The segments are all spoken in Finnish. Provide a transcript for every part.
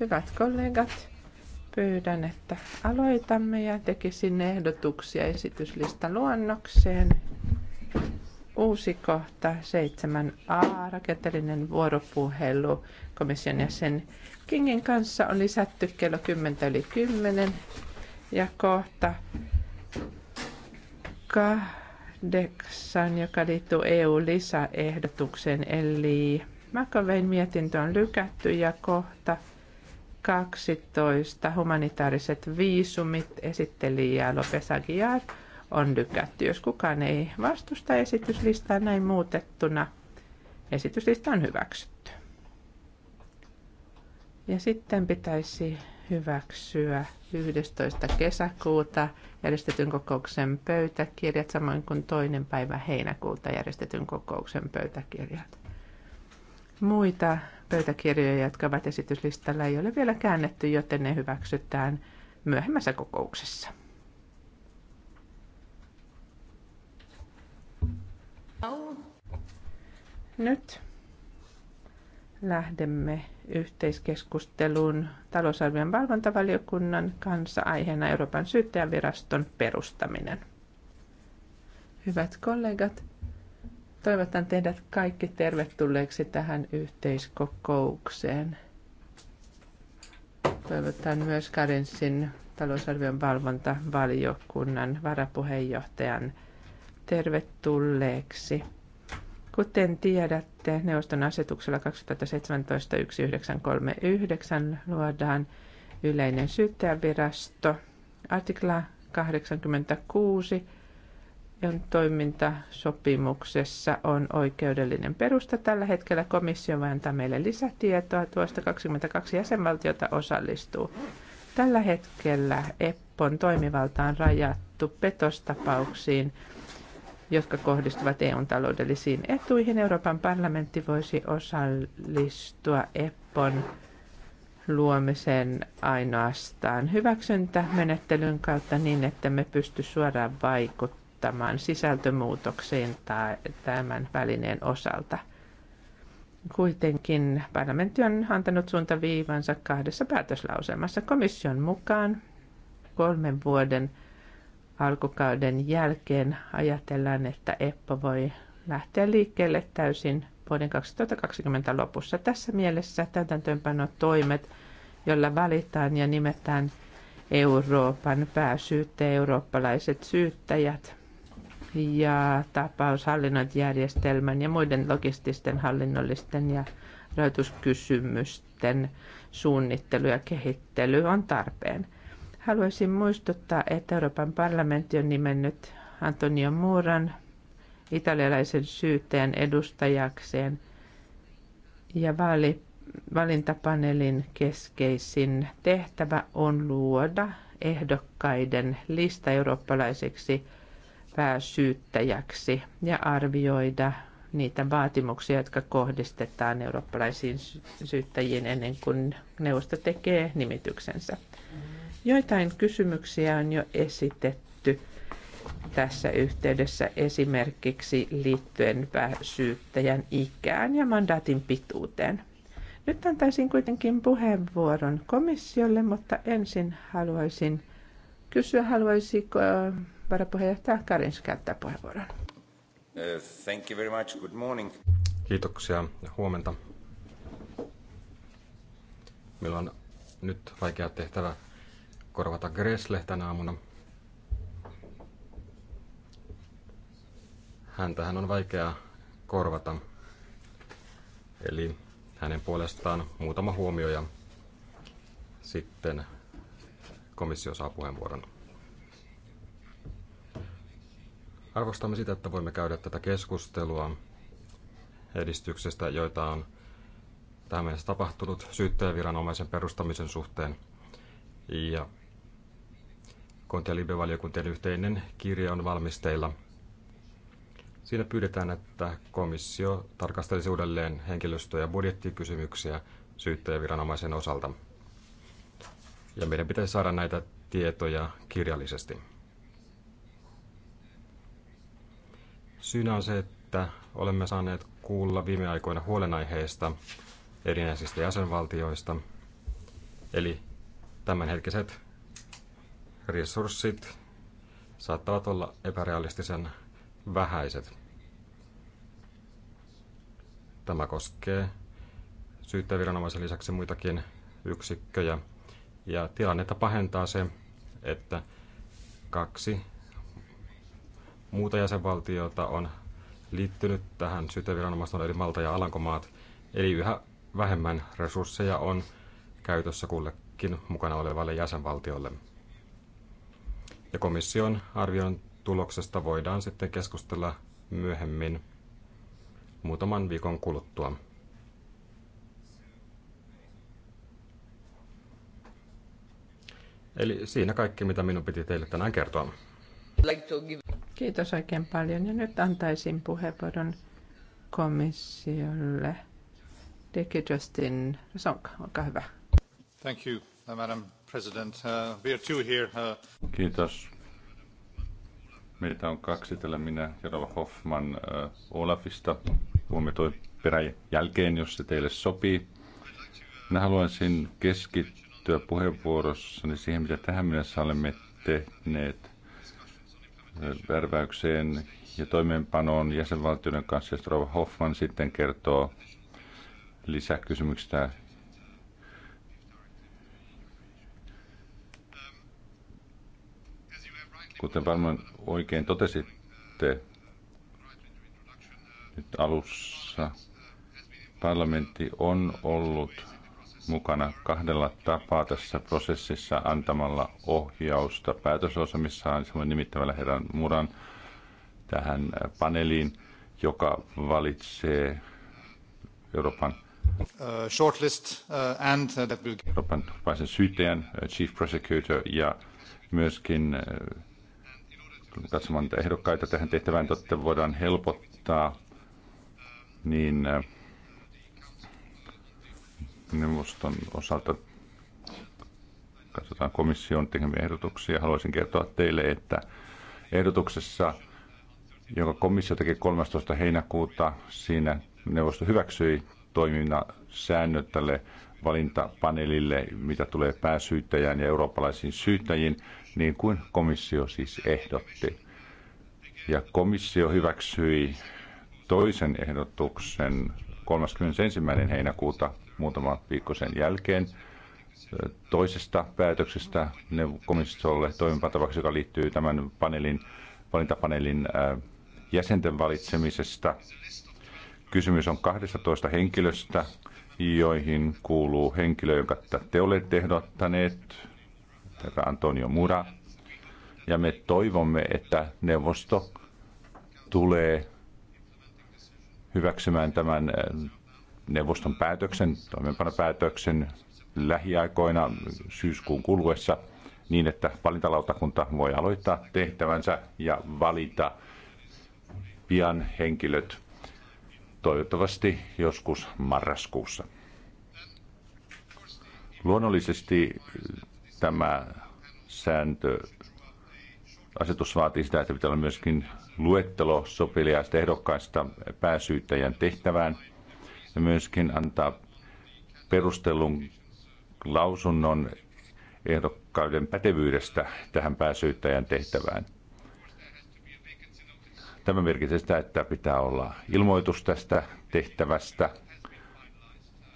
Hyvät kollegat, pyydän, että aloitamme ja tekisin ehdotuksia esityslistan luonnokseen. Uusi kohta 7a, rakenteellinen vuoropuhelu komission jäsen Kingin kanssa on lisätty kello 10 yli 10 ja kohta kahdeksan, joka liittyy EU-lisäehdotukseen, eli McAvein mietintö on lykätty ja kohta 12 humanitaariset viisumit ja Lopez Aguiar on lykätty. Jos kukaan ei vastusta esityslistaa näin muutettuna, esityslista on hyväksytty. Ja sitten pitäisi hyväksyä 11. kesäkuuta järjestetyn kokouksen pöytäkirjat, samoin kuin toinen päivä heinäkuuta järjestetyn kokouksen pöytäkirjat. Muita pöytäkirjoja, jotka ovat esityslistalla, ei ole vielä käännetty, joten ne hyväksytään myöhemmässä kokouksessa. Nyt lähdemme yhteiskeskusteluun talousarvion valvontavaliokunnan kanssa aiheena Euroopan syyttäjäviraston perustaminen. Hyvät kollegat, Toivotan teidät kaikki tervetulleeksi tähän yhteiskokoukseen. Toivotan myös Karensin talousarvion valvontavaliokunnan varapuheenjohtajan tervetulleeksi. Kuten tiedätte, neuvoston asetuksella 2017-1939 luodaan yleinen syyttäjävirasto. Artikla 86 komission toimintasopimuksessa on oikeudellinen perusta. Tällä hetkellä komissio voi antaa meille lisätietoa. Tuosta 22 jäsenvaltiota osallistuu. Tällä hetkellä EPPON toimivalta on rajattu petostapauksiin, jotka kohdistuvat EUn taloudellisiin etuihin. Euroopan parlamentti voisi osallistua EPPON luomisen ainoastaan hyväksyntämenettelyn kautta niin, että me pysty suoraan vaikuttamaan tämän sisältömuutokseen tai tämän välineen osalta. Kuitenkin parlamentti on antanut suuntaviivansa kahdessa päätöslauselmassa komission mukaan kolmen vuoden alkukauden jälkeen ajatellaan, että EPPO voi lähteä liikkeelle täysin vuoden 2020 lopussa. Tässä mielessä toimet, joilla valitaan ja nimetään Euroopan pääsyyttäjä, eurooppalaiset syyttäjät ja tapaushallinnot järjestelmän ja muiden logististen, hallinnollisten ja rahoituskysymysten suunnittelu ja kehittely on tarpeen. Haluaisin muistuttaa, että Euroopan parlamentti on nimennyt Antonio Muuran italialaisen syyteen edustajakseen ja vaali, valintapaneelin keskeisin tehtävä on luoda ehdokkaiden lista eurooppalaiseksi pääsyyttäjäksi ja arvioida niitä vaatimuksia, jotka kohdistetaan eurooppalaisiin syyttäjiin ennen kuin neuvosto tekee nimityksensä. Joitain kysymyksiä on jo esitetty tässä yhteydessä esimerkiksi liittyen pääsyyttäjän ikään ja mandaatin pituuteen. Nyt antaisin kuitenkin puheenvuoron komissiolle, mutta ensin haluaisin kysyä, haluaisiko varapuheenjohtaja Karins käyttää puheenvuoron. Thank you very much. Good morning. Kiitoksia ja huomenta. Meillä on nyt vaikea tehtävä korvata Gresle tänä aamuna. Häntähän on vaikea korvata. Eli hänen puolestaan muutama huomio ja sitten komissio saa puheenvuoron. Arvostamme sitä, että voimme käydä tätä keskustelua edistyksestä, joita on tähän mennessä tapahtunut syyttäjäviranomaisen perustamisen suhteen. Ja Konti- ja Libe-valiokuntien yhteinen kirja on valmisteilla. Siinä pyydetään, että komissio tarkastelisi uudelleen henkilöstö- ja budjettikysymyksiä syyttäjäviranomaisen osalta. Ja meidän pitäisi saada näitä tietoja kirjallisesti. Syynä on se, että olemme saaneet kuulla viime aikoina huolenaiheista erinäisistä jäsenvaltioista. Eli tämänhetkiset resurssit saattavat olla epärealistisen vähäiset. Tämä koskee syyttäjäviranomaisen lisäksi muitakin yksikköjä. Ja tilannetta pahentaa se, että kaksi muuta jäsenvaltiota on liittynyt tähän syyteviranomaston eli Malta ja Alankomaat, eli yhä vähemmän resursseja on käytössä kullekin mukana olevalle jäsenvaltiolle. Ja komission arvion tuloksesta voidaan sitten keskustella myöhemmin muutaman viikon kuluttua. Eli siinä kaikki, mitä minun piti teille tänään kertoa. Kiitos oikein paljon. Ja nyt antaisin puheenvuoron komissiolle. Digi Justin Sonka, olkaa hyvä. Thank you, Madam President. Uh, we are two here. Uh... Kiitos. Meitä on kaksi täällä minä ja Rova Hoffman uh, Olafista. Puhumme toi perän jälkeen, jos se teille sopii. Minä haluaisin keskittyä puheenvuorossani siihen, mitä tähän mennessä olemme tehneet värväykseen ja toimeenpanoon jäsenvaltioiden kanssa. Strova Hoffman sitten kertoo lisäkysymyksistä. Kuten varmaan oikein totesitte nyt alussa, parlamentti on ollut mukana kahdella tapaa tässä prosessissa antamalla ohjausta päätösosamissaan, semmoinen nimittävällä herran Muran tähän paneeliin, joka valitsee Euroopan uh, shortlist uh, and uh, that will... Euroopan syyttäjän, uh, chief prosecutor ja myöskin uh, katsomaan ehdokkaita tähän tehtävään, että voidaan helpottaa niin uh, neuvoston osalta katsotaan komission tekemiä ehdotuksia. Haluaisin kertoa teille, että ehdotuksessa, jonka komissio teki 13. heinäkuuta, siinä neuvosto hyväksyi toiminnan säännöt tälle valintapaneelille, mitä tulee pääsyyttäjään ja eurooppalaisiin syyttäjiin, niin kuin komissio siis ehdotti. Ja komissio hyväksyi toisen ehdotuksen 31. heinäkuuta muutama viikko sen jälkeen toisesta päätöksestä komissiolle toimipantavaksi, joka liittyy tämän paneelin, valintapaneelin äh, jäsenten valitsemisesta. Kysymys on 12 henkilöstä, joihin kuuluu henkilö, jonka te olette ehdottaneet, tämä Antonio Mura. Ja me toivomme, että neuvosto tulee hyväksymään tämän äh, neuvoston päätöksen, toimeenpanopäätöksen lähiaikoina syyskuun kuluessa niin, että valintalautakunta voi aloittaa tehtävänsä ja valita pian henkilöt toivottavasti joskus marraskuussa. Luonnollisesti tämä sääntö, asetus vaatii sitä, että pitää olla myöskin luettelo sopiliaista ehdokkaista pääsyyttäjän tehtävään – myöskin antaa perustelun lausunnon ehdokkaiden pätevyydestä tähän pääsyyttäjän tehtävään. Tämä merkitsee sitä, että pitää olla ilmoitus tästä tehtävästä.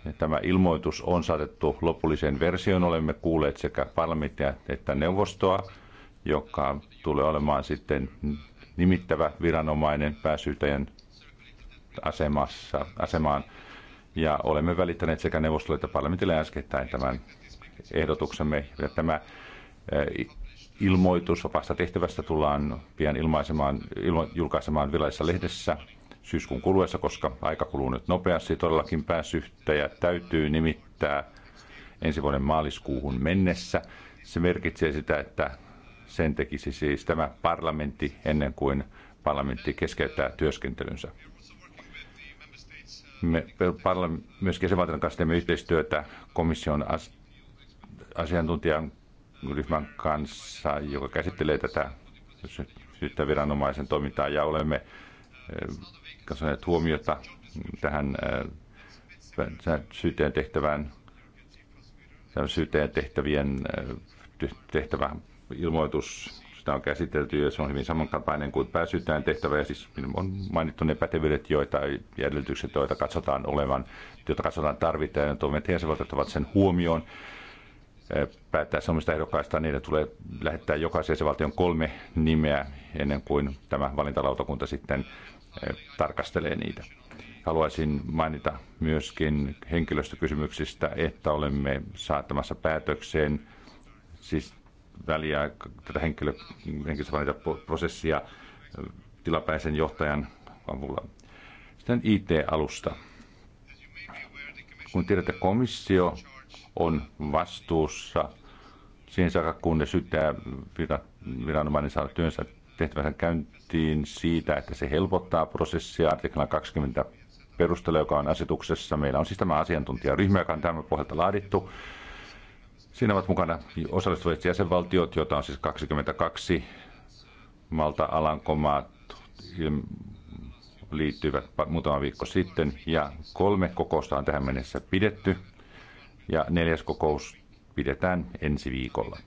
Ja tämä ilmoitus on saatettu lopulliseen versioon. Olemme kuulleet sekä parlamenttia että neuvostoa, joka tulee olemaan sitten nimittävä viranomainen pääsyytäjän asemassa, asemaan ja olemme välittäneet sekä neuvostolle että parlamentille äskettäin tämän ehdotuksemme. Ja tämä eh, ilmoitus vapaasta tehtävästä tullaan pian ilmaisemaan, ilmo, julkaisemaan virallisessa lehdessä syyskuun kuluessa, koska aika kuluu nyt nopeasti. Todellakin pääsyhtäjä täytyy nimittää ensi vuoden maaliskuuhun mennessä. Se merkitsee sitä, että sen tekisi siis tämä parlamentti ennen kuin parlamentti keskeyttää työskentelynsä. Me myöskin sen kanssa teemme yhteistyötä komission asiantuntijan ryhmän kanssa, joka käsittelee tätä viranomaisen toimintaa ja olemme eh, kasvaneet huomiota tähän eh, syyteen tehtävään syyteen tehtävien eh, tehtävä ilmoitus sitä on käsitelty ja se on hyvin samankapainen kuin pääsytään tehtävä. Ja siis on mainittu ne pätevyydet joita, ja edellytykset, joita katsotaan olevan, joita katsotaan tarvitaan ja toimet jäsenvaltiot ovat sen huomioon päättää omista ehdokkaista, niiden tulee lähettää jokaisen jäsenvaltion kolme nimeä ennen kuin tämä valintalautakunta sitten tarkastelee niitä. Haluaisin mainita myöskin henkilöstökysymyksistä, että olemme saattamassa päätökseen siis väliä, tätä henkilö, prosessia tilapäisen johtajan avulla. Sitten IT-alusta. Kun tiedätte, komissio on vastuussa siihen saakka, kun ne syyttää viranomainen saada työnsä tehtävänsä käyntiin siitä, että se helpottaa prosessia artiklan 20 perustelu, joka on asetuksessa. Meillä on siis tämä asiantuntijaryhmä, joka on tämän pohjalta laadittu. Siinä ovat mukana osallistuvat jäsenvaltiot, joita on siis 22. Malta Alankomaat liittyivät muutama viikko sitten ja kolme kokousta on tähän mennessä pidetty ja neljäs kokous pidetään ensi viikolla.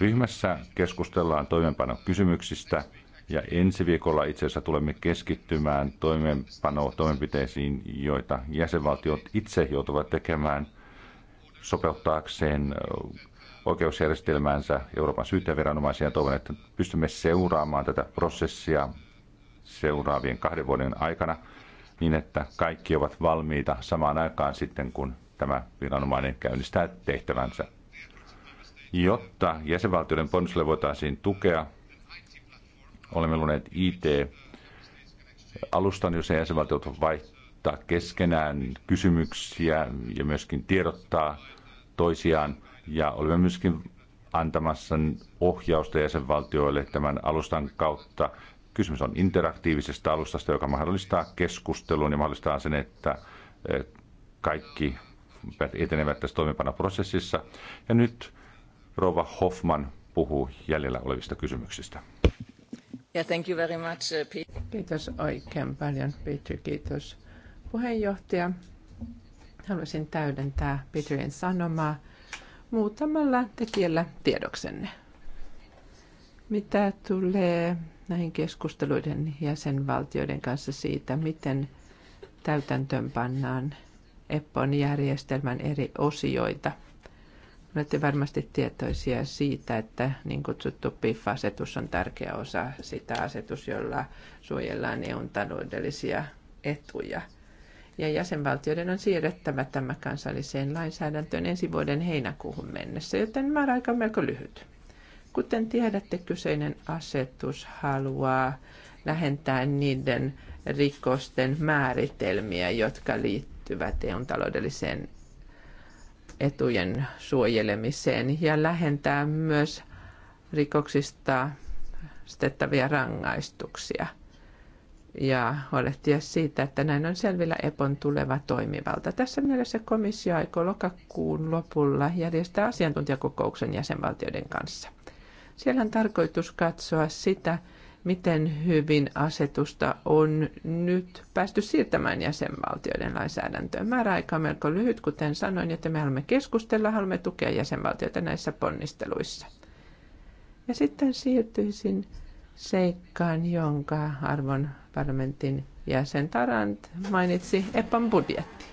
Ryhmässä keskustellaan toimenpanon kysymyksistä ja ensi viikolla itse asiassa tulemme keskittymään toimenpano toimenpiteisiin, joita jäsenvaltiot itse joutuvat tekemään – sopeuttaakseen oikeusjärjestelmäänsä Euroopan syyttäjäviranomaisia ja toivon, että pystymme seuraamaan tätä prosessia seuraavien kahden vuoden aikana niin, että kaikki ovat valmiita samaan aikaan sitten, kun tämä viranomainen käynnistää tehtävänsä. Jotta jäsenvaltioiden ponniselle voitaisiin tukea, olemme luoneet IT-alustan, jossa jäsenvaltiot vaihtavat vaihtaa keskenään kysymyksiä ja myöskin tiedottaa toisiaan. Ja olemme myöskin antamassa ohjausta jäsenvaltioille tämän alustan kautta. Kysymys on interaktiivisesta alustasta, joka mahdollistaa keskustelun ja mahdollistaa sen, että kaikki etenevät tässä toimeenpanoprosessissa. Ja nyt Rova Hoffman puhuu jäljellä olevista kysymyksistä. Yeah, thank you very much, uh, Peter. Kiitos oikein paljon, Peter. Kiitos puheenjohtaja. Haluaisin täydentää Petrien sanomaa muutamalla tekijällä tiedoksenne. Mitä tulee näihin keskusteluiden jäsenvaltioiden kanssa siitä, miten täytäntöön pannaan EPPON järjestelmän eri osioita. Olette varmasti tietoisia siitä, että niin kutsuttu PIF-asetus on tärkeä osa sitä asetus, jolla suojellaan EUn taloudellisia etuja – ja jäsenvaltioiden on siirrettävä tämä kansalliseen lainsäädäntöön ensi vuoden heinäkuuhun mennessä, joten määräaika on melko lyhyt. Kuten tiedätte, kyseinen asetus haluaa lähentää niiden rikosten määritelmiä, jotka liittyvät EUn taloudelliseen etujen suojelemiseen ja lähentää myös rikoksista stettäviä rangaistuksia – ja huolehtia siitä, että näin on selvillä EPON tuleva toimivalta. Tässä mielessä komissio aikoo lokakuun lopulla järjestää asiantuntijakokouksen jäsenvaltioiden kanssa. Siellä on tarkoitus katsoa sitä, miten hyvin asetusta on nyt päästy siirtämään jäsenvaltioiden lainsäädäntöön. Määräaika on melko lyhyt, kuten sanoin, että me haluamme keskustella, haluamme tukea jäsenvaltioita näissä ponnisteluissa. Ja sitten siirtyisin seikkaan, jonka arvon parlamentin jäsen Tarant mainitsi EPAn budjetti.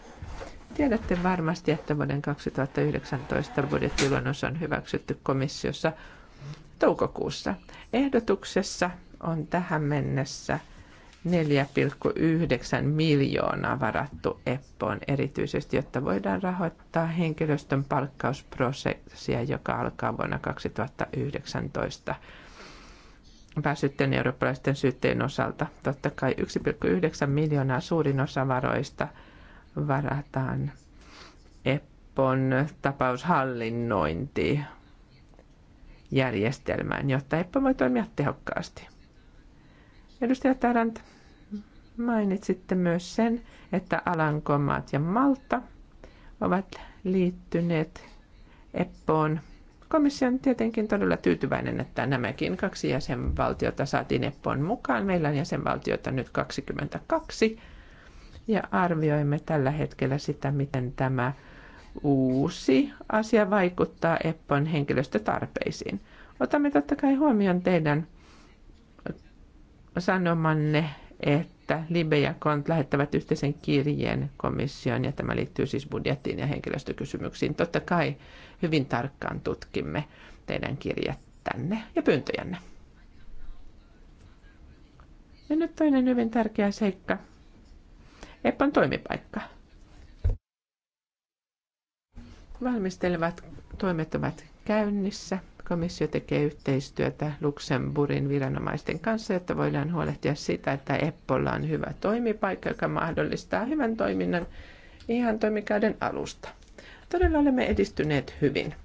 Tiedätte varmasti, että vuoden 2019 budjettiluonnos on hyväksytty komissiossa toukokuussa. Ehdotuksessa on tähän mennessä 4,9 miljoonaa varattu EPPOon erityisesti, jotta voidaan rahoittaa henkilöstön palkkausprosessia, joka alkaa vuonna 2019 pääsyytteen eurooppalaisten syytteen osalta. Totta kai 1,9 miljoonaa suurin osa varoista varataan EPPON tapaushallinnointijärjestelmään, järjestelmään, jotta EPPO voi toimia tehokkaasti. Edustaja Tarant, mainitsitte myös sen, että Alankomaat ja Malta ovat liittyneet EPPOon Komissio on tietenkin todella tyytyväinen, että nämäkin kaksi jäsenvaltiota saatiin EPPOn mukaan. Meillä on jäsenvaltiota nyt 22 ja arvioimme tällä hetkellä sitä, miten tämä uusi asia vaikuttaa EPPOn henkilöstötarpeisiin. Otamme totta kai huomioon teidän sanomanne, että että Libe ja Kont lähettävät yhteisen kirjeen komissioon, ja tämä liittyy siis budjettiin ja henkilöstökysymyksiin. Totta kai hyvin tarkkaan tutkimme teidän kirjettänne ja pyyntöjänne. Ja nyt toinen hyvin tärkeä seikka. Eppan toimipaikka. Valmistelevat toimet ovat käynnissä komissio tekee yhteistyötä Luxemburgin viranomaisten kanssa, että voidaan huolehtia sitä, että Eppolla on hyvä toimipaikka, joka mahdollistaa hyvän toiminnan ihan toimikauden alusta. Todella olemme edistyneet hyvin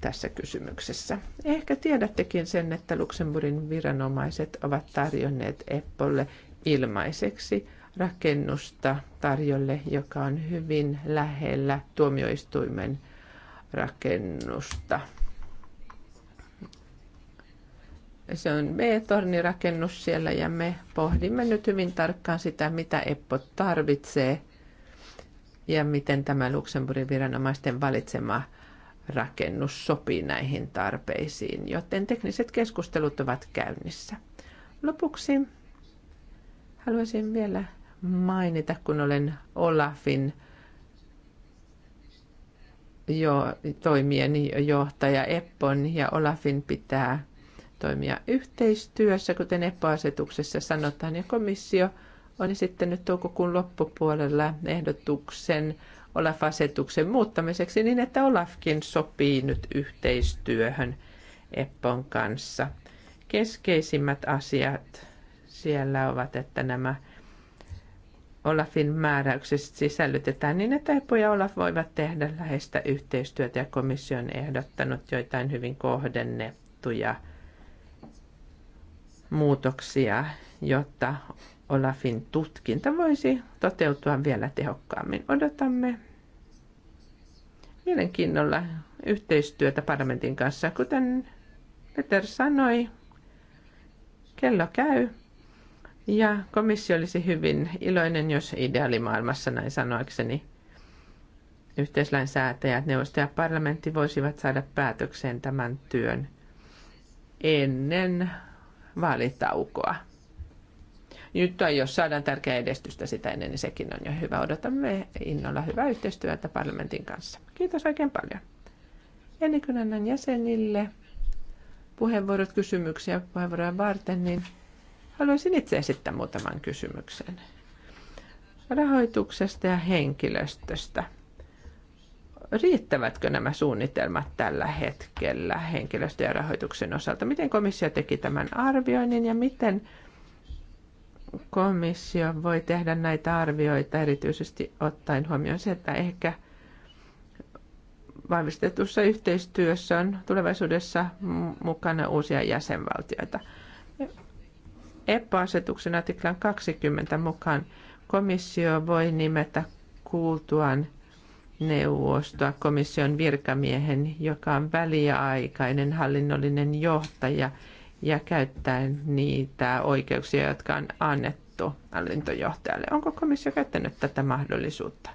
tässä kysymyksessä. Ehkä tiedättekin sen, että Luxemburgin viranomaiset ovat tarjonneet Eppolle ilmaiseksi rakennusta tarjolle, joka on hyvin lähellä tuomioistuimen rakennusta se on B-tornirakennus siellä ja me pohdimme nyt hyvin tarkkaan sitä, mitä Eppo tarvitsee ja miten tämä Luxemburgin viranomaisten valitsema rakennus sopii näihin tarpeisiin, joten tekniset keskustelut ovat käynnissä. Lopuksi haluaisin vielä mainita, kun olen Olafin jo, toimien johtaja Eppon ja Olafin pitää toimia yhteistyössä, kuten epäasetuksessa sanotaan, ja komissio on esittänyt toukokuun loppupuolella ehdotuksen Olaf-asetuksen muuttamiseksi niin, että Olafkin sopii nyt yhteistyöhön Eppon kanssa. Keskeisimmät asiat siellä ovat, että nämä Olafin määräykset sisällytetään niin, että EPO ja Olaf voivat tehdä läheistä yhteistyötä ja komission ehdottanut joitain hyvin kohdennettuja muutoksia, jotta Olafin tutkinta voisi toteutua vielä tehokkaammin. Odotamme mielenkiinnolla yhteistyötä parlamentin kanssa. Kuten Peter sanoi, kello käy. Ja komissio olisi hyvin iloinen, jos ideaalimaailmassa näin sanoakseni yhteislainsäätäjät, neuvosto ja parlamentti voisivat saada päätökseen tämän työn ennen vaalitaukoa. Nyt on, jos saadaan tärkeää edestystä sitä ennen, niin sekin on jo hyvä. Odotamme innolla hyvää yhteistyötä parlamentin kanssa. Kiitos oikein paljon. Ennen kuin annan jäsenille puheenvuorot, kysymyksiä puheenvuoroja varten, niin haluaisin itse esittää muutaman kysymyksen rahoituksesta ja henkilöstöstä – riittävätkö nämä suunnitelmat tällä hetkellä henkilöstö- ja rahoituksen osalta? Miten komissio teki tämän arvioinnin ja miten komissio voi tehdä näitä arvioita erityisesti ottaen huomioon se, että ehkä vahvistetussa yhteistyössä on tulevaisuudessa mukana uusia jäsenvaltioita. EPA-asetuksen artiklan 20 mukaan komissio voi nimetä kuultuaan – neuvostoa komission virkamiehen, joka on väliaikainen hallinnollinen johtaja ja käyttää niitä oikeuksia, jotka on annettu hallintojohtajalle. Onko komissio käyttänyt tätä mahdollisuutta?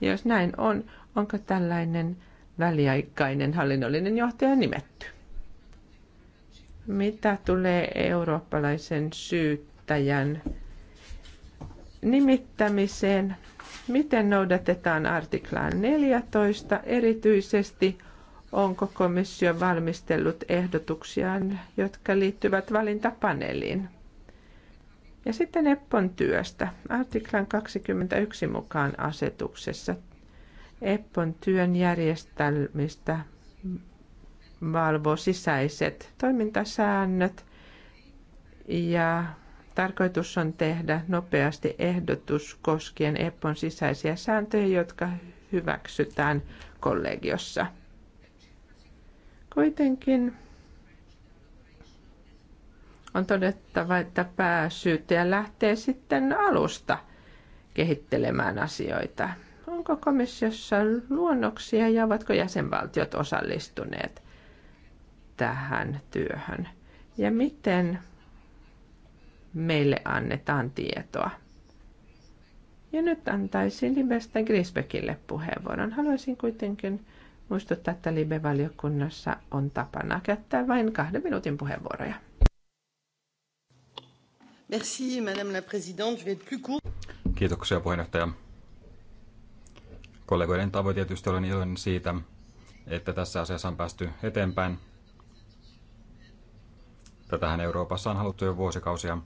Jos näin on, onko tällainen väliaikainen hallinnollinen johtaja nimetty? Mitä tulee eurooppalaisen syyttäjän nimittämiseen? Miten noudatetaan artiklaa 14 erityisesti? Onko komissio valmistellut ehdotuksiaan, jotka liittyvät valintapaneeliin? Ja sitten EPPON työstä. Artiklan 21 mukaan asetuksessa EPPON työn järjestelmistä valvoo sisäiset toimintasäännöt ja Tarkoitus on tehdä nopeasti ehdotus koskien EPPOn sisäisiä sääntöjä, jotka hyväksytään kollegiossa. Kuitenkin on todettava, että pääsyyttäjä lähtee sitten alusta kehittelemään asioita. Onko komissiossa luonnoksia ja ovatko jäsenvaltiot osallistuneet tähän työhön? Ja miten meille annetaan tietoa. Ja nyt antaisin Libestä Grisbekille puheenvuoron. Haluaisin kuitenkin muistuttaa, että Libe-valiokunnassa on tapana käyttää vain kahden minuutin puheenvuoroja. Merci, Madame la Présidente. Je vais être plus court. Kiitoksia puheenjohtaja. Kollegoiden tavoin tietysti olen iloinen siitä, että tässä asiassa on päästy eteenpäin. Tätähän Euroopassa on haluttu jo vuosikausia.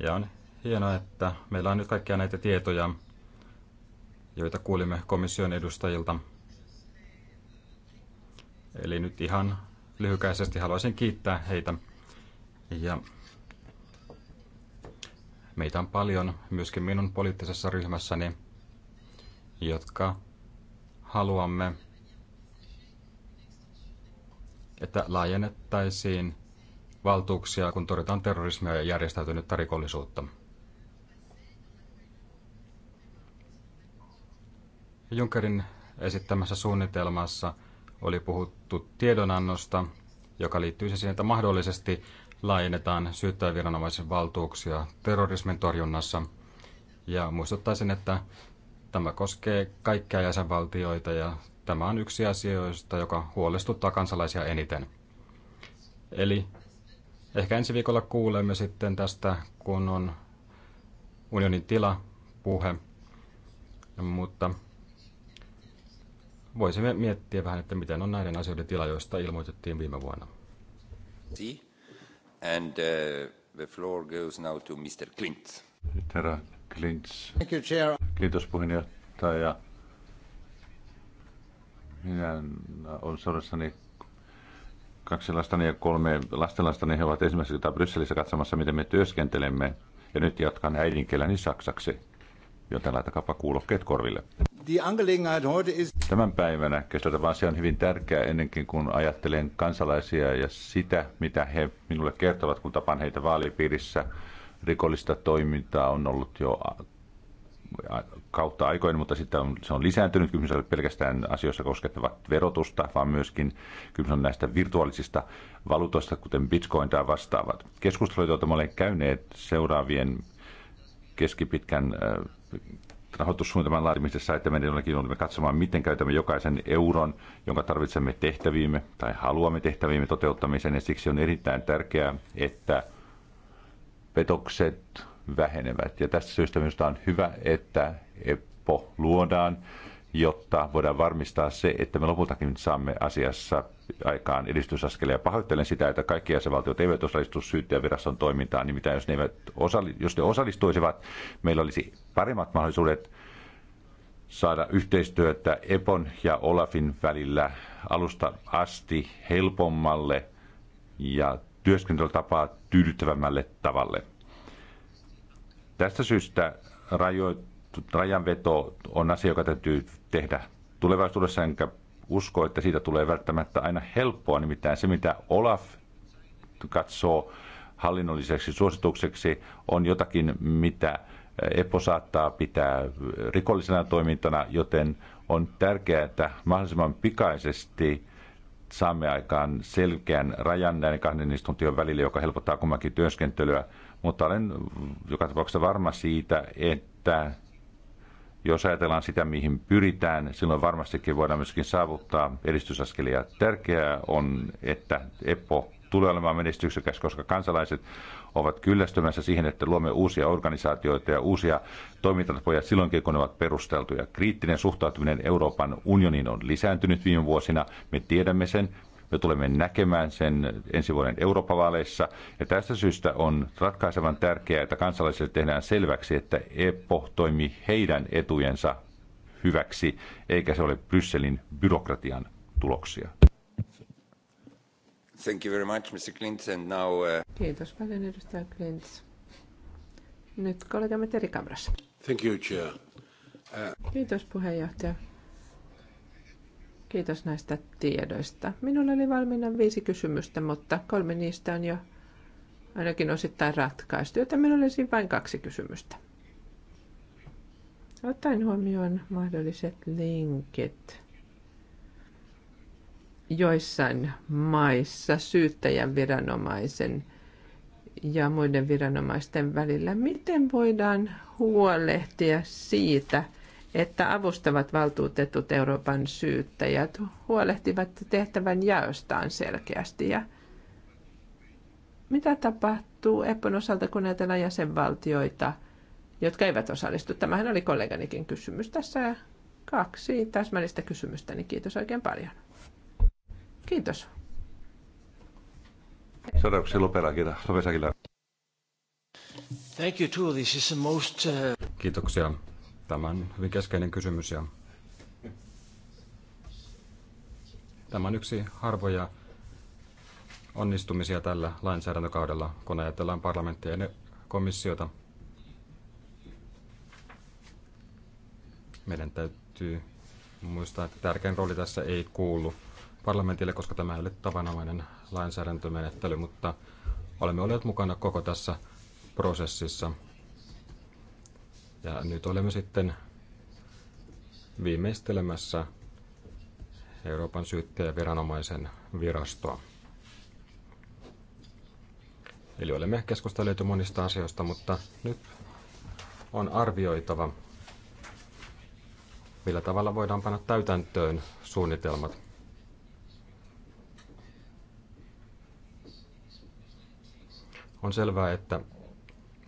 Ja on hienoa, että meillä on nyt kaikkia näitä tietoja, joita kuulimme komission edustajilta. Eli nyt ihan lyhykäisesti haluaisin kiittää heitä. Ja meitä on paljon myöskin minun poliittisessa ryhmässäni, jotka haluamme, että laajennettaisiin valtuuksia, kun torjutaan terrorismia ja järjestäytynyttä rikollisuutta. Junckerin esittämässä suunnitelmassa oli puhuttu tiedonannosta, joka liittyy siihen, että mahdollisesti laajennetaan syyttäjäviranomaisen valtuuksia terrorismin torjunnassa. Ja muistuttaisin, että tämä koskee kaikkia jäsenvaltioita ja tämä on yksi asioista, joka huolestuttaa kansalaisia eniten. Eli Ehkä ensi viikolla kuulemme sitten tästä, kun on unionin tila puhe, mutta voisimme miettiä vähän, että miten on näiden asioiden tila, joista ilmoitettiin viime vuonna. And uh, the floor goes now to Mr. Klint. herra Klintz. Thank you, Chair. Kiitos puheenjohtaja. Minä olen seurassani kaksi lastani ja kolme lastenlastani, he ovat ensimmäisen kertaa Brysselissä katsomassa, miten me työskentelemme. Ja nyt jatkan äidinkieläni saksaksi, joten laitakaapa kuulokkeet korville. Tämän päivänä keskusteltava asia on hyvin tärkeä ennenkin, kun ajattelen kansalaisia ja sitä, mitä he minulle kertovat, kun tapaan heitä vaalipiirissä. Rikollista toimintaa on ollut jo kautta aikoina, mutta sitten on, se on lisääntynyt. Kysymys ei pelkästään asioissa koskettavat verotusta, vaan myöskin kysymys on näistä virtuaalisista valuutoista, kuten bitcoin tai vastaavat. Keskustelut, joita me olen käyneet seuraavien keskipitkän äh, rahoitussuunnitelman laatimisessa, että meidän jollakin olemme katsomaan, miten käytämme jokaisen euron, jonka tarvitsemme tehtäviimme tai haluamme tehtäviimme toteuttamiseen. Ja siksi on erittäin tärkeää, että petokset, vähenevät. Ja tästä syystä minusta on hyvä, että EPPO luodaan, jotta voidaan varmistaa se, että me lopultakin saamme asiassa aikaan edistysaskelia. Pahoittelen sitä, että kaikki jäsenvaltiot eivät osallistu syyttäjäviraston toimintaan, niin mitä jos ne, eivät osalli- jos ne osallistuisivat, meillä olisi paremmat mahdollisuudet saada yhteistyötä EPON ja OLAFin välillä alusta asti helpommalle ja työskentelytapaa tyydyttävämmälle tavalle. Tästä syystä rajanveto on asia, joka täytyy tehdä tulevaisuudessa, enkä usko, että siitä tulee välttämättä aina helppoa. Nimittäin se, mitä Olaf katsoo hallinnolliseksi suositukseksi, on jotakin, mitä EPO saattaa pitää rikollisena toimintana, joten on tärkeää, että mahdollisimman pikaisesti saamme aikaan selkeän rajan näiden kahden instituution välille, joka helpottaa kummankin työskentelyä mutta olen joka tapauksessa varma siitä, että jos ajatellaan sitä, mihin pyritään, silloin varmastikin voidaan myöskin saavuttaa edistysaskelia. Tärkeää on, että EPO tulee olemaan menestyksekäs, koska kansalaiset ovat kyllästymässä siihen, että luomme uusia organisaatioita ja uusia toimintatapoja silloinkin, kun ne ovat perusteltuja. Kriittinen suhtautuminen Euroopan unioniin on lisääntynyt viime vuosina. Me tiedämme sen. Me tulemme näkemään sen ensi vuoden Eurooppa-vaaleissa. Ja tästä syystä on ratkaisevan tärkeää, että kansalaisille tehdään selväksi, että EPO toimi heidän etujensa hyväksi, eikä se ole Brysselin byrokratian tuloksia. Thank you very much, Mr. Klintz, And now, uh... Kiitos paljon, edustaja Klintz. Nyt kollegamme Teri Thank you, Chair. Uh... Kiitos puheenjohtaja. Kiitos näistä tiedoista. Minulla oli valmiina viisi kysymystä, mutta kolme niistä on jo ainakin osittain ratkaistu, joten minulla olisi vain kaksi kysymystä. Ottaen huomioon mahdolliset linkit. Joissain maissa syyttäjän viranomaisen ja muiden viranomaisten välillä, miten voidaan huolehtia siitä, että avustavat valtuutetut Euroopan syyttäjät huolehtivat tehtävän jaostaan selkeästi. Ja mitä tapahtuu EPPOn osalta, kun ajatellaan jäsenvaltioita, jotka eivät osallistu? Tämähän oli kolleganikin kysymys. Tässä kaksi täsmällistä kysymystä, niin kiitos oikein paljon. Kiitos. Thank you too. This is the most, uh... Kiitoksia. Tämä on hyvin keskeinen kysymys ja tämä on yksi harvoja onnistumisia tällä lainsäädäntökaudella, kun ajatellaan parlamenttia ja komissiota. Meidän täytyy muistaa, että tärkein rooli tässä ei kuulu parlamentille, koska tämä ei ole tavanomainen lainsäädäntömenettely, mutta olemme olleet mukana koko tässä prosessissa ja nyt olemme sitten viimeistelemässä Euroopan syyttäjäviranomaisen virastoa. Eli olemme keskustelleet monista asioista, mutta nyt on arvioitava, millä tavalla voidaan panna täytäntöön suunnitelmat. On selvää, että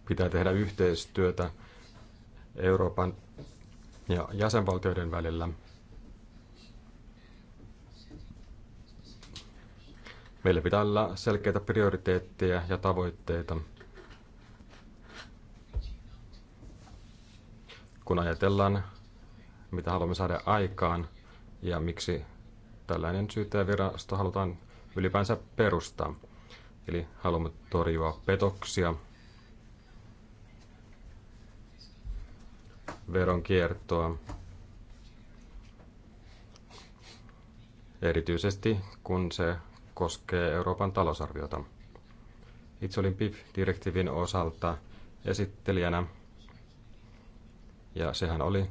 pitää tehdä yhteistyötä Euroopan ja jäsenvaltioiden välillä. Meillä pitää olla selkeitä prioriteetteja ja tavoitteita. Kun ajatellaan, mitä haluamme saada aikaan ja miksi tällainen syyttäjävirasto halutaan ylipäänsä perustaa. Eli haluamme torjua petoksia, veronkiertoa. Erityisesti kun se koskee Euroopan talousarviota. Itse olin PIF-direktiivin osalta esittelijänä ja sehän oli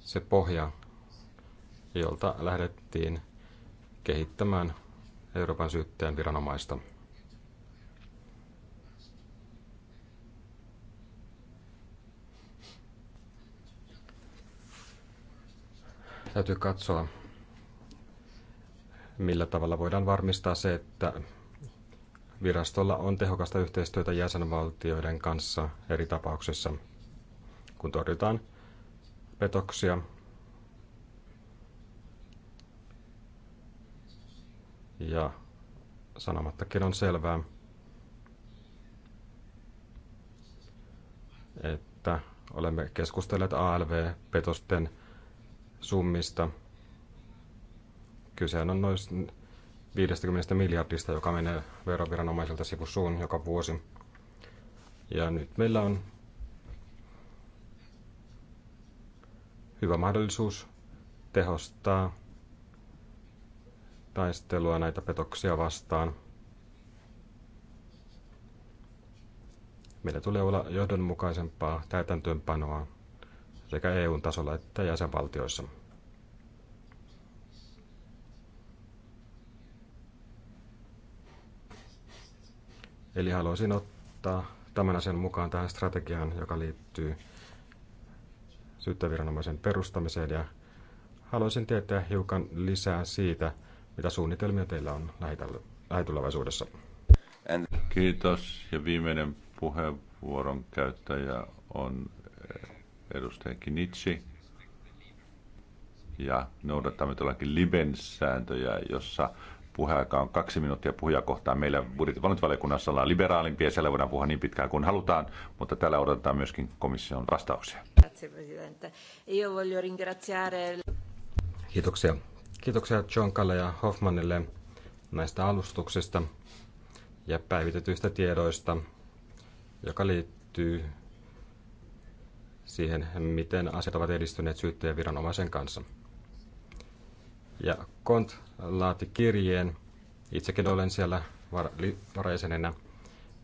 se pohja, jolta lähdettiin kehittämään Euroopan syyttäjän viranomaista. täytyy katsoa, millä tavalla voidaan varmistaa se, että virastolla on tehokasta yhteistyötä jäsenvaltioiden kanssa eri tapauksissa, kun torjutaan petoksia. Ja sanomattakin on selvää, että olemme keskustelleet ALV-petosten summista. kyse on noin 50 miljardista, joka menee veroviranomaisilta sivusuun joka vuosi. Ja nyt meillä on hyvä mahdollisuus tehostaa taistelua näitä petoksia vastaan. Meillä tulee olla johdonmukaisempaa täytäntöönpanoa sekä EUn tasolla että jäsenvaltioissa. Eli haluaisin ottaa tämän asian mukaan tähän strategiaan, joka liittyy syyttäviranomaisen perustamiseen ja haluaisin tietää hiukan lisää siitä, mitä suunnitelmia teillä on lähitulevaisuudessa. Kiitos ja viimeinen puheenvuoron käyttäjä on edustaja Kinitsi. Ja noudattamme todellakin libens sääntöjä, jossa puheaika on kaksi minuuttia puhuja kohtaan. Meillä budjettivalintavaliokunnassa ollaan liberaalimpia, siellä voidaan puhua niin pitkään kuin halutaan, mutta täällä odotetaan myöskin komission vastauksia. Kiitoksia. Kiitoksia Kalle ja Hoffmanille näistä alustuksista ja päivitetyistä tiedoista, joka liittyy siihen, miten asiat ovat edistyneet viranomaisen kanssa. Ja Kont laati kirjeen. Itsekin olen siellä varajäsenenä,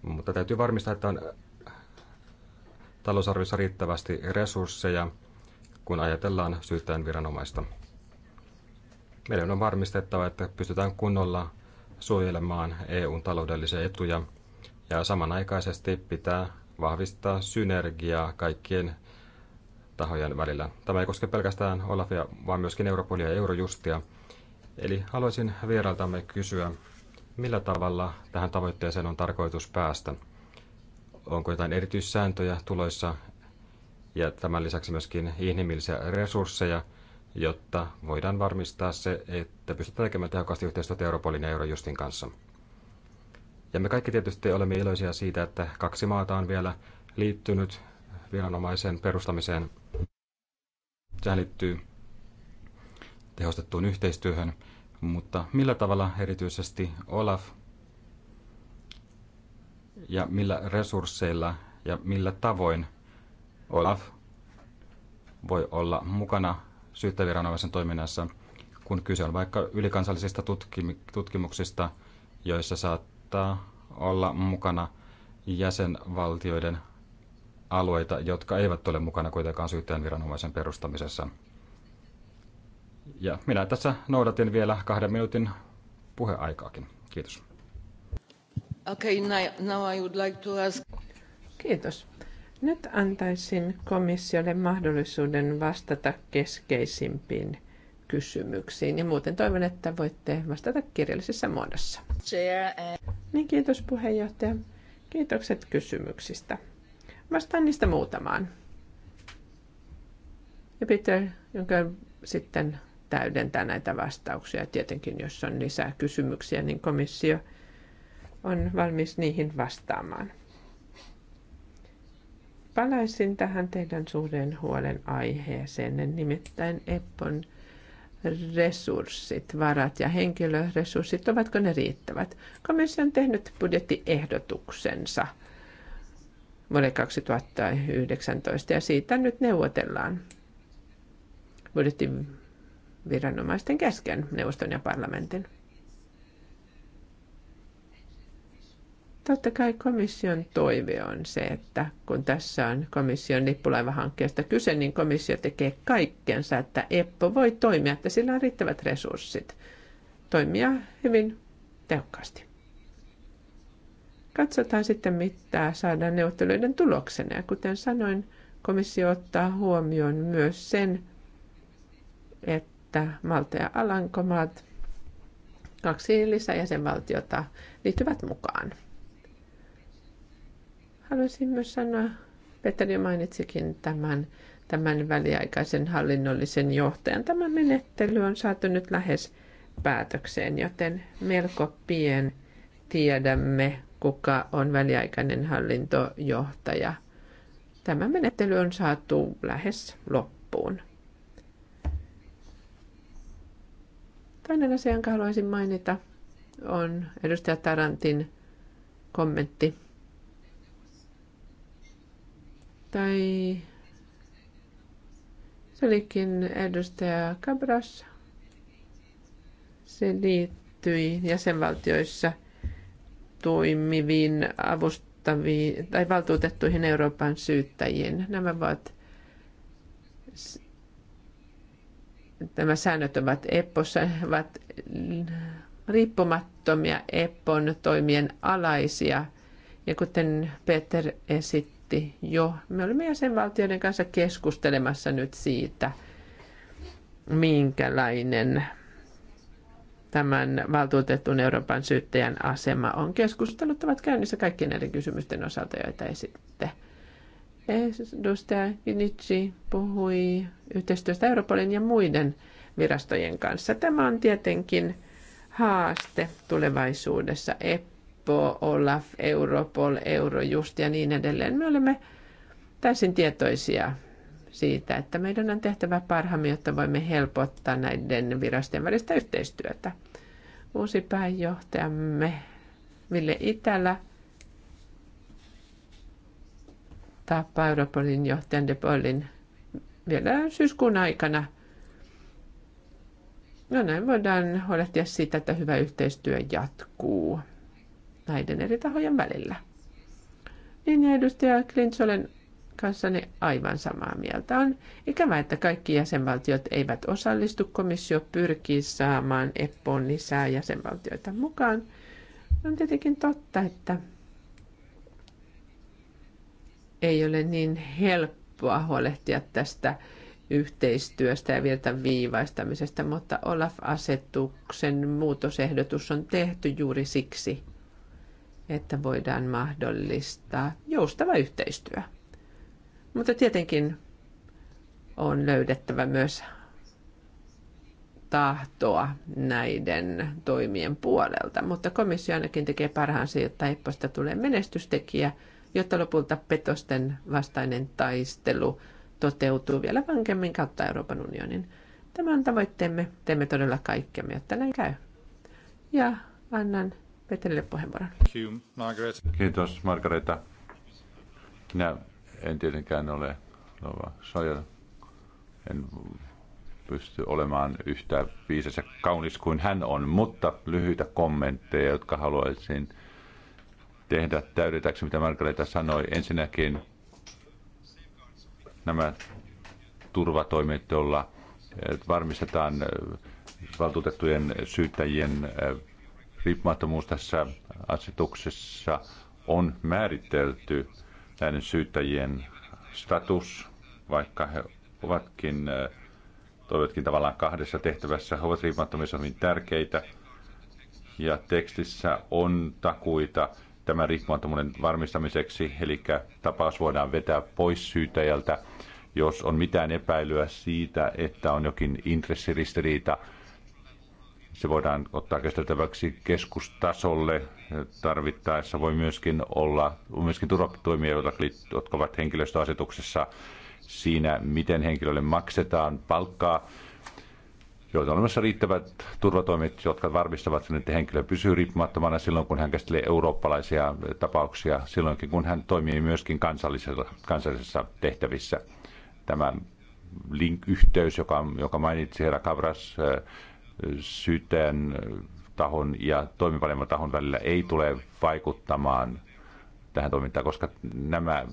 mutta täytyy varmistaa, että on äh, talousarviossa riittävästi resursseja, kun ajatellaan syyttäjän viranomaista. Meidän on varmistettava, että pystytään kunnolla suojelemaan EUn taloudellisia etuja ja samanaikaisesti pitää vahvistaa synergiaa kaikkien tahojen välillä. Tämä ei koske pelkästään Olafia, vaan myöskin Europolia ja Eurojustia. Eli haluaisin vierailtamme kysyä, millä tavalla tähän tavoitteeseen on tarkoitus päästä? Onko jotain erityissääntöjä tuloissa ja tämän lisäksi myöskin inhimillisiä resursseja, jotta voidaan varmistaa se, että pystytään tekemään tehokkaasti yhteistyötä Europolin ja Eurojustin kanssa. Ja me kaikki tietysti olemme iloisia siitä, että kaksi maata on vielä liittynyt viranomaisen perustamiseen. Sehän liittyy tehostettuun yhteistyöhön, mutta millä tavalla erityisesti Olaf ja millä resursseilla ja millä tavoin Olaf voi olla mukana syyttäviranomaisen toiminnassa, kun kyse on vaikka ylikansallisista tutkimuksista, joissa saattaa olla mukana jäsenvaltioiden alueita, jotka eivät ole mukana kuitenkaan syyttäjän viranomaisen perustamisessa. Ja minä tässä noudatin vielä kahden minuutin puheaikaakin. Kiitos. Okay, now I would like to ask... Kiitos. Nyt antaisin komissiolle mahdollisuuden vastata keskeisimpiin kysymyksiin. Ja muuten toivon, että voitte vastata kirjallisessa muodossa. Eh- niin, kiitos puheenjohtaja. Kiitokset kysymyksistä. Vastaan niistä muutamaan. Ja Peter, jonka sitten täydentää näitä vastauksia. Tietenkin, jos on lisää kysymyksiä, niin komissio on valmis niihin vastaamaan. Palaisin tähän teidän suuren huolen aiheeseen, nimittäin Eppon resurssit, varat ja henkilöresurssit, ovatko ne riittävät? Komissio on tehnyt budjettiehdotuksensa – vuodelle 2019 ja siitä nyt neuvotellaan budjetin viranomaisten kesken, neuvoston ja parlamentin. Totta kai komission toive on se, että kun tässä on komission lippulaivahankkeesta kyse, niin komissio tekee kaikkensa, että EPPO voi toimia, että sillä on riittävät resurssit toimia hyvin tehokkaasti. Katsotaan sitten, mitä saadaan neuvotteluiden tuloksena. Ja kuten sanoin, komissio ottaa huomioon myös sen, että Malta ja Alankomaat, kaksi lisäjäsenvaltiota, liittyvät mukaan. Haluaisin myös sanoa, Petteri mainitsikin tämän, tämän väliaikaisen hallinnollisen johtajan. Tämä menettely on saatu nyt lähes päätökseen, joten melko pien tiedämme, kuka on väliaikainen hallintojohtaja. Tämä menettely on saatu lähes loppuun. Toinen asia, jonka haluaisin mainita, on edustaja Tarantin kommentti. Tai se olikin edustaja Cabras. Se liittyi jäsenvaltioissa – toimiviin avustaviin tai valtuutettuihin Euroopan syyttäjiin. Nämä ovat nämä säännöt ovat epossa ovat riippumattomia epon toimien alaisia. Ja kuten Peter esitti jo, me olemme jäsenvaltioiden kanssa keskustelemassa nyt siitä, minkälainen tämän valtuutetun Euroopan syyttäjän asema on. keskustellut ovat käynnissä kaikkien näiden kysymysten osalta, joita esitte. Edustaja Inichi puhui yhteistyöstä Europolin ja muiden virastojen kanssa. Tämä on tietenkin haaste tulevaisuudessa. EPPO, OLAF, Europol, Eurojust ja niin edelleen. Me olemme täysin tietoisia siitä, että meidän on tehtävä parhaamme, jotta voimme helpottaa näiden virastojen välistä yhteistyötä. Uusi pääjohtajamme Ville Itälä tapaa Europolin johtajan Paulin vielä syyskuun aikana. No näin voidaan huolehtia siitä, että hyvä yhteistyö jatkuu näiden eri tahojen välillä. Niin ja edustaja Klintz, olen kanssanne aivan samaa mieltä. On ikävä että kaikki jäsenvaltiot eivät osallistu. Komissio pyrkii saamaan EPPOon lisää jäsenvaltioita mukaan. On tietenkin totta, että ei ole niin helppoa huolehtia tästä yhteistyöstä ja viivaistamisesta, mutta Olaf-asetuksen muutosehdotus on tehty juuri siksi, että voidaan mahdollistaa joustava yhteistyö. Mutta tietenkin on löydettävä myös tahtoa näiden toimien puolelta, mutta komissio ainakin tekee parhaansa, jotta Epposta tulee menestystekijä, jotta lopulta petosten vastainen taistelu toteutuu vielä vankemmin kautta Euroopan unionin. Tämä on tavoitteemme, teemme todella kaikkemme, jotta näin käy. Ja annan Petrille puheenvuoron. Kiitos Margareta. Minä en tietenkään ole Nova Sajan. En pysty olemaan yhtä viisas ja kaunis kuin hän on, mutta lyhyitä kommentteja, jotka haluaisin tehdä täydetäksi, mitä Margareta sanoi. Ensinnäkin nämä turvatoimet, joilla eh, varmistetaan eh, valtuutettujen syyttäjien eh, riippumattomuus tässä asetuksessa on määritelty näiden syyttäjien status, vaikka he ovatkin, toivotkin tavallaan kahdessa tehtävässä, he ovat riippumattomissa hyvin tärkeitä. Ja tekstissä on takuita tämän riippumattomuuden varmistamiseksi, eli tapaus voidaan vetää pois syyttäjältä, jos on mitään epäilyä siitä, että on jokin intressiristiriita – se voidaan ottaa käsiteltäväksi keskustasolle. Tarvittaessa voi myöskin olla myöskin turvatoimia, jotka ovat henkilöstöasetuksessa siinä, miten henkilölle maksetaan palkkaa joita on olemassa riittävät turvatoimet, jotka varmistavat sen, että henkilö pysyy riippumattomana silloin, kun hän käsittelee eurooppalaisia tapauksia, silloinkin kun hän toimii myöskin kansallisessa, kansallisessa tehtävissä. Tämä link-yhteys, joka, joka mainitsi herra Kavras, syyttäjän tahon ja toimivalemman tahon välillä ei tule vaikuttamaan tähän toimintaan, koska nämä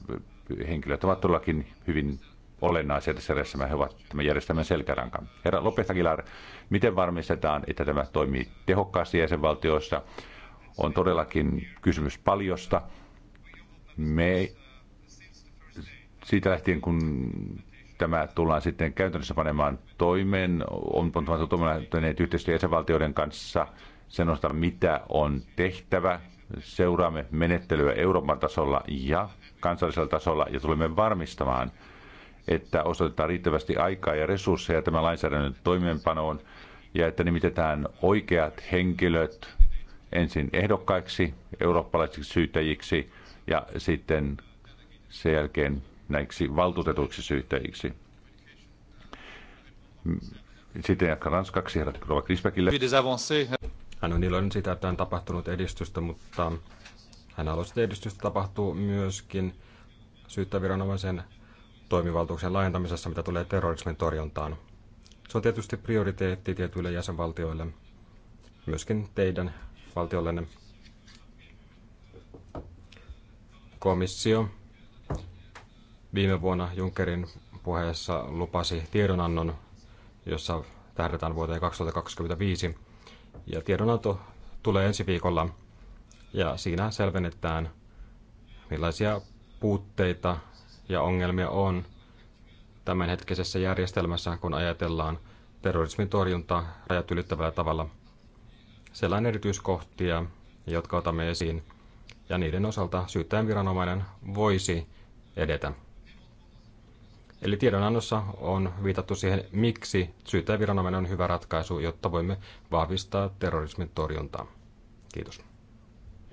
henkilöt ovat todellakin hyvin olennaisia tässä järjestelmä, He ovat tämän järjestelmän selkärankan. Herra lopez miten varmistetaan, että tämä toimii tehokkaasti jäsenvaltioissa? On todellakin kysymys paljosta. Me siitä lähtien, kun tämä tullaan sitten käytännössä panemaan toimeen. On pantu toimeen yhteistyö jäsenvaltioiden kanssa sen osalta, mitä on tehtävä. Seuraamme menettelyä Euroopan tasolla ja kansallisella tasolla ja tulemme varmistamaan, että osoitetaan riittävästi aikaa ja resursseja tämän lainsäädännön toimeenpanoon ja että nimitetään oikeat henkilöt ensin ehdokkaiksi, eurooppalaisiksi syyttäjiksi ja sitten sen jälkeen näiksi valtuutetuiksi syyttäjiksi. Sitten jatkan ranskaksi, herrat Krova Krispäkille. Hän on iloinen siitä, että on tapahtunut edistystä, mutta hän haluaisi, että edistystä tapahtuu myöskin syyttäviranomaisen toimivaltuuksien laajentamisessa, mitä tulee terrorismin torjuntaan. Se on tietysti prioriteetti tietyille jäsenvaltioille, myöskin teidän valtiollenne. Komissio Viime vuonna Junckerin puheessa lupasi tiedonannon, jossa tähdetään vuoteen 2025. Ja tiedonanto tulee ensi viikolla ja siinä selvennetään, millaisia puutteita ja ongelmia on tämänhetkisessä järjestelmässä, kun ajatellaan terrorismin torjuntaa rajat ylittävällä tavalla. Siellä on erityiskohtia, jotka otamme esiin, ja niiden osalta syyttäjän viranomainen voisi edetä. Eli tiedonannossa on viitattu siihen, miksi syyttäjäviranomainen on hyvä ratkaisu, jotta voimme vahvistaa terrorismin torjuntaa. Kiitos.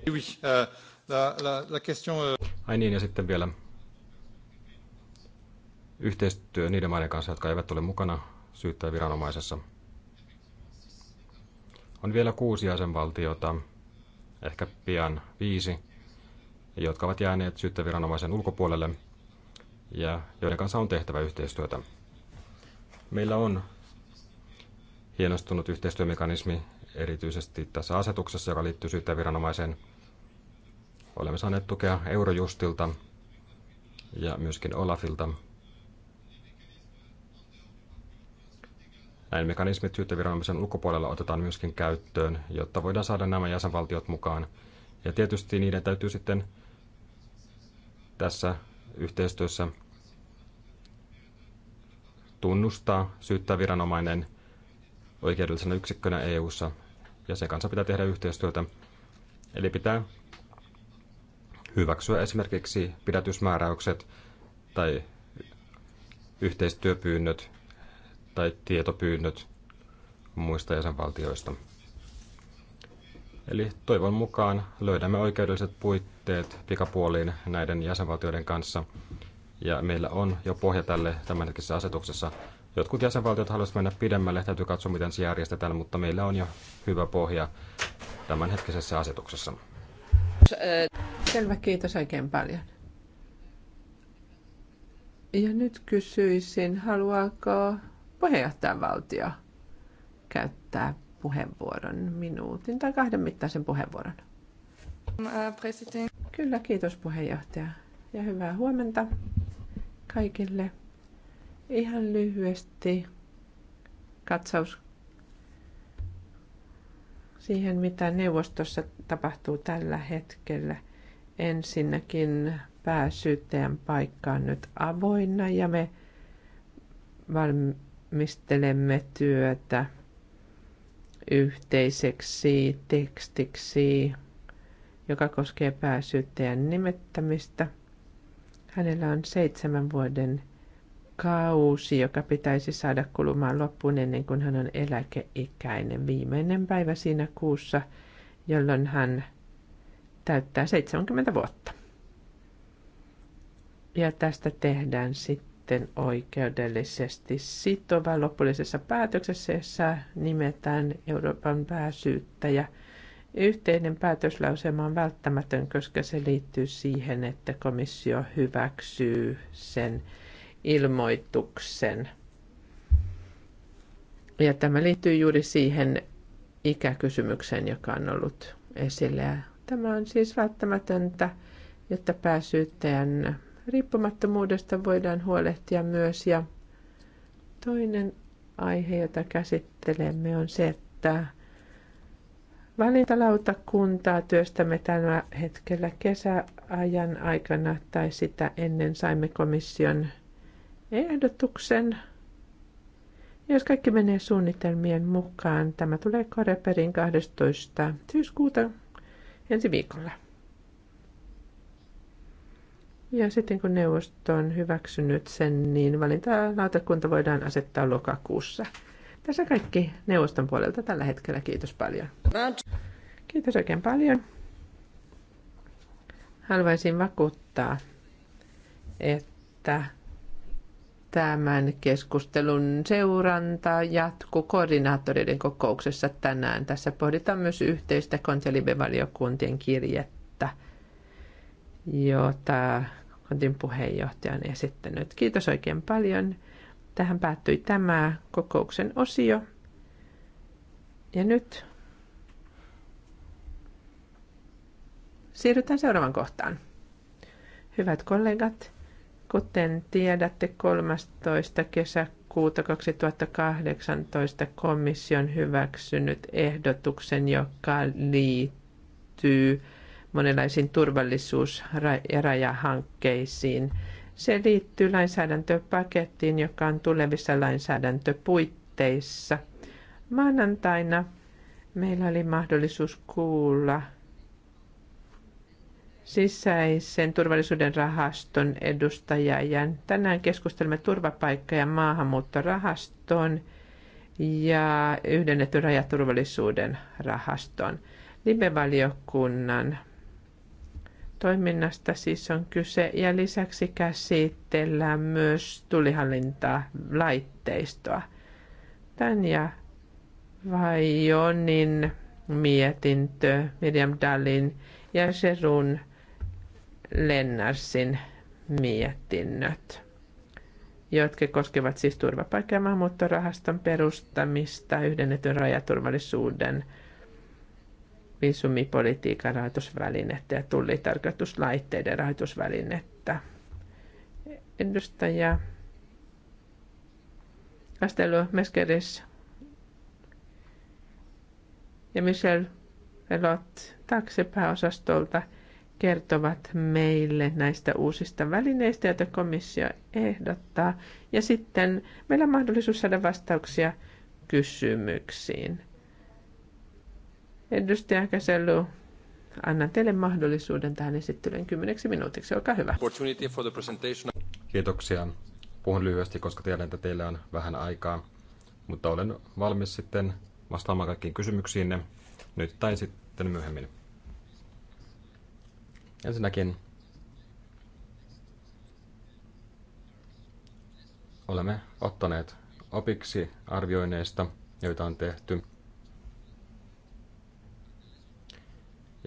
Euh, euh- Ai niin, ja sitten vielä yhteistyö niiden maiden kanssa, jotka eivät ole mukana syyttäjäviranomaisessa. On vielä kuusi jäsenvaltiota, ehkä pian viisi, jotka ovat jääneet syyttäjäviranomaisen ulkopuolelle – ja joiden kanssa on tehtävä yhteistyötä. Meillä on hienostunut yhteistyömekanismi erityisesti tässä asetuksessa, joka liittyy syyttäjäviranomaiseen. Olemme saaneet tukea Eurojustilta ja myöskin Olafilta. Näin mekanismit syyttäviranomaisen ulkopuolella otetaan myöskin käyttöön, jotta voidaan saada nämä jäsenvaltiot mukaan. Ja tietysti niiden täytyy sitten tässä yhteistyössä tunnustaa syyttäviranomainen oikeudellisena yksikkönä EU:ssa ja sen kanssa pitää tehdä yhteistyötä. Eli pitää hyväksyä esimerkiksi pidätysmääräykset tai yhteistyöpyynnöt tai tietopyynnöt muista jäsenvaltioista. Eli toivon mukaan löydämme oikeudelliset puitteet pikapuoliin näiden jäsenvaltioiden kanssa. Ja meillä on jo pohja tälle tämänhetkisessä asetuksessa. Jotkut jäsenvaltiot haluaisivat mennä pidemmälle, täytyy katsoa miten se järjestetään, mutta meillä on jo hyvä pohja tämänhetkisessä asetuksessa. Selvä, kiitos oikein paljon. Ja nyt kysyisin, haluaako puheenjohtajavaltio käyttää puheenvuoron, minuutin tai kahden mittaisen puheenvuoron. Um, äh, president. Kyllä, kiitos puheenjohtaja ja hyvää huomenta kaikille. Ihan lyhyesti katsaus siihen, mitä neuvostossa tapahtuu tällä hetkellä. Ensinnäkin pääsyyttäjän paikka on nyt avoinna ja me valmistelemme työtä yhteiseksi tekstiksi, joka koskee pääsyyttäjän nimettämistä. Hänellä on seitsemän vuoden kausi, joka pitäisi saada kulumaan loppuun ennen kuin hän on eläkeikäinen. Viimeinen päivä siinä kuussa, jolloin hän täyttää 70 vuotta. Ja tästä tehdään sitten sitten oikeudellisesti sitova lopullisessa päätöksessä, jossa nimetään Euroopan pääsyyttäjä. Yhteinen päätöslauselma on välttämätön, koska se liittyy siihen, että komissio hyväksyy sen ilmoituksen. Ja tämä liittyy juuri siihen ikäkysymykseen, joka on ollut esillä. Tämä on siis välttämätöntä, jotta pääsyyttäjän riippumattomuudesta voidaan huolehtia myös. Ja toinen aihe, jota käsittelemme, on se, että valintalautakuntaa työstämme tällä hetkellä kesäajan aikana tai sitä ennen saimme komission ehdotuksen. Jos kaikki menee suunnitelmien mukaan, tämä tulee Koreperin 12. syyskuuta ensi viikolla. Ja sitten kun neuvosto on hyväksynyt sen, niin valintalautakunta voidaan asettaa lokakuussa. Tässä kaikki neuvoston puolelta tällä hetkellä. Kiitos paljon. Kiitos oikein paljon. Haluaisin vakuuttaa, että tämän keskustelun seuranta jatkuu koordinaattoreiden kokouksessa tänään. Tässä pohditaan myös yhteistä kontelibevaliokuntien kirjettä, jota Kontin puheenjohtaja on esittänyt. Kiitos oikein paljon. Tähän päättyi tämä kokouksen osio. Ja nyt siirrytään seuraavaan kohtaan. Hyvät kollegat, kuten tiedätte, 13. kesäkuuta 2018 komission hyväksynyt ehdotuksen, joka liittyy monenlaisiin turvallisuus- ja rajahankkeisiin. Se liittyy lainsäädäntöpakettiin, joka on tulevissa lainsäädäntöpuitteissa. Maanantaina meillä oli mahdollisuus kuulla sisäisen turvallisuuden rahaston edustajia. ja tänään keskustelemme turvapaikka- ja maahanmuuttorahaston ja yhdennetyn rajaturvallisuuden rahaston. Libevaliokunnan toiminnasta siis on kyse ja lisäksi käsitellään myös tulihallintaa laitteistoa. Tanja Vajonin mietintö, Miriam Dallin ja Serun Lennarsin mietinnöt, jotka koskevat siis turvapaikka- ja maahanmuuttorahaston perustamista yhdennetyn rajaturvallisuuden – viisumipolitiikan rahoitusvälinettä ja tullitarkastuslaitteiden rahoitusvälinettä. Edustaja Castello Meskeris ja Michel Velot taksepääosastolta kertovat meille näistä uusista välineistä, joita komissio ehdottaa. Ja sitten meillä on mahdollisuus saada vastauksia kysymyksiin. Edustaja Käsellu, annan teille mahdollisuuden tähän esittelyyn kymmeneksi minuutiksi. Olkaa hyvä. Kiitoksia. Puhun lyhyesti, koska tiedän, että teillä on vähän aikaa, mutta olen valmis sitten vastaamaan kaikkiin kysymyksiinne nyt tai sitten myöhemmin. Ensinnäkin olemme ottaneet opiksi arvioineista, joita on tehty –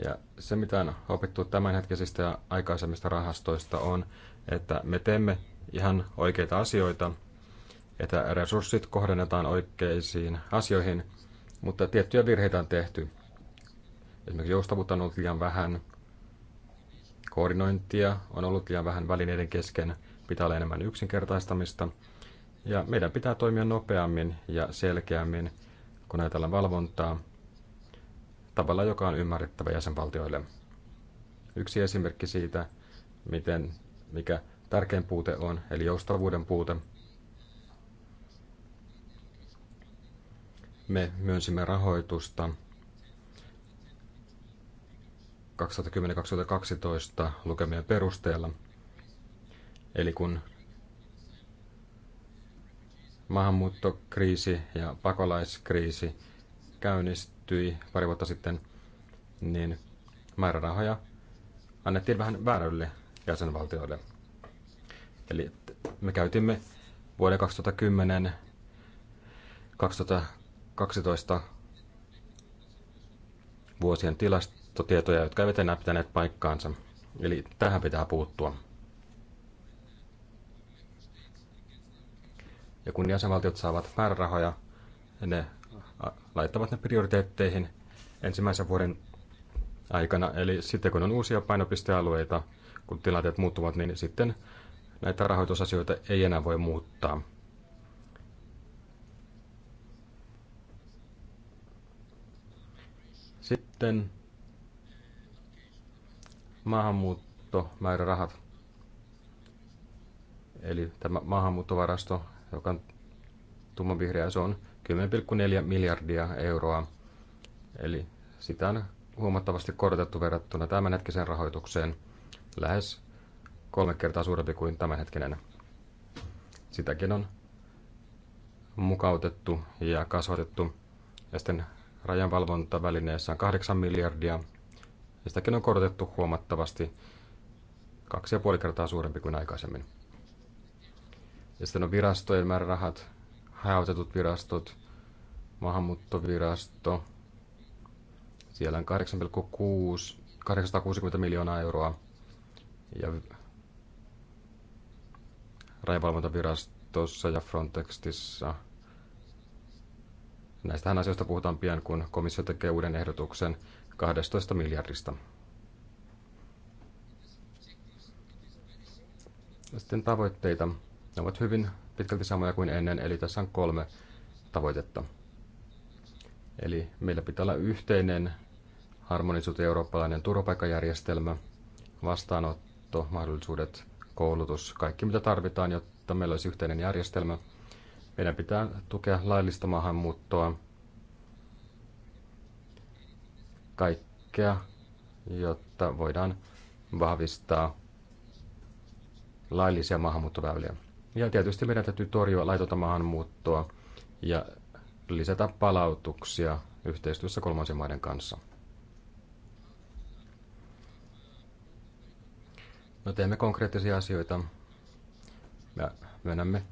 Ja se, mitä on opittu tämänhetkisistä ja aikaisemmista rahastoista, on, että me teemme ihan oikeita asioita, että resurssit kohdennetaan oikeisiin asioihin, mutta tiettyjä virheitä on tehty. Esimerkiksi joustavuutta on ollut liian vähän, koordinointia on ollut liian vähän välineiden kesken, pitää olla enemmän yksinkertaistamista. Ja meidän pitää toimia nopeammin ja selkeämmin, kun ajatellaan valvontaa tavalla, joka on ymmärrettävä jäsenvaltioille. Yksi esimerkki siitä, miten, mikä tärkein puute on, eli joustavuuden puute. Me myönsimme rahoitusta 2010-2012 lukemien perusteella. Eli kun maahanmuuttokriisi ja pakolaiskriisi käynnistyi, hyväksyttyi pari vuotta sitten, niin määrärahoja annettiin vähän väärälle jäsenvaltioille. Eli me käytimme vuoden 2010 2012 vuosien tilastotietoja, jotka eivät enää pitäneet paikkaansa. Eli tähän pitää puuttua. Ja kun jäsenvaltiot saavat määrärahoja, ne laittavat ne prioriteetteihin ensimmäisen vuoden aikana. Eli sitten kun on uusia painopistealueita, kun tilanteet muuttuvat, niin sitten näitä rahoitusasioita ei enää voi muuttaa. Sitten maahanmuuttomäärärahat. Eli tämä maahanmuuttovarasto, joka on tummanvihreä, se on 10,4 miljardia euroa, eli sitä on huomattavasti korotettu verrattuna tämänhetkiseen rahoitukseen, lähes kolme kertaa suurempi kuin tämänhetkinen. Sitäkin on mukautettu ja kasvatettu. Ja sitten rajanvalvontavälineessä on 8 miljardia, ja sitäkin on korotettu huomattavasti kaksi ja puoli kertaa suurempi kuin aikaisemmin. Ja sitten on virastojen määrärahat, hajautetut virastot, maahanmuuttovirasto. Siellä on 8,6, 860 miljoonaa euroa ja rajavalvontavirastossa ja Frontextissa. Näistähän asioista puhutaan pian, kun komissio tekee uuden ehdotuksen 12 miljardista. Sitten tavoitteita. Ne ovat hyvin pitkälti samoja kuin ennen, eli tässä on kolme tavoitetta. Eli meillä pitää olla yhteinen harmonisuuteen eurooppalainen turvapaikkajärjestelmä, vastaanotto, mahdollisuudet, koulutus, kaikki mitä tarvitaan, jotta meillä olisi yhteinen järjestelmä. Meidän pitää tukea laillista maahanmuuttoa, kaikkea, jotta voidaan vahvistaa laillisia maahanmuuttoväyliä. Ja tietysti meidän täytyy torjua laitonta maahanmuuttoa ja lisätä palautuksia yhteistyössä kolmansien maiden kanssa. No teemme konkreettisia asioita. Me myönnämme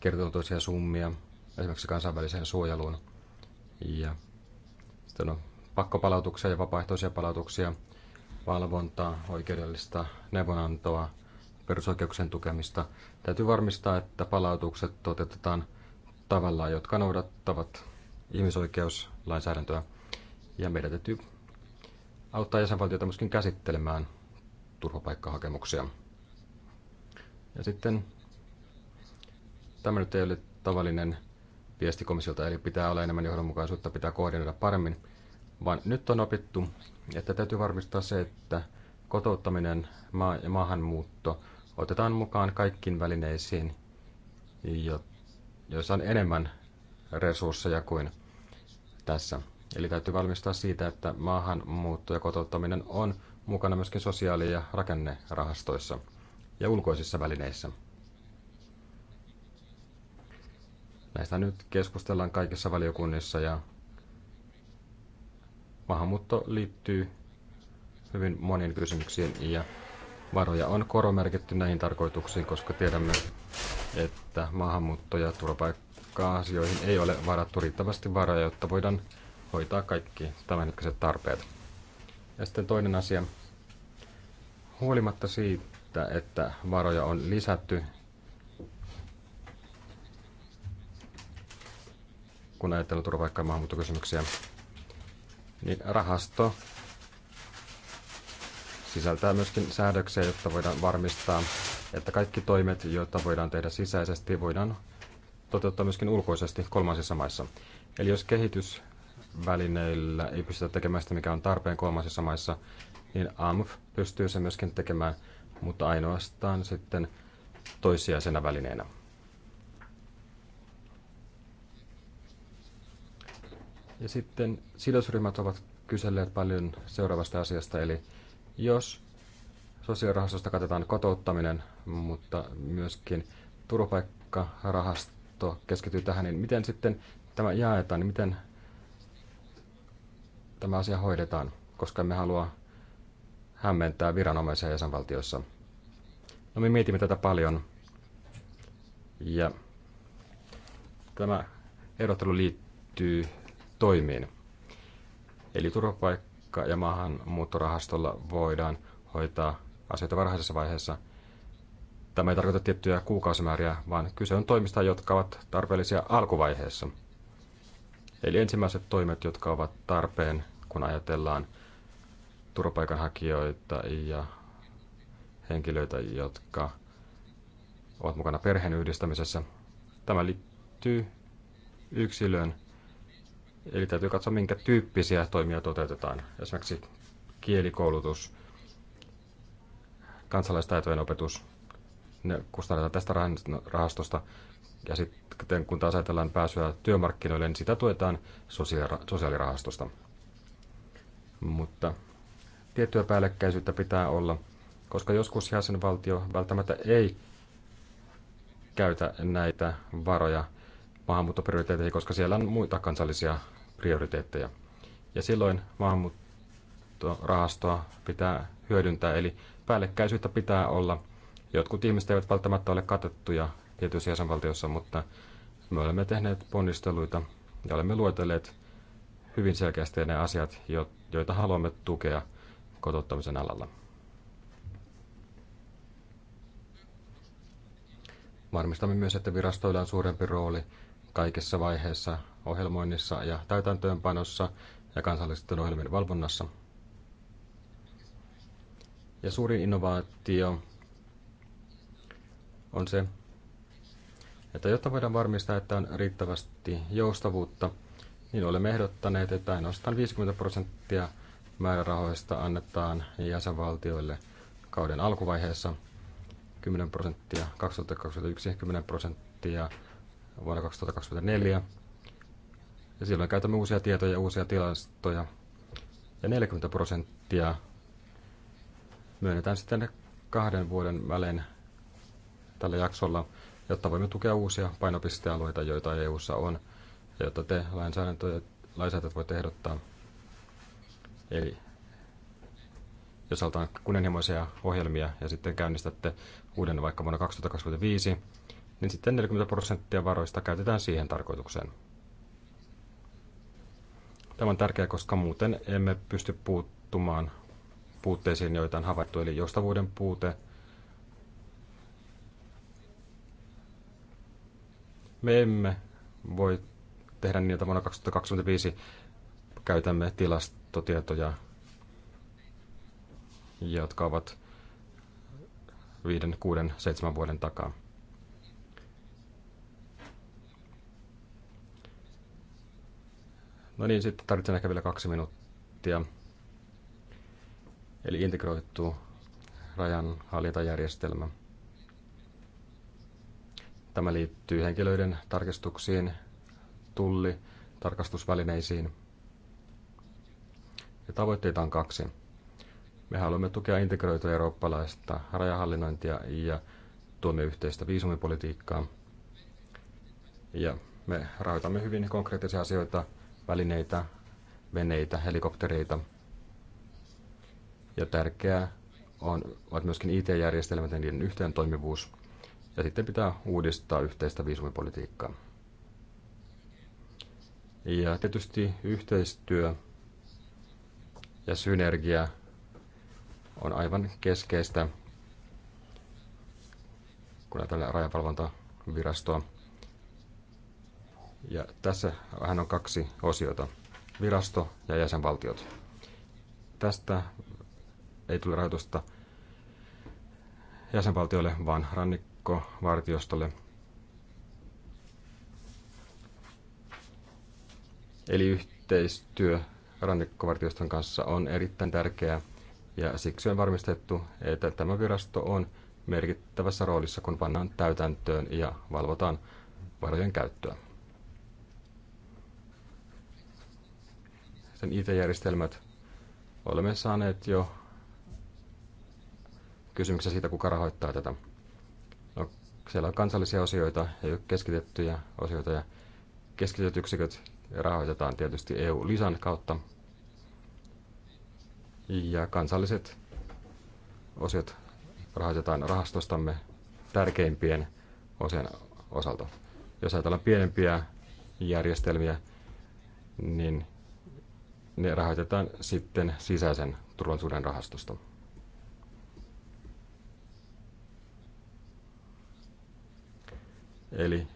kertotuisia summia esimerkiksi kansainväliseen suojeluun. Ja sitten on pakkopalautuksia ja vapaaehtoisia palautuksia, valvontaa, oikeudellista neuvonantoa – perusoikeuksien tukemista. Täytyy varmistaa, että palautukset toteutetaan tavalla, jotka noudattavat ihmisoikeuslainsäädäntöä. Ja meidän täytyy auttaa jäsenvaltioita myöskin käsittelemään turvapaikkahakemuksia. Ja sitten tämä nyt ei ole tavallinen viesti komissiolta, eli pitää olla enemmän johdonmukaisuutta, pitää koordinoida paremmin, vaan nyt on opittu, että täytyy varmistaa se, että kotouttaminen ja maahanmuutto otetaan mukaan kaikkiin välineisiin, joissa on enemmän resursseja kuin tässä. Eli täytyy valmistaa siitä, että maahanmuutto ja kotouttaminen on mukana myöskin sosiaali- ja rakennerahastoissa ja ulkoisissa välineissä. Näistä nyt keskustellaan kaikissa valiokunnissa ja maahanmuutto liittyy hyvin moniin kysymyksiin ja Varoja on koromerkitty näihin tarkoituksiin, koska tiedämme, että maahanmuutto- ja turvapaikka-asioihin ei ole varattu riittävästi varoja, jotta voidaan hoitaa kaikki tämänhetkiset tarpeet. Ja sitten toinen asia. Huolimatta siitä, että varoja on lisätty, kun ajatellaan turvapaikka- ja maahanmuuttokysymyksiä, niin rahasto sisältää myöskin säädöksiä, jotta voidaan varmistaa, että kaikki toimet, joita voidaan tehdä sisäisesti, voidaan toteuttaa myöskin ulkoisesti kolmansissa maissa. Eli jos kehitysvälineillä ei pystytä tekemään sitä, mikä on tarpeen kolmansissa maissa, niin AMF pystyy se myöskin tekemään, mutta ainoastaan sitten toissijaisena välineenä. Ja sitten sidosryhmät ovat kyselleet paljon seuraavasta asiasta, eli jos sosiaalirahastosta katsotaan kotouttaminen, mutta myöskin turvapaikkarahasto keskittyy tähän, niin miten sitten tämä jaetaan, niin miten tämä asia hoidetaan, koska me halua hämmentää viranomaisia jäsenvaltioissa. No me mietimme tätä paljon ja tämä erottelu liittyy toimiin. Eli turvapaikka politiikka ja maahanmuuttorahastolla voidaan hoitaa asioita varhaisessa vaiheessa. Tämä ei tarkoita tiettyjä kuukausimääriä, vaan kyse on toimista, jotka ovat tarpeellisia alkuvaiheessa. Eli ensimmäiset toimet, jotka ovat tarpeen, kun ajatellaan turvapaikanhakijoita ja henkilöitä, jotka ovat mukana perheen yhdistämisessä. Tämä liittyy yksilön Eli täytyy katsoa, minkä tyyppisiä toimia toteutetaan. Esimerkiksi kielikoulutus, kansalaistaitojen opetus, ne kustannetaan tästä rahastosta. Ja sitten kun taas ajatellaan pääsyä työmarkkinoille, niin sitä tuetaan sosiaalirahastosta. Mutta tiettyä päällekkäisyyttä pitää olla, koska joskus jäsenvaltio välttämättä ei käytä näitä varoja maahanmuuttoprioriteetteihin, koska siellä on muita kansallisia prioriteetteja. Ja silloin maahanmuuttorahastoa pitää hyödyntää, eli päällekkäisyyttä pitää olla. Jotkut ihmiset eivät välttämättä ole katettuja tietyissä jäsenvaltioissa, mutta me olemme tehneet ponnisteluita ja olemme luetelleet hyvin selkeästi ne asiat, joita haluamme tukea kotouttamisen alalla. Varmistamme myös, että virastoilla on suurempi rooli kaikissa vaiheissa ohjelmoinnissa ja täytäntöönpanossa ja kansallisten ohjelmien valvonnassa. Ja suurin innovaatio on se, että jotta voidaan varmistaa, että on riittävästi joustavuutta, niin olemme ehdottaneet, että ainoastaan 50 prosenttia määrärahoista annetaan jäsenvaltioille kauden alkuvaiheessa, 10 prosenttia 2021, 10 prosenttia vuonna 2024 ja silloin käytämme uusia tietoja ja uusia tilastoja. Ja 40 prosenttia myönnetään sitten kahden vuoden välein tällä jaksolla, jotta voimme tukea uusia painopistealueita, joita EU:ssa on, ja jotta te lainsäädäntöt voitte ehdottaa. Eli jos aletaan kunnianhimoisia ohjelmia ja sitten käynnistätte uuden vaikka vuonna 2025, niin sitten 40 prosenttia varoista käytetään siihen tarkoitukseen. Tämä on tärkeää, koska muuten emme pysty puuttumaan puutteisiin, joita on havaittu, eli joustavuuden puute. Me emme voi tehdä niin, että vuonna 2025 käytämme tilastotietoja, jotka ovat viiden, kuuden, seitsemän vuoden takaa. No niin, sitten tarvitsen ehkä vielä kaksi minuuttia. Eli integroitu rajanhallintajärjestelmä. Tämä liittyy henkilöiden tarkistuksiin, tulli, tarkastusvälineisiin. Ja tavoitteita on kaksi. Me haluamme tukea integroitua eurooppalaista rajahallinnointia ja tuomme yhteistä viisumipolitiikkaa. Ja me rahoitamme hyvin konkreettisia asioita, välineitä, veneitä, helikoptereita. Ja tärkeää on, ovat myöskin IT-järjestelmät ja niiden yhteen toimivuus. Ja sitten pitää uudistaa yhteistä viisumipolitiikkaa. Ja tietysti yhteistyö ja synergia on aivan keskeistä, kun ajatellaan rajavalvontavirastoa. Ja tässä vähän on kaksi osiota, virasto ja jäsenvaltiot. Tästä ei tule rahoitusta jäsenvaltiolle vaan rannikkovartiostolle. Eli yhteistyö rannikkovartioston kanssa on erittäin tärkeää ja siksi on varmistettu, että tämä virasto on merkittävässä roolissa, kun pannaan täytäntöön ja valvotaan varojen käyttöä. sen IT-järjestelmät. Olemme saaneet jo kysymyksiä siitä, kuka rahoittaa tätä. No, siellä on kansallisia osioita, ja keskitettyjä osioita ja keskitetyt yksiköt rahoitetaan tietysti eu lisan kautta. Ja kansalliset osiot rahoitetaan rahastostamme tärkeimpien osien osalta. Jos ajatellaan pienempiä järjestelmiä, niin ne rahoitetaan sitten sisäisen turvallisuuden rahastosta. Eli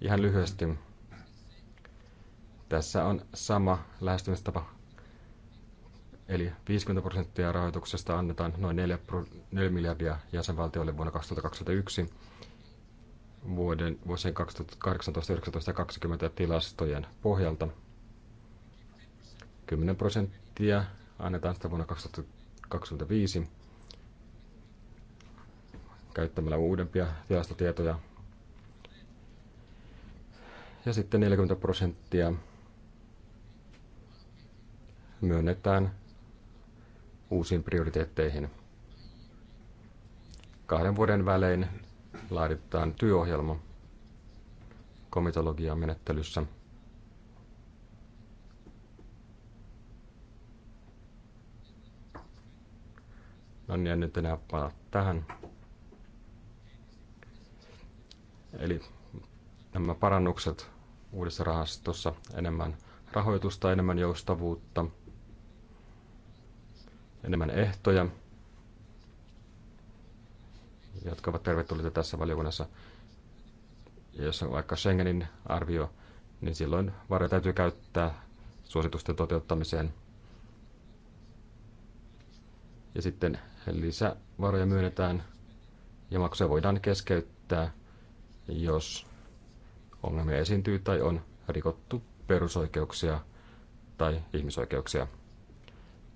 ihan lyhyesti tässä on sama lähestymistapa. Eli 50 prosenttia rahoituksesta annetaan noin 4, 4 miljardia jäsenvaltioille vuonna 2021 vuoden, vuosien 2018, 2019 ja 2020 tilastojen pohjalta – 10 prosenttia annetaan sitä vuonna 2025 käyttämällä uudempia tilastotietoja. Ja sitten 40 prosenttia myönnetään uusiin prioriteetteihin. Kahden vuoden välein laaditaan työohjelma komitologian menettelyssä – No niin, en nyt enää palaa tähän. Eli nämä parannukset uudessa rahastossa enemmän rahoitusta, enemmän joustavuutta, enemmän ehtoja, jotka ovat tervetulleita tässä valiokunnassa. Ja jos on vaikka Schengenin arvio, niin silloin varoja täytyy käyttää suositusten toteuttamiseen. Ja sitten lisävaroja myönnetään ja maksuja voidaan keskeyttää, jos ongelmia esiintyy tai on rikottu perusoikeuksia tai ihmisoikeuksia.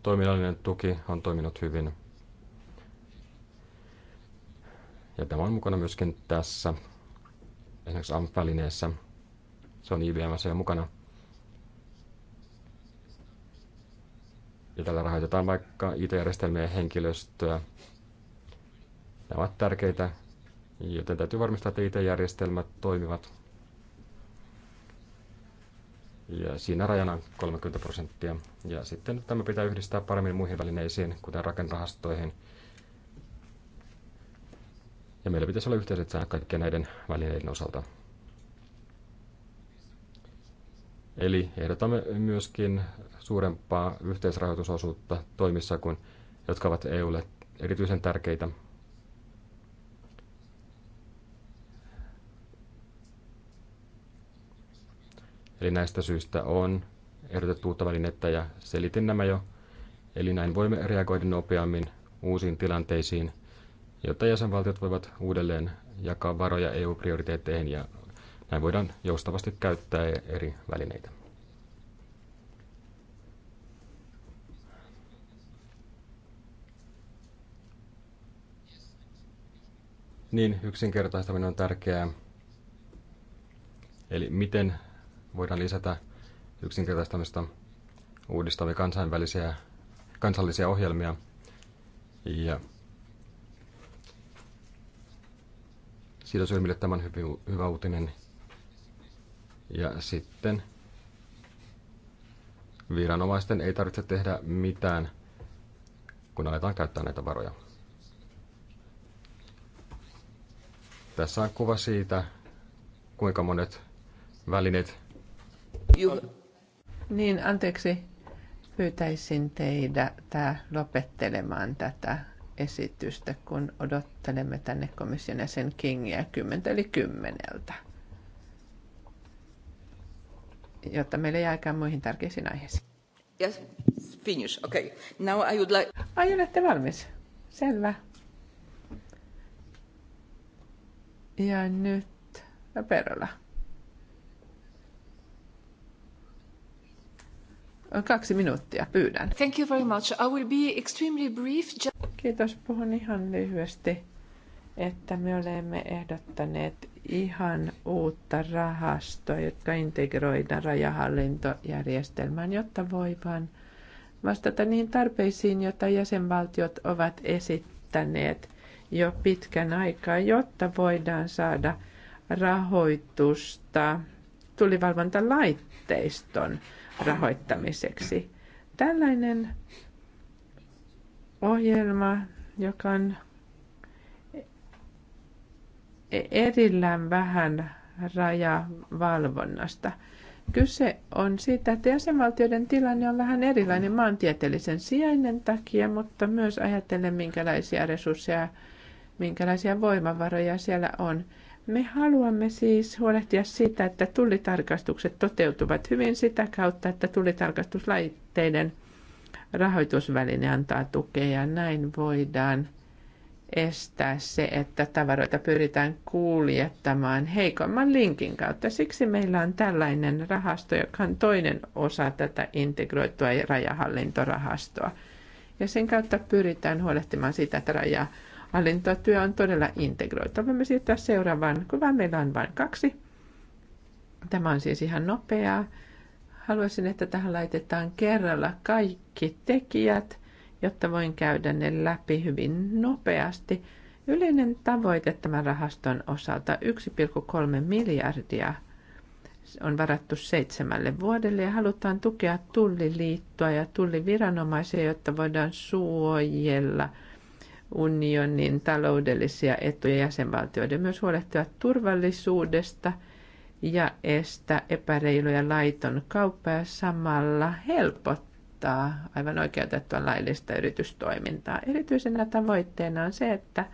Toiminnallinen tuki on toiminut hyvin. Ja tämä on mukana myöskin tässä, esimerkiksi AMP-välineessä. Se on IBMssä mukana. ja tällä rahoitetaan vaikka it järjestelmien henkilöstöä. Nämä ovat tärkeitä, joten täytyy varmistaa, että IT-järjestelmät toimivat. Ja siinä rajana 30 prosenttia. Ja sitten tämä pitää yhdistää paremmin muihin välineisiin, kuten rakennerahastoihin. Ja meillä pitäisi olla yhteiset säännöt kaikkien näiden välineiden osalta. Eli ehdotamme myöskin suurempaa yhteisrahoitusosuutta toimissa, kun, jotka ovat EUlle erityisen tärkeitä. Eli näistä syistä on ehdotettu uutta välinettä ja selitin nämä jo. Eli näin voimme reagoida nopeammin uusiin tilanteisiin, jotta jäsenvaltiot voivat uudelleen jakaa varoja EU-prioriteetteihin ja näin voidaan joustavasti käyttää eri välineitä. Niin, yksinkertaistaminen on tärkeää. Eli miten voidaan lisätä yksinkertaistamista uudistavia kansainvälisiä, kansallisia ohjelmia. Ja sidosryhmille tämä hyvin hyvä uutinen. Ja sitten viranomaisten ei tarvitse tehdä mitään, kun aletaan käyttää näitä varoja. Tässä on kuva siitä, kuinka monet välineet. Juh. Niin, anteeksi. Pyytäisin teitä lopettelemaan tätä esitystä, kun odottelemme tänne komission jäsen Kingiä kymmentä eli kymmeneltä jotta meillä ei aikaa muihin tärkeisiin aiheisiin. Yes, finish. Okay. Now I would like... Ai, olette valmis. Selvä. Ja nyt Perola. kaksi minuuttia, pyydän. Thank you very much. I will be extremely brief. Kiitos, puhun ihan lyhyesti että me olemme ehdottaneet ihan uutta rahastoa, jotka integroidaan rajahallintojärjestelmään, jotta vaan vastata niihin tarpeisiin, joita jäsenvaltiot ovat esittäneet jo pitkän aikaa, jotta voidaan saada rahoitusta tulivalvontalaitteiston rahoittamiseksi. Tällainen ohjelma, joka on erillään vähän rajavalvonnasta. Kyse on siitä, että jäsenvaltioiden tilanne on vähän erilainen maantieteellisen sijainnin takia, mutta myös ajatellen, minkälaisia resursseja, minkälaisia voimavaroja siellä on. Me haluamme siis huolehtia siitä, että tullitarkastukset toteutuvat hyvin sitä kautta, että tullitarkastuslaitteiden rahoitusväline antaa tukea ja näin voidaan – estää se, että tavaroita pyritään kuljettamaan heikomman linkin kautta. Siksi meillä on tällainen rahasto, joka on toinen osa tätä integroitua rajahallintorahastoa. Ja sen kautta pyritään huolehtimaan siitä, että rajahallintotyö on todella integroitu. Voimme siirtyä seuraavaan kuvaan. Meillä on vain kaksi. Tämä on siis ihan nopeaa. Haluaisin, että tähän laitetaan kerralla kaikki tekijät jotta voin käydä ne läpi hyvin nopeasti. Yleinen tavoite tämän rahaston osalta 1,3 miljardia on varattu seitsemälle vuodelle ja halutaan tukea tulliliittoa ja tulliviranomaisia, jotta voidaan suojella unionin taloudellisia etuja jäsenvaltioiden, myös huolehtia turvallisuudesta ja estää epäreiluja laiton kauppa ja samalla helpottaa harjoittaa aivan oikeutettua laillista yritystoimintaa. Erityisenä tavoitteena on se, että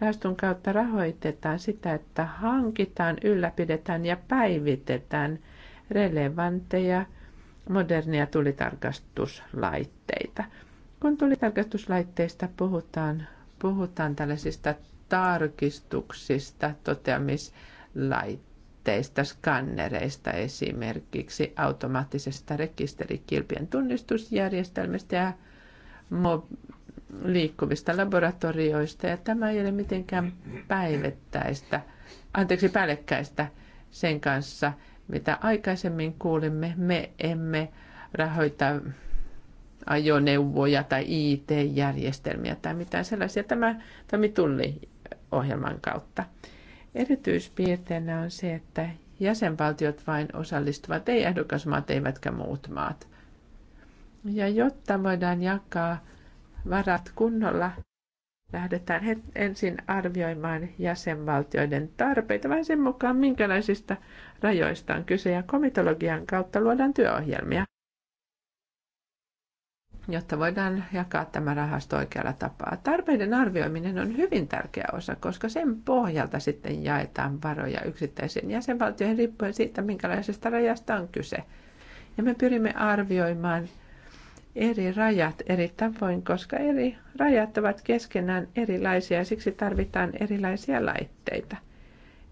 rahaston kautta rahoitetaan sitä, että hankitaan, ylläpidetään ja päivitetään relevantteja modernia tulitarkastuslaitteita. Kun tulitarkastuslaitteista puhutaan, puhutaan tällaisista tarkistuksista, toteamislaitteista laitteista, skannereista esimerkiksi, automaattisesta rekisterikilpien tunnistusjärjestelmistä ja liikkuvista laboratorioista. Ja tämä ei ole mitenkään päivettäistä, anteeksi päällekkäistä sen kanssa, mitä aikaisemmin kuulimme. Me emme rahoita ajoneuvoja tai IT-järjestelmiä tai mitään sellaisia tämä, tämä tulli ohjelman kautta. Erityispiirteenä on se, että jäsenvaltiot vain osallistuvat, ei ehdokasmaat eivätkä muut maat. Ja jotta voidaan jakaa varat kunnolla, lähdetään ensin arvioimaan jäsenvaltioiden tarpeita vähän sen mukaan, minkälaisista rajoista on kyse, ja komitologian kautta luodaan työohjelmia jotta voidaan jakaa tämä rahasto oikealla tapaa. Tarpeiden arvioiminen on hyvin tärkeä osa, koska sen pohjalta sitten jaetaan varoja yksittäisiin jäsenvaltioihin riippuen siitä, minkälaisesta rajasta on kyse. Ja me pyrimme arvioimaan eri rajat eri tavoin, koska eri rajat ovat keskenään erilaisia ja siksi tarvitaan erilaisia laitteita.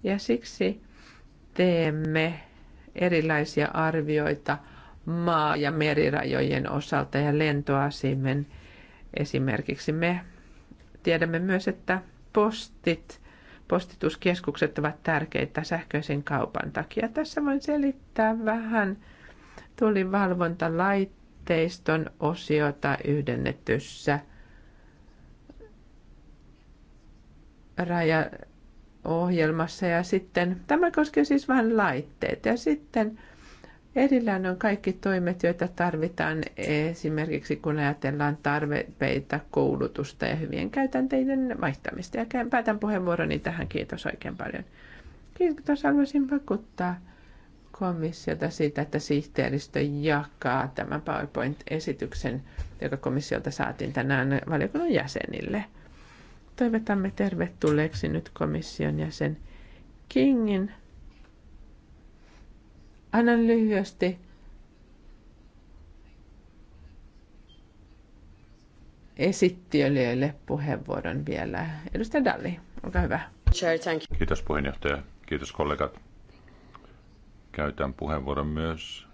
Ja siksi teemme erilaisia arvioita – maa- ja merirajojen osalta ja lentoasimen esimerkiksi. Me tiedämme myös, että postit, postituskeskukset ovat tärkeitä sähköisen kaupan takia. Tässä voin selittää vähän tulivalvontalaitteiston osiota yhdennetyssä rajaohjelmassa ja sitten tämä koskee siis vain laitteet ja sitten – Erillään on kaikki toimet, joita tarvitaan esimerkiksi kun ajatellaan tarpeita, koulutusta ja hyvien käytänteiden vaihtamista. Ja päätän puheenvuoroni tähän. Kiitos oikein paljon. Kiitos. Haluaisin vakuuttaa komissiota siitä, että sihteeristö jakaa tämän PowerPoint-esityksen, joka komissiolta saatiin tänään valiokunnan jäsenille. Toivotamme tervetulleeksi nyt komission jäsen Kingin. Annan lyhyesti esittelijöille puheenvuoron vielä. Edustaja Dalli, olkaa hyvä. Kiitos puheenjohtaja. Kiitos kollegat. Käytän puheenvuoron myös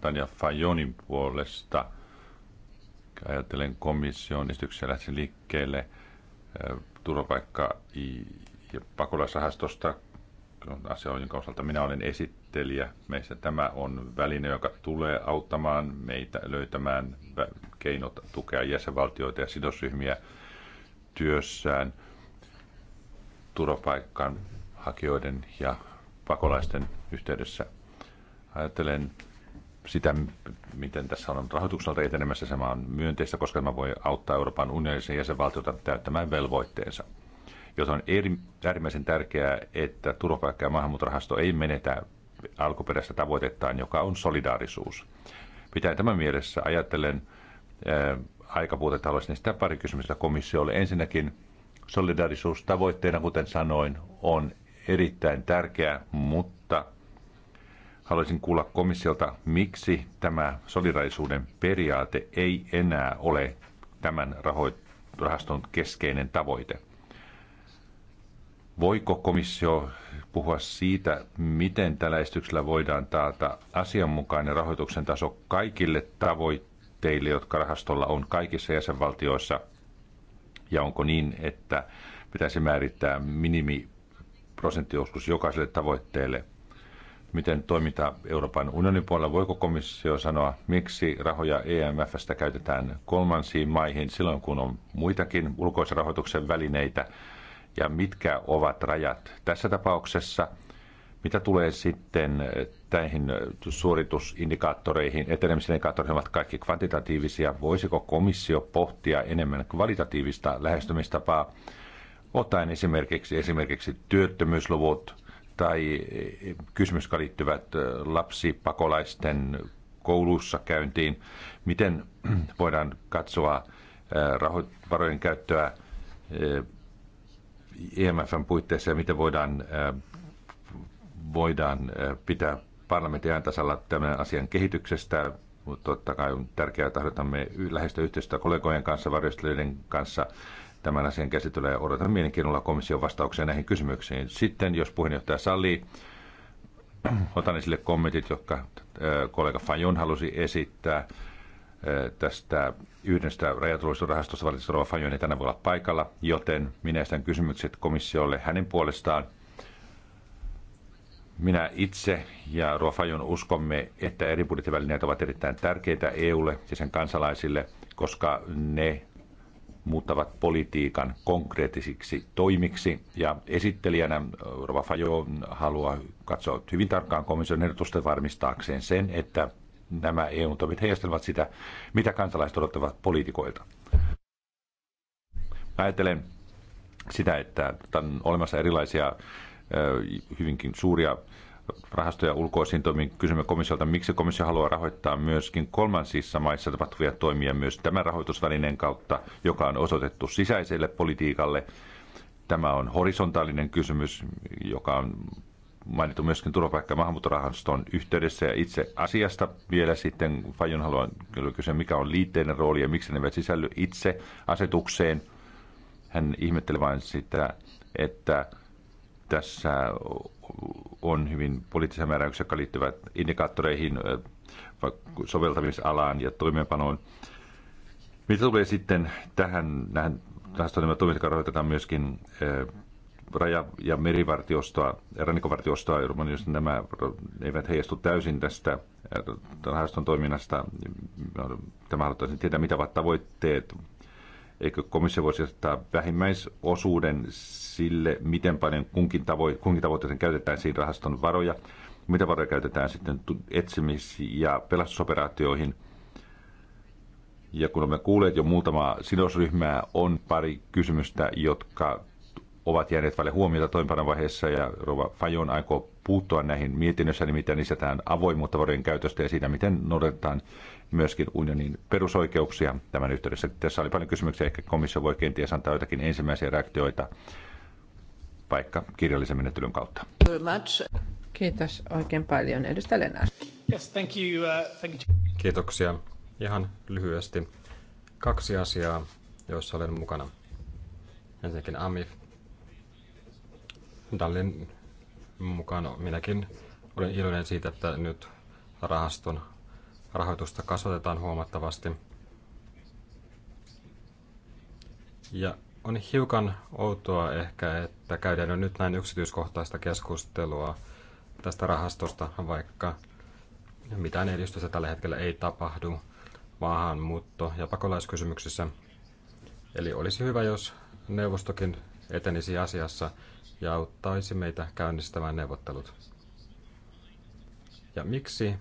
Tanja Fajonin puolesta. Ajattelen komission esityksiä lähtien liikkeelle turvapaikka- ja pakolaisrahastosta. Asia, jonka osalta minä olen esittänyt käsittelijä. Meissä tämä on väline, joka tulee auttamaan meitä löytämään keinot tukea jäsenvaltioita ja sidosryhmiä työssään turvapaikan hakijoiden ja pakolaisten yhteydessä. Ajattelen sitä, miten tässä on rahoitukselta etenemässä, se on myönteistä, koska tämä voi auttaa Euroopan unionin jäsenvaltiota täyttämään velvoitteensa. Joten on äärimmäisen tärkeää, että turvapaikka- ja maahanmuuttorahasto ei menetä alkuperäistä tavoitettaan, joka on solidaarisuus. Pitää tämän mielessä ajatellen aikapuutetta haluaisin sitä pari kysymystä komissiolle. Ensinnäkin solidaarisuus tavoitteena, kuten sanoin, on erittäin tärkeä, mutta haluaisin kuulla komissiolta, miksi tämä solidaarisuuden periaate ei enää ole tämän rahaston keskeinen tavoite. Voiko komissio puhua siitä, miten tällä esityksellä voidaan taata asianmukainen rahoituksen taso kaikille tavoitteille, jotka rahastolla on kaikissa jäsenvaltioissa? Ja onko niin, että pitäisi määrittää minimiprosenttiosuus jokaiselle tavoitteelle? Miten toiminta Euroopan unionin puolella? Voiko komissio sanoa, miksi rahoja EMFstä käytetään kolmansiin maihin silloin, kun on muitakin ulkoisen rahoituksen välineitä – ja mitkä ovat rajat tässä tapauksessa. Mitä tulee sitten näihin eh, eh, suoritusindikaattoreihin, etenemisindikaattoreihin ovat kaikki kvantitatiivisia. Voisiko komissio pohtia enemmän kvalitatiivista lähestymistapaa, ottaen esimerkiksi, esimerkiksi työttömyysluvut tai eh, kysymys, jotka liittyvät lapsipakolaisten koulussa käyntiin. Miten voidaan katsoa varojen käyttöä IMFn e puitteissa ja miten voidaan, voidaan pitää parlamentin ajantasalla tämän asian kehityksestä. Mutta totta kai on tärkeää, että harjoitamme lähestyä yhteistyötä kollegojen kanssa, varjostelijoiden kanssa tämän asian käsittelyä ja odotan mielenkiinnolla komission vastauksia näihin kysymyksiin. Sitten, jos puheenjohtaja sallii, otan esille kommentit, jotka kollega Fajon halusi esittää Eh, tästä yhdestä rajaturvallisuusrahastosta valitsi Rova Fajoni niin tänä voi olla paikalla, joten minä estän kysymykset komissiolle hänen puolestaan. Minä itse ja Rova Fajon uskomme, että eri budjettivälineet ovat erittäin tärkeitä EUlle ja sen kansalaisille, koska ne muuttavat politiikan konkreettisiksi toimiksi. Ja esittelijänä Rova Fajo haluaa katsoa hyvin tarkkaan komission ehdotusten varmistaakseen sen, että nämä eu toimet heijastelevat sitä, mitä kansalaiset odottavat poliitikoilta. Ajattelen sitä, että on olemassa erilaisia hyvinkin suuria rahastoja ulkoisiin toimiin. Kysymme komissiolta, miksi komissio haluaa rahoittaa myöskin kolmansissa maissa tapahtuvia toimia myös tämän rahoitusvälineen kautta, joka on osoitettu sisäiselle politiikalle. Tämä on horisontaalinen kysymys, joka on mainittu myöskin turvapaikka- ja maahanmuuttorahaston yhteydessä. Ja itse asiasta vielä sitten Fajon haluan kysyä, mikä on liitteiden rooli ja miksi ne eivät sisälly itse asetukseen. Hän ihmetteli vain sitä, että tässä on hyvin poliittisia määräyksiä, jotka liittyvät indikaattoreihin, soveltamisalaan ja toimeenpanoon. Mitä tulee sitten tähän, näihin rahastoihin, jotka rahoitetaan myöskin raja- ja merivartiostoa, ilman jos nämä eivät heijastu täysin tästä äh, rahaston toiminnasta. No, tämä haluaisin tietää, mitä ovat tavoitteet. Eikö komissio voisi ottaa vähimmäisosuuden sille, miten paljon kunkin, tavo- kunkin tavoitteeseen käytetään siinä rahaston varoja, mitä varoja käytetään sitten etsimis- ja pelastusoperaatioihin – ja kun olemme kuulleet jo muutama sidosryhmää, on pari kysymystä, jotka ovat jääneet vaille huomiota toimenpanovaiheessa ja Rova Fajon aikoo puuttua näihin mietinnössä, nimittäin lisätään avoimuutta varojen käytöstä ja siinä, miten noudatetaan myöskin unionin perusoikeuksia tämän yhteydessä. Tässä oli paljon kysymyksiä, ehkä komissio voi kenties antaa jotakin ensimmäisiä reaktioita vaikka kirjallisen menettelyn kautta. Kiitos oikein paljon, edustaja Lennart. Yes, thank you, uh, thank you. Kiitoksia. Ihan lyhyesti kaksi asiaa, joissa olen mukana. Ensinnäkin AMIF Dallin mukaan minäkin olen iloinen siitä, että nyt rahaston rahoitusta kasvatetaan huomattavasti. Ja on hiukan outoa ehkä, että käydään jo nyt näin yksityiskohtaista keskustelua tästä rahastosta, vaikka mitään edistystä tällä hetkellä ei tapahdu maahanmuutto- ja pakolaiskysymyksissä. Eli olisi hyvä, jos neuvostokin etenisi asiassa ja auttaisi meitä käynnistämään neuvottelut. Ja miksi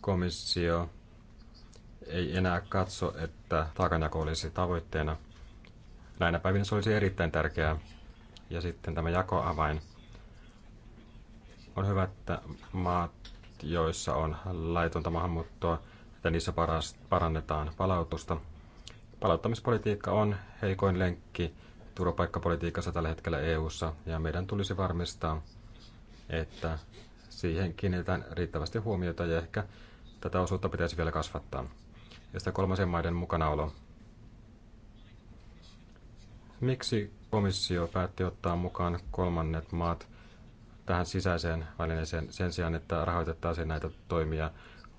komissio ei enää katso, että taakanjako olisi tavoitteena? Näinä päivinä se olisi erittäin tärkeää. Ja sitten tämä jakoavain. On hyvä, että maat, joissa on laitonta maahanmuuttoa, että niissä parannetaan palautusta. Palauttamispolitiikka on heikoin lenkki turvapaikkapolitiikassa tällä hetkellä EU:ssa ja meidän tulisi varmistaa, että siihen kiinnitetään riittävästi huomiota ja ehkä tätä osuutta pitäisi vielä kasvattaa. Ja sitä kolmasen maiden mukanaolo. Miksi komissio päätti ottaa mukaan kolmannet maat tähän sisäiseen välineeseen sen sijaan, että rahoitettaisiin näitä toimia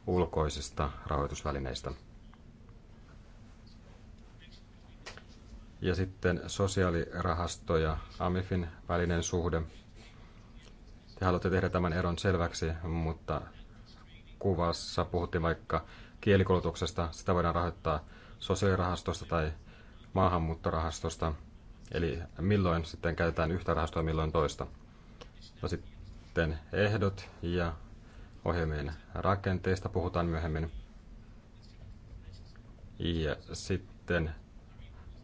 ulkoisista rahoitusvälineistä? Ja sitten sosiaalirahasto ja AMIFin välinen suhde. Te haluatte tehdä tämän eron selväksi, mutta kuvassa puhuttiin vaikka kielikoulutuksesta. Sitä voidaan rahoittaa sosiaalirahastosta tai maahanmuuttorahastosta. Eli milloin sitten käytetään yhtä rahastoa, milloin toista. No sitten ehdot ja ohjelmien rakenteista puhutaan myöhemmin. Ja sitten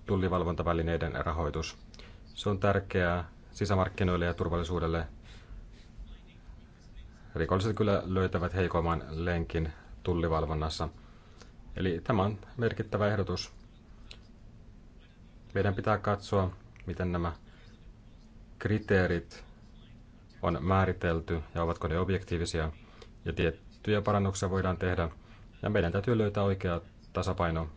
tullivalvontavälineiden rahoitus. Se on tärkeää sisämarkkinoille ja turvallisuudelle. Rikolliset kyllä löytävät heikomman lenkin tullivalvonnassa. Eli tämä on merkittävä ehdotus. Meidän pitää katsoa, miten nämä kriteerit on määritelty ja ovatko ne objektiivisia. Ja tiettyjä parannuksia voidaan tehdä. Ja meidän täytyy löytää oikea tasapaino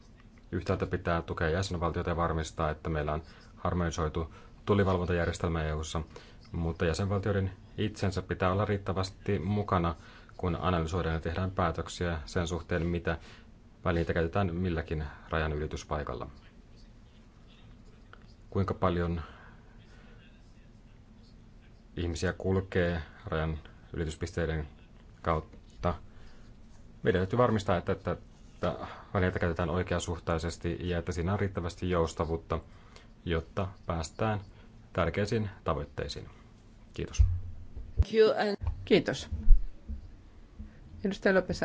Yhtäältä pitää tukea jäsenvaltiota ja varmistaa, että meillä on harmonisoitu tulivalvontajärjestelmä EU:ssa, mutta jäsenvaltioiden itsensä pitää olla riittävästi mukana, kun analysoidaan ja tehdään päätöksiä sen suhteen, mitä välineitä käytetään milläkin rajan ylityspaikalla. Kuinka paljon ihmisiä kulkee rajan ylityspisteiden kautta. Meidän täytyy varmistaa, että, että että välineitä käytetään oikeasuhtaisesti ja että siinä on riittävästi joustavuutta, jotta päästään tärkeisiin tavoitteisiin. Kiitos. Kiitos. Edustaja lopez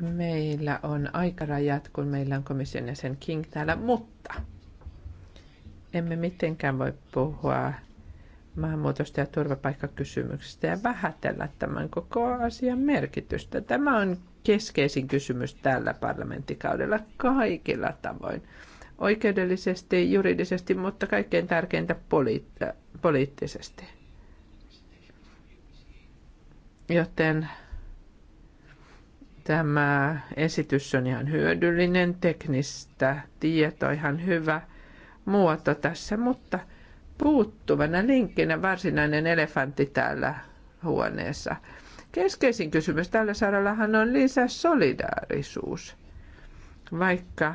meillä on aikarajat, kun meillä on komission jäsen King täällä, mutta emme mitenkään voi puhua maahanmuutosta ja turvapaikkakysymyksistä ja vähätellä tämän koko asian merkitystä. Tämä on keskeisin kysymys tällä parlamenttikaudella kaikilla tavoin. Oikeudellisesti, juridisesti, mutta kaikkein tärkeintä poliitt- poliittisesti. Joten tämä esitys on ihan hyödyllinen, teknistä tietoa ihan hyvä muoto tässä, mutta – puuttuvana linkkinä varsinainen elefantti täällä huoneessa. Keskeisin kysymys tällä sarallahan on lisää solidaarisuus. Vaikka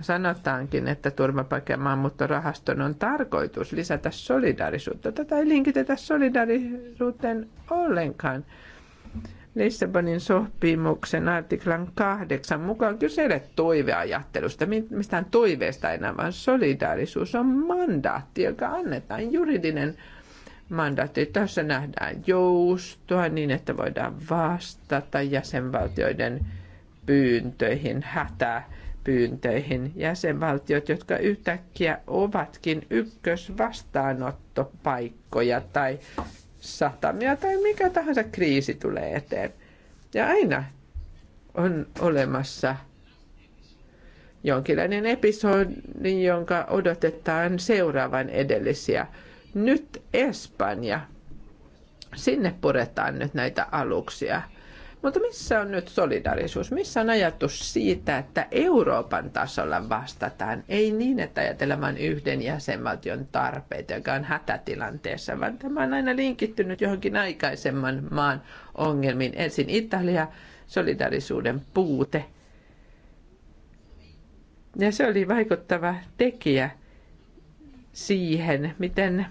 sanotaankin, että turvapaikka- mutta maahanmuuttorahaston on tarkoitus lisätä solidaarisuutta. Tätä ei linkitetä solidaarisuuteen ollenkaan. Lissabonin sopimuksen artiklan kahdeksan mukaan kysele toiveajattelusta, mistään toiveesta enää, vaan solidaarisuus on mandaatti, joka annetaan juridinen mandaatti. Tässä nähdään joustoa niin, että voidaan vastata jäsenvaltioiden pyyntöihin, hätäpyyntöihin. Jäsenvaltiot, jotka yhtäkkiä ovatkin ykkösvastaanottopaikkoja tai satamia tai mikä tahansa kriisi tulee eteen. Ja aina on olemassa jonkinlainen episodi, jonka odotetaan seuraavan edellisiä. Nyt Espanja. Sinne puretaan nyt näitä aluksia. Mutta missä on nyt solidarisuus? Missä on ajatus siitä, että Euroopan tasolla vastataan? Ei niin, että ajatellaan yhden jäsenvaltion tarpeet, joka on hätätilanteessa, vaan tämä on aina linkittynyt johonkin aikaisemman maan ongelmiin. Ensin Italia, solidarisuuden puute. Ja se oli vaikuttava tekijä siihen, miten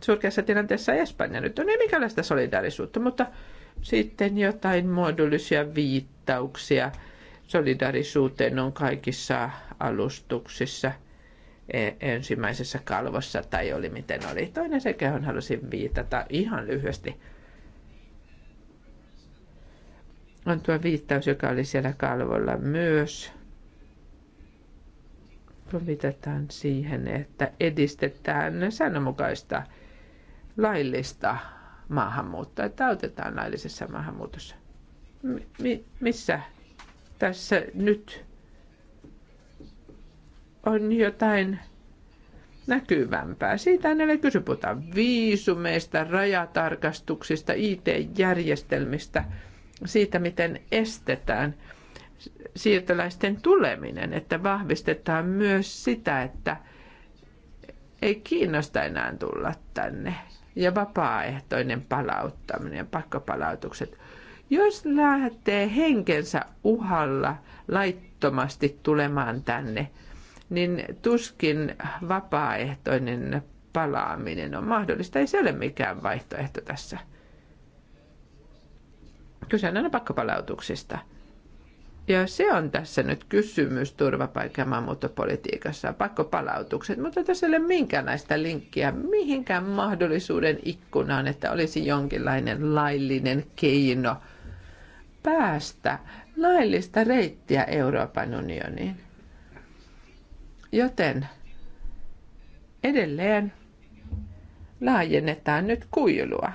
surkeassa tilanteessa Espanja nyt on. Ei mikäänlaista solidaarisuutta, mutta sitten jotain muodollisia viittauksia solidarisuuteen on kaikissa alustuksissa e, ensimmäisessä kalvossa tai oli miten oli. Toinen sekä johon halusin viitata ihan lyhyesti on tuo viittaus, joka oli siellä kalvolla myös. viitataan siihen, että edistetään sanomukaista laillista maahanmuuttoa, että autetaan laillisessa maahanmuutossa. Mi- missä tässä nyt on jotain näkyvämpää. Siitä ei ole kysy, puhutaan viisumeista, rajatarkastuksista, IT-järjestelmistä, siitä miten estetään siirtolaisten tuleminen, että vahvistetaan myös sitä, että ei kiinnosta enää tulla tänne ja vapaaehtoinen palauttaminen ja pakkopalautukset. Jos lähtee henkensä uhalla laittomasti tulemaan tänne, niin tuskin vapaaehtoinen palaaminen on mahdollista. Ei se ole mikään vaihtoehto tässä. Kyse on aina pakkopalautuksista – ja se on tässä nyt kysymys turvapaikka- ja maahanmuuttopolitiikassa, pakkopalautukset, mutta tässä ei ole minkäänlaista linkkiä mihinkään mahdollisuuden ikkunaan, että olisi jonkinlainen laillinen keino päästä laillista reittiä Euroopan unioniin. Joten edelleen laajennetaan nyt kuilua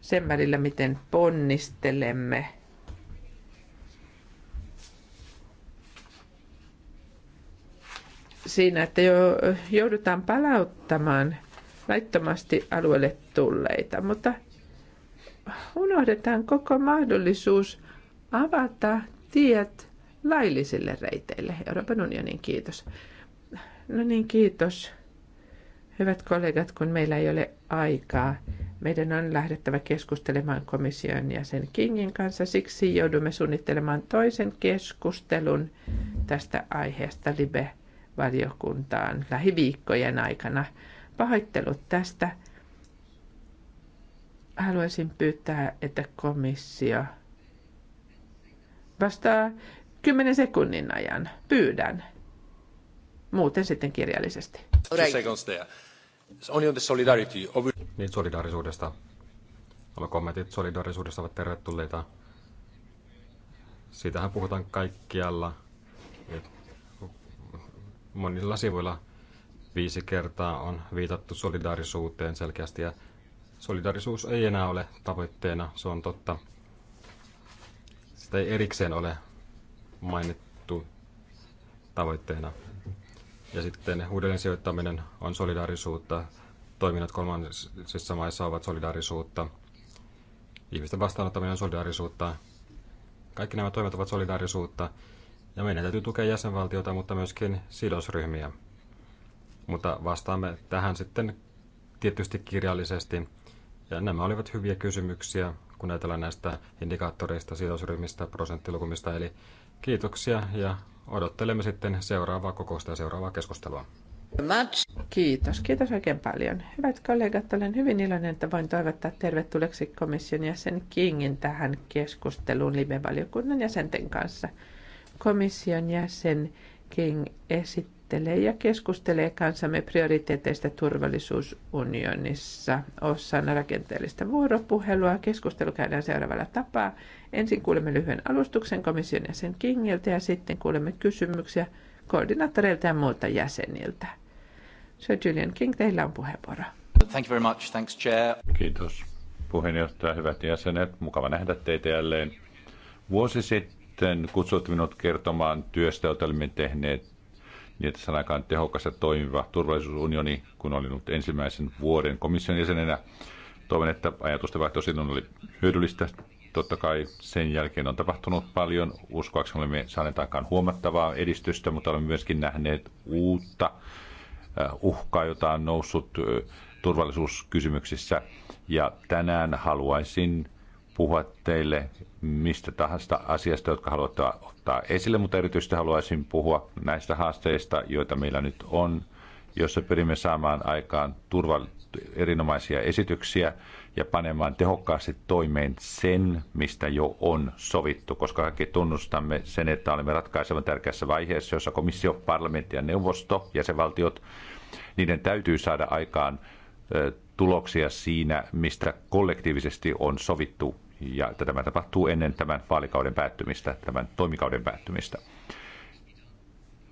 sen välillä, miten ponnistelemme – siinä, että jo joudutaan palauttamaan laittomasti alueelle tulleita, mutta unohdetaan koko mahdollisuus avata tiet laillisille reiteille. Euroopan unionin kiitos. No niin, kiitos. Hyvät kollegat, kun meillä ei ole aikaa, meidän on lähdettävä keskustelemaan komission ja sen Kingin kanssa. Siksi joudumme suunnittelemaan toisen keskustelun tästä aiheesta Libe valiokuntaan lähiviikkojen aikana. Pahoittelut tästä. Haluaisin pyytää, että komissio vastaa 10 sekunnin ajan. Pyydän. Muuten sitten kirjallisesti. Niin solidaarisuudesta. Nämä kommentit solidaarisuudesta ovat tervetulleita. Siitähän puhutaan kaikkialla monilla sivuilla viisi kertaa on viitattu solidaarisuuteen selkeästi ja solidaarisuus ei enää ole tavoitteena, se on totta. Sitä ei erikseen ole mainittu tavoitteena. Ja sitten uudelleen sijoittaminen on solidaarisuutta, toiminnat kolmansissa maissa ovat solidaarisuutta, ihmisten vastaanottaminen on solidaarisuutta. Kaikki nämä toimet ovat solidaarisuutta ja meidän täytyy tukea jäsenvaltiota, mutta myöskin sidosryhmiä. Mutta vastaamme tähän sitten tietysti kirjallisesti. Ja nämä olivat hyviä kysymyksiä, kun ajatellaan näistä indikaattoreista, sidosryhmistä, prosenttilukumista. Eli kiitoksia ja odottelemme sitten seuraavaa kokousta ja seuraavaa keskustelua. Kiitos, kiitos oikein paljon. Hyvät kollegat, olen hyvin iloinen, että voin toivottaa tervetulleeksi komission jäsen Kingin tähän keskusteluun live-valiokunnan jäsenten kanssa komission jäsen King esittelee ja keskustelee kanssamme prioriteeteista turvallisuusunionissa osana rakenteellista vuoropuhelua. Keskustelu käydään seuraavalla tapaa. Ensin kuulemme lyhyen alustuksen komission jäsen Kingiltä ja sitten kuulemme kysymyksiä koordinaattoreilta ja muilta jäseniltä. Sir Julian King, teillä on puheenvuoro. Thank you very much. Thanks, Chair. Kiitos puheenjohtaja, hyvät jäsenet. Mukava nähdä teitä jälleen. Vuosi sitten sitten kutsuitte minut kertomaan työstä, jota olimme tehneet niin, että sanakaan tehokas ja toimiva turvallisuusunioni, kun olin ollut ensimmäisen vuoden komission jäsenenä. Toivon, että ajatusten vaihto sinun oli hyödyllistä. Totta kai sen jälkeen on tapahtunut paljon. Uskoakseni olemme saaneet aikaan huomattavaa edistystä, mutta olemme myöskin nähneet uutta äh, uhkaa, jota on noussut äh, turvallisuuskysymyksissä. Ja tänään haluaisin puhua teille mistä tahansa asiasta, jotka haluatte ottaa esille, mutta erityisesti haluaisin puhua näistä haasteista, joita meillä nyt on, jossa pyrimme saamaan aikaan turva, erinomaisia esityksiä ja panemaan tehokkaasti toimeen sen, mistä jo on sovittu, koska kaikki tunnustamme sen, että olemme ratkaisevan tärkeässä vaiheessa, jossa komissio, parlamentti ja neuvosto, jäsenvaltiot, niiden täytyy saada aikaan tuloksia siinä, mistä kollektiivisesti on sovittu ja että tämä tapahtuu ennen tämän vaalikauden päättymistä, tämän toimikauden päättymistä.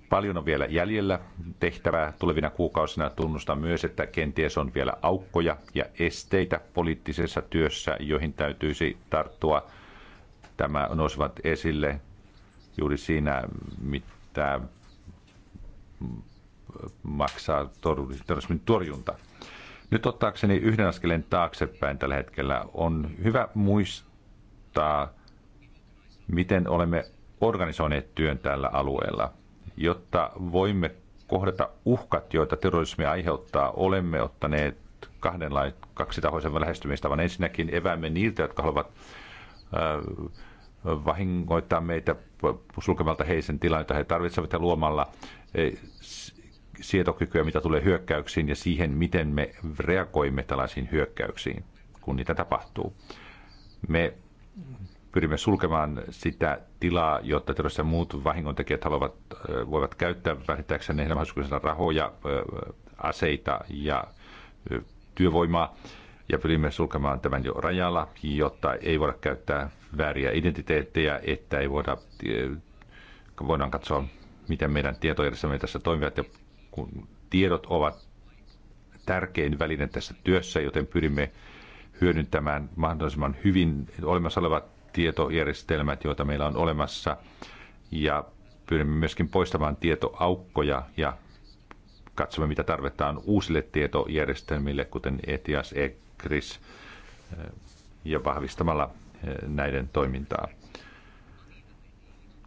Paljon on vielä jäljellä tehtävää tulevina kuukausina. Tunnustan myös, että kenties on vielä aukkoja ja esteitä poliittisessa työssä, joihin täytyisi tarttua. Tämä nousivat esille juuri siinä, mitä maksaa torjunta. Nyt ottaakseni yhden askeleen taaksepäin tällä hetkellä on hyvä muistaa, miten olemme organisoineet työn tällä alueella, jotta voimme kohdata uhkat, joita terrorismi aiheuttaa, olemme ottaneet kahdenlaisen, kaksitahoisen lähestymistavan. Ensinnäkin eväämme niiltä, jotka haluavat äh, vahingoittaa meitä sulkemalta heisen tilannetta he tarvitsevat ja luomalla e, sietokykyä, mitä tulee hyökkäyksiin ja siihen, miten me reagoimme tällaisiin hyökkäyksiin, kun niitä tapahtuu. Me pyrimme sulkemaan sitä tilaa, jotta terrorissa muut vahingontekijät haluavat, voivat käyttää vähintäänkseen heidän mahdollisuuksilla rahoja, aseita ja työvoimaa. Ja pyrimme sulkemaan tämän jo rajalla, jotta ei voida käyttää vääriä identiteettejä, että ei voida, voidaan katsoa, miten meidän tietojärjestelmämme tässä toimivat ja kun tiedot ovat tärkein väline tässä työssä, joten pyrimme hyödyntämään mahdollisimman hyvin olemassa olevat tietojärjestelmät, joita meillä on olemassa, ja pyrimme myöskin poistamaan tietoaukkoja ja katsomme, mitä tarvitaan uusille tietojärjestelmille, kuten ETIAS, ECRIS, eh, ja vahvistamalla eh, näiden toimintaa.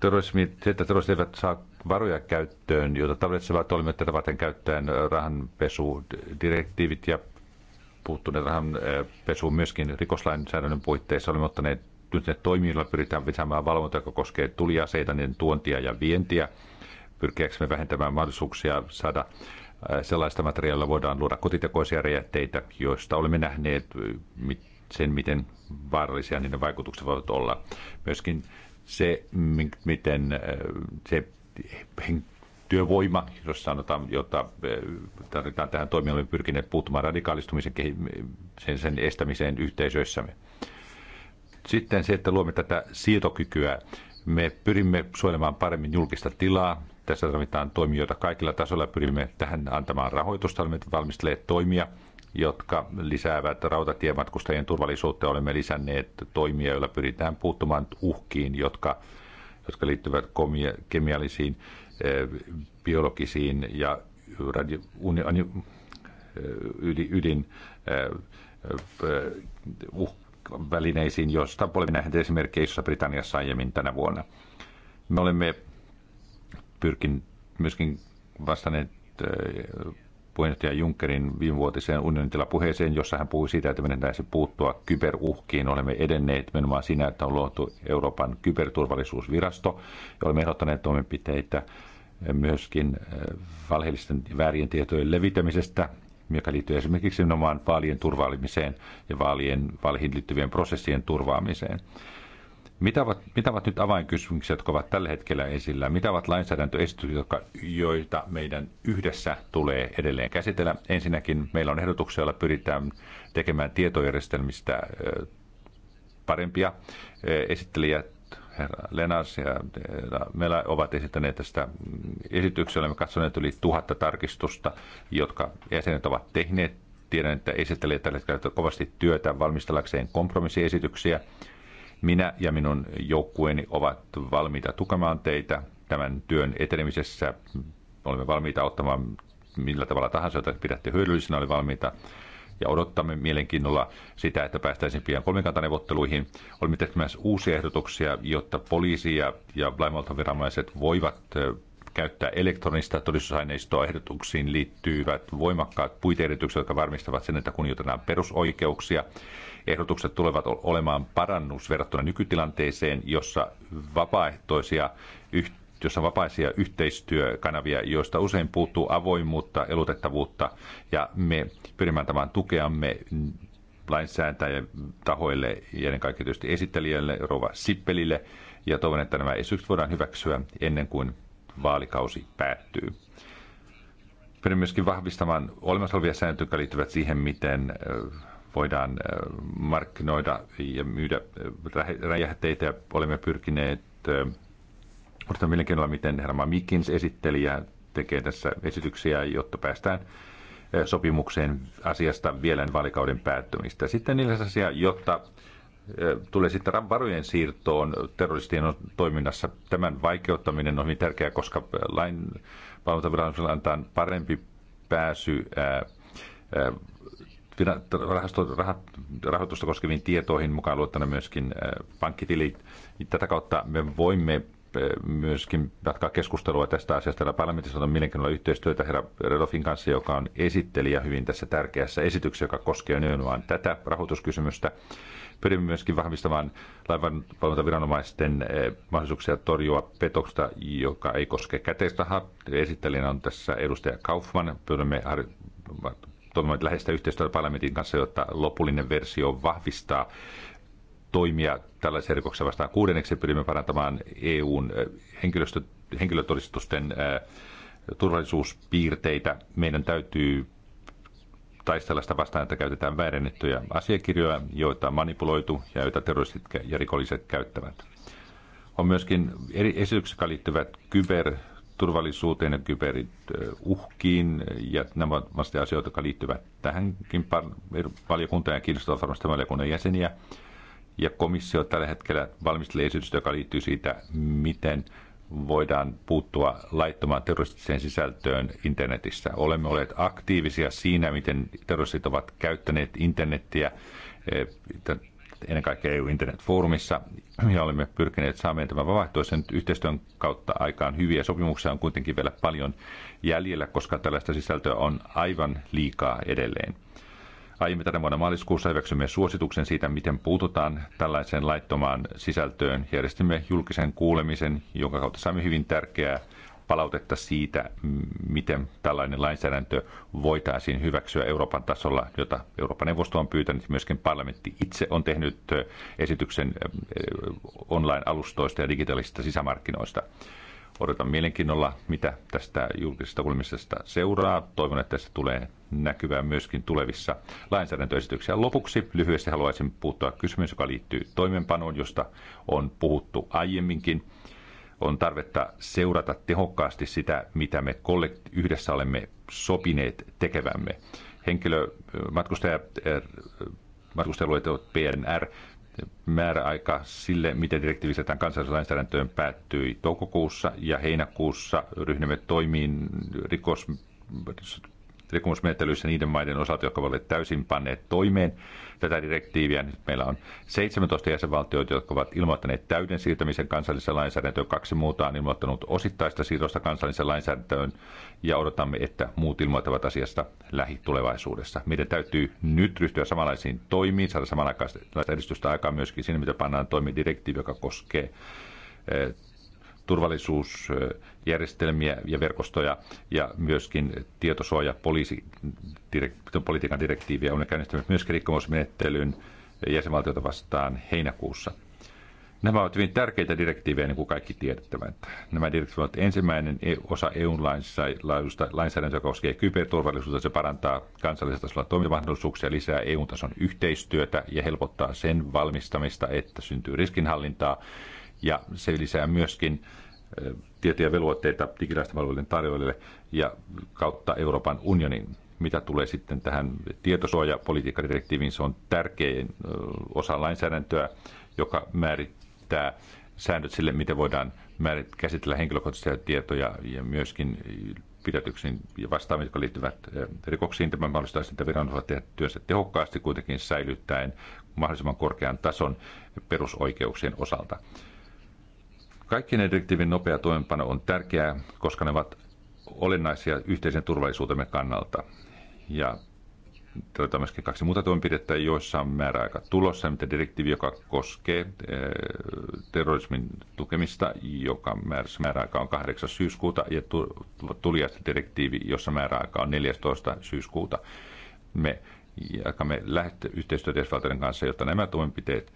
Terrorismi, se, että terroristit eivät saa varoja käyttöön, joita tarvitsevat toimet tätä varten käyttäen rahanpesudirektiivit ja puuttuneet rahanpesuun myöskin rikoslainsäädännön puitteissa. Olemme ottaneet nyt ne toimijoilla pyritään lisäämään valvontaa, joka koskee tuliaseita, niiden tuontia ja vientiä, pyrkiäksemme vähentämään mahdollisuuksia saada sellaista materiaalia voidaan luoda kotitekoisia räjähteitä, joista olemme nähneet sen, miten vaarallisia niiden vaikutukset voivat olla. Myöskin se, miten se työvoima, jos sanotaan, jota eh, tarvitaan tähän toimialalle pyrkineet puuttumaan radikaalistumisen sen, sen estämiseen yhteisöissämme. Sitten se, että luomme tätä sietokykyä. Me pyrimme suojelemaan paremmin julkista tilaa. Tässä tarvitaan toimijoita kaikilla tasoilla. Pyrimme tähän antamaan rahoitusta. Olemme valmistelleet toimia, jotka lisäävät rautatiematkustajien turvallisuutta. Olemme lisänneet toimia, joilla pyritään puuttumaan uhkiin, jotka jotka liittyvät komia- kemiallisiin, eh, biologisiin ja radio, uni, eh, ydin, ydin eh, uh, välineisiin, joista olemme nähneet esimerkkejä Isossa-Britanniassa aiemmin tänä vuonna. Me olemme pyrkin myöskin vastanneet puheenjohtaja Junckerin viimevuotiseen puheeseen, jossa hän puhui siitä, että meidän täytyy puuttua kyberuhkiin. Olemme edenneet menemään siinä, että on luotu Euroopan kyberturvallisuusvirasto ja olemme ehdottaneet toimenpiteitä myöskin eh, valheellisten väärien tietojen levitämisestä, mikä liittyy esimerkiksi nimenomaan vaalien turvaamiseen ja vaalien, vaaleihin liittyvien prosessien turvaamiseen. Mitä ovat, mitä ovat nyt avainkysymykset, jotka ovat tällä hetkellä esillä? Mitä ovat lainsäädäntöesitykset, jotka, joita meidän yhdessä tulee edelleen käsitellä? Ensinnäkin meillä on ehdotuksia, joilla pyritään tekemään tietojärjestelmistä parempia. Esittelijät herra Lenas ja meillä Mela ovat esittäneet tästä esityksestä. Olemme katsoneet yli tuhatta tarkistusta, jotka jäsenet ovat tehneet. Tiedän, että esittelijät tällä hetkellä kovasti työtä valmistellakseen kompromissiesityksiä. Minä ja minun joukkueeni ovat valmiita tukemaan teitä tämän työn etenemisessä. Olemme valmiita ottamaan millä tavalla tahansa, jota pidätte hyödyllisenä, oli valmiita ja odottamme mielenkiinnolla sitä, että päästäisiin pian kolmikantaneuvotteluihin. Olemme tekemässä uusia ehdotuksia, jotta poliisi ja, ja lainvaltaviranomaiset voivat käyttää elektronista todistusaineistoa. Ehdotuksiin liittyvät voimakkaat puiteedellytykset, jotka varmistavat sen, että kunnioitetaan perusoikeuksia Ehdotukset tulevat olemaan parannus verrattuna nykytilanteeseen, jossa vapaaehtoisia yhteyksiä jossa vapaisia yhteistyökanavia, joista usein puuttuu avoimuutta, elutettavuutta, ja me pyrimme antamaan tukeamme lainsääntäjien tahoille ja ennen kaikkea tietysti esittelijälle, Rova Sippelille, ja toivon, että nämä esitykset voidaan hyväksyä ennen kuin vaalikausi päättyy. Pyrimme myöskin vahvistamaan olemassa olevia sääntöjä, jotka liittyvät siihen, miten voidaan äh, markkinoida ja myydä äh, räjähteitä. olemme pyrkineet, mutta äh, mielenkiinnolla, miten Herma Mikins ja tekee tässä esityksiä, jotta päästään sopimukseen asiasta vielä vaalikauden päättymistä. Sitten neljäs asia, jotta tulee sitten varojen siirtoon terroristien toiminnassa. Tämän vaikeuttaminen on hyvin tärkeää, koska lain valvontaviranomaisella antaa parempi pääsy rahat, rahoitusta koskeviin tietoihin, mukaan luettuna myöskin äh, pankkitilit. Tätä kautta me voimme äh, myöskin jatkaa keskustelua tästä asiasta. Täällä parlamentissa on mielenkiinnolla yhteistyötä herra Redolfin kanssa, joka on esittelijä hyvin tässä tärkeässä esityksessä, joka koskee nimenomaan tätä rahoituskysymystä. Pyrimme myöskin vahvistamaan laivanvalvontaviranomaisten äh, mahdollisuuksia torjua petoksta, joka ei koske käteistä. Esittelijänä on tässä edustaja Kaufman. Pyrimme toimivat läheistä yhteistyötä parlamentin kanssa, jotta lopullinen versio vahvistaa toimia tällaisen rikoksen vastaan. Kuudenneksi pyrimme parantamaan EUn henkilöstö, henkilötodistusten turvallisuuspiirteitä. Meidän täytyy taistella sitä vastaan, että käytetään väärennettyjä asiakirjoja, joita on manipuloitu ja joita terroristit ja rikolliset käyttävät. On myöskin eri esityksiä, jotka liittyvät kyber turvallisuuteen ja kyberuhkiin, ja nämä ovat vasta asioita, jotka liittyvät tähänkin valiokuntaan ja kiinnostavat varmasti tämän valiokunnan jäseniä. Ja komissio tällä hetkellä valmistelee esitystä, joka liittyy siitä, miten voidaan puuttua laittomaan terroristiseen sisältöön internetissä. Olemme olleet aktiivisia siinä, miten terroristit ovat käyttäneet internettiä ennen kaikkea EU-internetfoorumissa, ja olemme pyrkineet saamaan tämän vapaaehtoisen yhteistyön kautta aikaan hyviä sopimuksia on kuitenkin vielä paljon jäljellä, koska tällaista sisältöä on aivan liikaa edelleen. Aiemmin tänä vuonna maaliskuussa hyväksymme suosituksen siitä, miten puututaan tällaiseen laittomaan sisältöön. Järjestimme julkisen kuulemisen, jonka kautta saimme hyvin tärkeää palautetta siitä, miten tällainen lainsäädäntö voitaisiin hyväksyä Euroopan tasolla, jota Euroopan neuvosto on pyytänyt. Myöskin parlamentti itse on tehnyt esityksen online-alustoista ja digitaalisista sisämarkkinoista. Odotan mielenkiinnolla, mitä tästä julkisesta kuulemisesta seuraa. Toivon, että tästä tulee näkyvää myöskin tulevissa lainsäädäntöesityksissä. Lopuksi lyhyesti haluaisin puuttua kysymys, joka liittyy toimenpanoon, josta on puhuttu aiemminkin on tarvetta seurata tehokkaasti sitä, mitä me yhdessä olemme sopineet tekevämme. Henkilö, matkustaja, er, matkustajaluetelot PNR, määräaika sille, miten direktiivi säätään kansalliseen päättyi toukokuussa ja heinäkuussa ryhdymme toimiin rikos rikkomusmenettelyissä niiden maiden osalta, jotka ovat täysin panneet toimeen tätä direktiiviä. Nyt meillä on 17 jäsenvaltioita, jotka ovat ilmoittaneet täyden siirtämisen kansalliseen lainsäädäntöön. Kaksi muuta on ilmoittanut osittaista siirrosta kansalliseen lainsäädäntöön ja odotamme, että muut ilmoittavat asiasta lähitulevaisuudessa. Meidän täytyy nyt ryhtyä samanlaisiin toimiin, saada samanlaista edistystä aikaa myöskin siinä, mitä pannaan toimi direktiivi, joka koskee eh, turvallisuusjärjestelmiä ja verkostoja ja myöskin tietosuoja politiikan direktiiviä on käynnistänyt myöskin rikkomusmenettelyn jäsenvaltiota vastaan heinäkuussa. Nämä ovat hyvin tärkeitä direktiivejä, niin kuin kaikki tiedettävät. Nämä direktiivit ovat ensimmäinen e- osa EUn lainsäädäntöä, joka koskee kyberturvallisuutta. Se parantaa kansallisella tasolla toimintamahdollisuuksia, lisää EUn tason yhteistyötä ja helpottaa sen valmistamista, että syntyy riskinhallintaa ja se lisää myöskin tietoja velvoitteita digitaalisten palveluiden tarjoajille ja kautta Euroopan unionin. Mitä tulee sitten tähän tietosuojapolitiikkadirektiiviin, se on tärkein osa lainsäädäntöä, joka määrittää säännöt sille, miten voidaan määrit, käsitellä henkilökohtaisia tietoja ja myöskin pidätyksiin ja vastaamiseen, jotka liittyvät rikoksiin. Tämä mahdollistaa sitä viranomaisella tehdä työnsä tehokkaasti, kuitenkin säilyttäen mahdollisimman korkean tason perusoikeuksien osalta. Kaikkien direktiivin nopea toimenpano on tärkeää, koska ne ovat olennaisia yhteisen turvallisuutemme kannalta. Ja tarvitaan myöskin kaksi muuta toimenpidettä, joissa on määräaika tulossa, mitä direktiivi, joka koskee eh, terrorismin tukemista, joka määräaika on 8. syyskuuta, ja tuliasta direktiivi, jossa määräaika on 14. syyskuuta. Me jatkamme yhteistyötä kanssa, jotta nämä toimenpiteet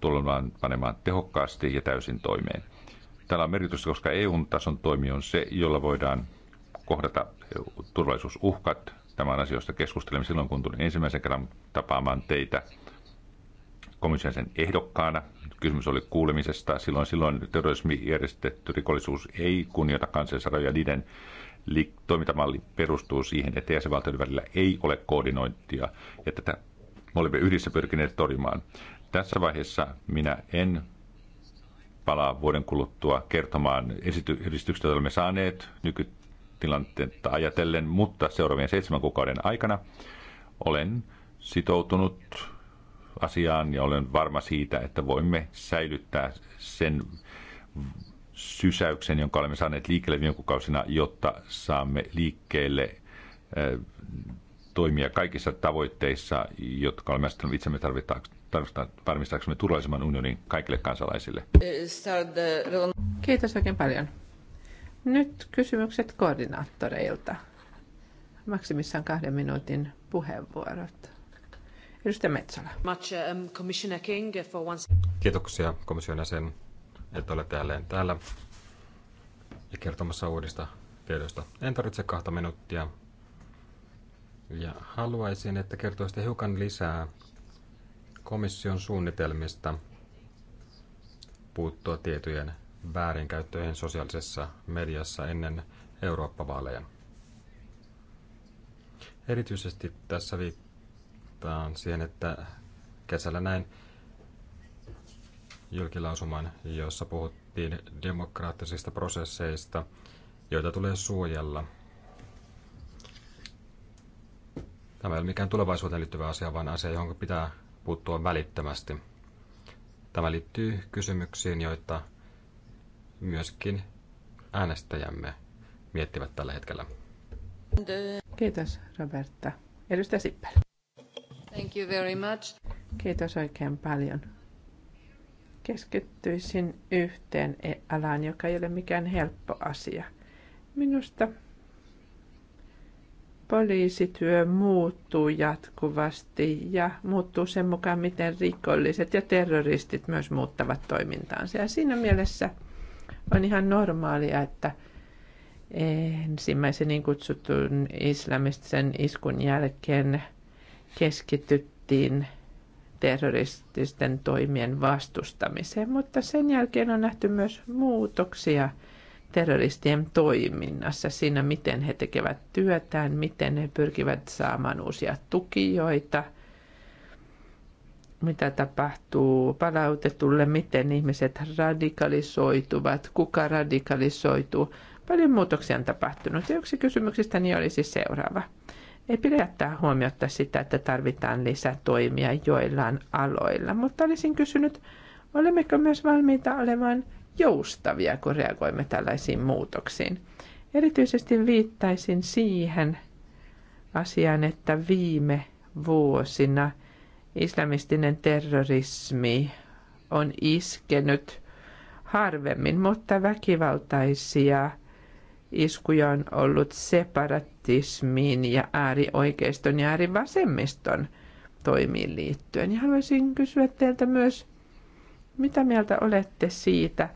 tullaan panemaan tehokkaasti ja täysin toimeen. Tällä on merkitystä, koska eu tason toimi on se, jolla voidaan kohdata turvallisuusuhkat. on asioista keskustelemme silloin, kun tulin ensimmäisen kerran tapaamaan teitä komission sen ehdokkaana. Kysymys oli kuulemisesta. Silloin, silloin terrorismi järjestetty rikollisuus ei kunnioita kansallisarjoja. Niiden li- toimintamalli perustuu siihen, että jäsenvaltioiden välillä ei ole koordinointia. Ja tätä me olemme yhdessä pyrkineet torjumaan. Tässä vaiheessa minä en palaa vuoden kuluttua kertomaan edistyksestä, olemme saaneet nykytilanteetta ajatellen, mutta seuraavien seitsemän kuukauden aikana olen sitoutunut asiaan ja olen varma siitä, että voimme säilyttää sen sysäyksen, jonka olemme saaneet liikkeelle viime kuukausina, jotta saamme liikkeelle toimia kaikissa tavoitteissa, jotka olemme itsemme tarvitaan varmistaaksemme turvallisemman unionin kaikille kansalaisille. Kiitos oikein paljon. Nyt kysymykset koordinaattoreilta. Maksimissaan kahden minuutin puheenvuorot. Edustaja Metsola. Um, Kiitoksia komission jäsen, että olette jälleen täällä ja kertomassa uudista tiedoista. En tarvitse kahta minuuttia. Ja haluaisin, että kertoisitte hiukan lisää komission suunnitelmista puuttua tietojen väärinkäyttöihin sosiaalisessa mediassa ennen Eurooppa-vaaleja. Erityisesti tässä viittaan siihen, että kesällä näin julkilausuman, jossa puhuttiin demokraattisista prosesseista, joita tulee suojella. Tämä ei ole mikään tulevaisuuteen liittyvä asia, vaan asia, johon pitää puuttua välittömästi. Tämä liittyy kysymyksiin, joita myöskin äänestäjämme miettivät tällä hetkellä. Kiitos Roberta. Edustaja Sippel. Thank you very much. Kiitos oikein paljon. Keskittyisin yhteen alaan, joka ei ole mikään helppo asia. Minusta poliisityö muuttuu jatkuvasti ja muuttuu sen mukaan, miten rikolliset ja terroristit myös muuttavat toimintaansa. Ja siinä mielessä on ihan normaalia, että ensimmäisen niin kutsutun islamistisen iskun jälkeen keskityttiin terrorististen toimien vastustamiseen, mutta sen jälkeen on nähty myös muutoksia – terroristien toiminnassa, siinä miten he tekevät työtään, miten he pyrkivät saamaan uusia tukijoita, mitä tapahtuu palautetulle, miten ihmiset radikalisoituvat, kuka radikalisoituu. Paljon muutoksia on tapahtunut ja yksi niin olisi seuraava. Ei pidä jättää huomiota sitä, että tarvitaan lisätoimia joillain aloilla, mutta olisin kysynyt, olemmeko myös valmiita olemaan joustavia, kun reagoimme tällaisiin muutoksiin. Erityisesti viittaisin siihen asiaan, että viime vuosina islamistinen terrorismi on iskenyt harvemmin, mutta väkivaltaisia iskuja on ollut separatismiin ja äärioikeiston ja äärivasemmiston toimiin liittyen. Ja haluaisin kysyä teiltä myös mitä mieltä olette siitä?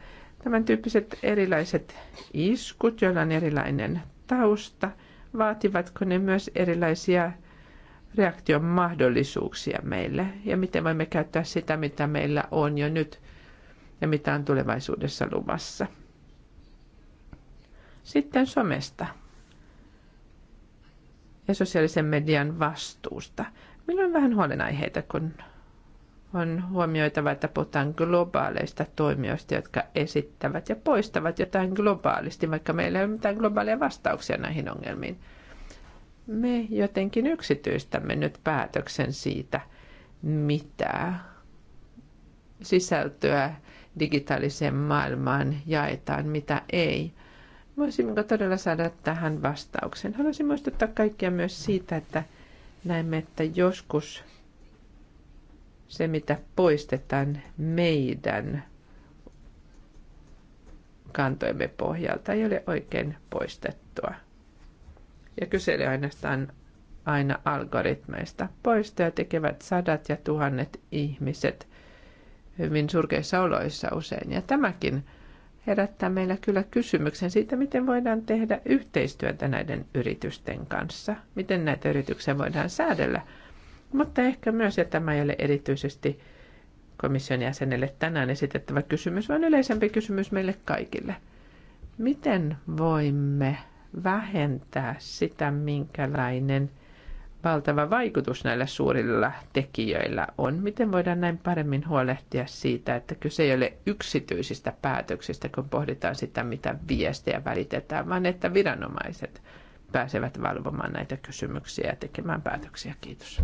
Tämän tyyppiset erilaiset iskut, joilla on erilainen tausta, vaativatko ne myös erilaisia reaktion mahdollisuuksia meille ja miten voimme käyttää sitä, mitä meillä on jo nyt ja mitä on tulevaisuudessa luvassa. Sitten somesta ja sosiaalisen median vastuusta. Minulla on vähän huolenaiheita, kun on huomioitava, että puhutaan globaaleista toimijoista, jotka esittävät ja poistavat jotain globaalisti, vaikka meillä ei ole mitään globaaleja vastauksia näihin ongelmiin. Me jotenkin yksityistämme nyt päätöksen siitä, mitä sisältöä digitaaliseen maailmaan jaetaan, mitä ei. Voisimmeko todella saada tähän vastauksen? Haluaisin muistuttaa kaikkia myös siitä, että näemme, että joskus – se, mitä poistetaan meidän kantoimme pohjalta, ei ole oikein poistettua. Ja kyseli ainoastaan aina algoritmeista. Poistoja tekevät sadat ja tuhannet ihmiset hyvin surkeissa oloissa usein. Ja tämäkin herättää meillä kyllä kysymyksen siitä, miten voidaan tehdä yhteistyötä näiden yritysten kanssa. Miten näitä yrityksiä voidaan säädellä – mutta ehkä myös, että tämä ei ole erityisesti komission jäsenelle tänään esitettävä kysymys, vaan yleisempi kysymys meille kaikille. Miten voimme vähentää sitä, minkälainen valtava vaikutus näillä suurilla tekijöillä on? Miten voidaan näin paremmin huolehtia siitä, että kyse ei ole yksityisistä päätöksistä, kun pohditaan sitä, mitä viestejä välitetään, vaan että viranomaiset pääsevät valvomaan näitä kysymyksiä ja tekemään päätöksiä. Kiitos.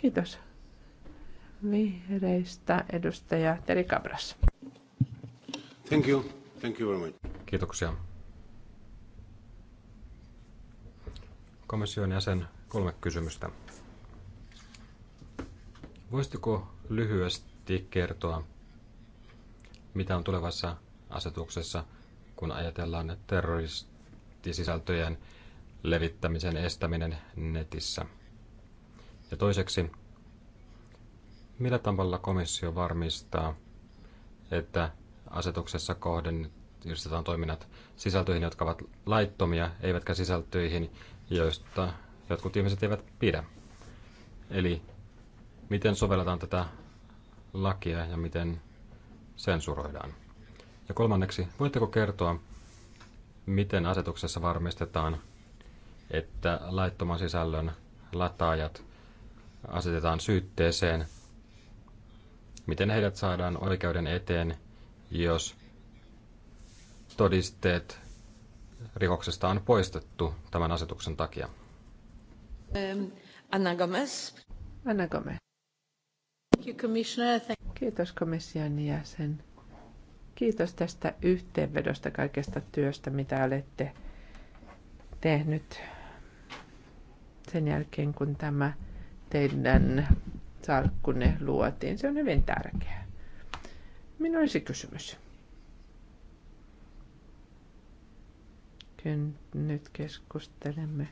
Kiitos. Vihreistä edustaja Teri Cabras. Thank you. Thank you very much. Kiitoksia. Komission jäsen kolme kysymystä. Voisitko lyhyesti kertoa, mitä on tulevassa asetuksessa, kun ajatellaan terroristisisältöjen levittämisen estäminen netissä – ja toiseksi, millä tavalla komissio varmistaa, että asetuksessa kohdennustetaan toiminnat sisältöihin, jotka ovat laittomia, eivätkä sisältöihin, joista jotkut ihmiset eivät pidä. Eli miten sovelletaan tätä lakia ja miten sensuroidaan. Ja kolmanneksi, voitteko kertoa, miten asetuksessa varmistetaan, että laittoman sisällön lataajat asetetaan syytteeseen, miten heidät saadaan oikeuden eteen, jos todisteet rikoksesta on poistettu tämän asetuksen takia. Anna Gomez. Anna Gomez. Kiitos komission jäsen. Kiitos tästä yhteenvedosta kaikesta työstä, mitä olette tehnyt sen jälkeen, kun tämä teidän salkkunne luotiin. Se on hyvin tärkeää. Minun olisi kysymys. Kyn, nyt keskustelemme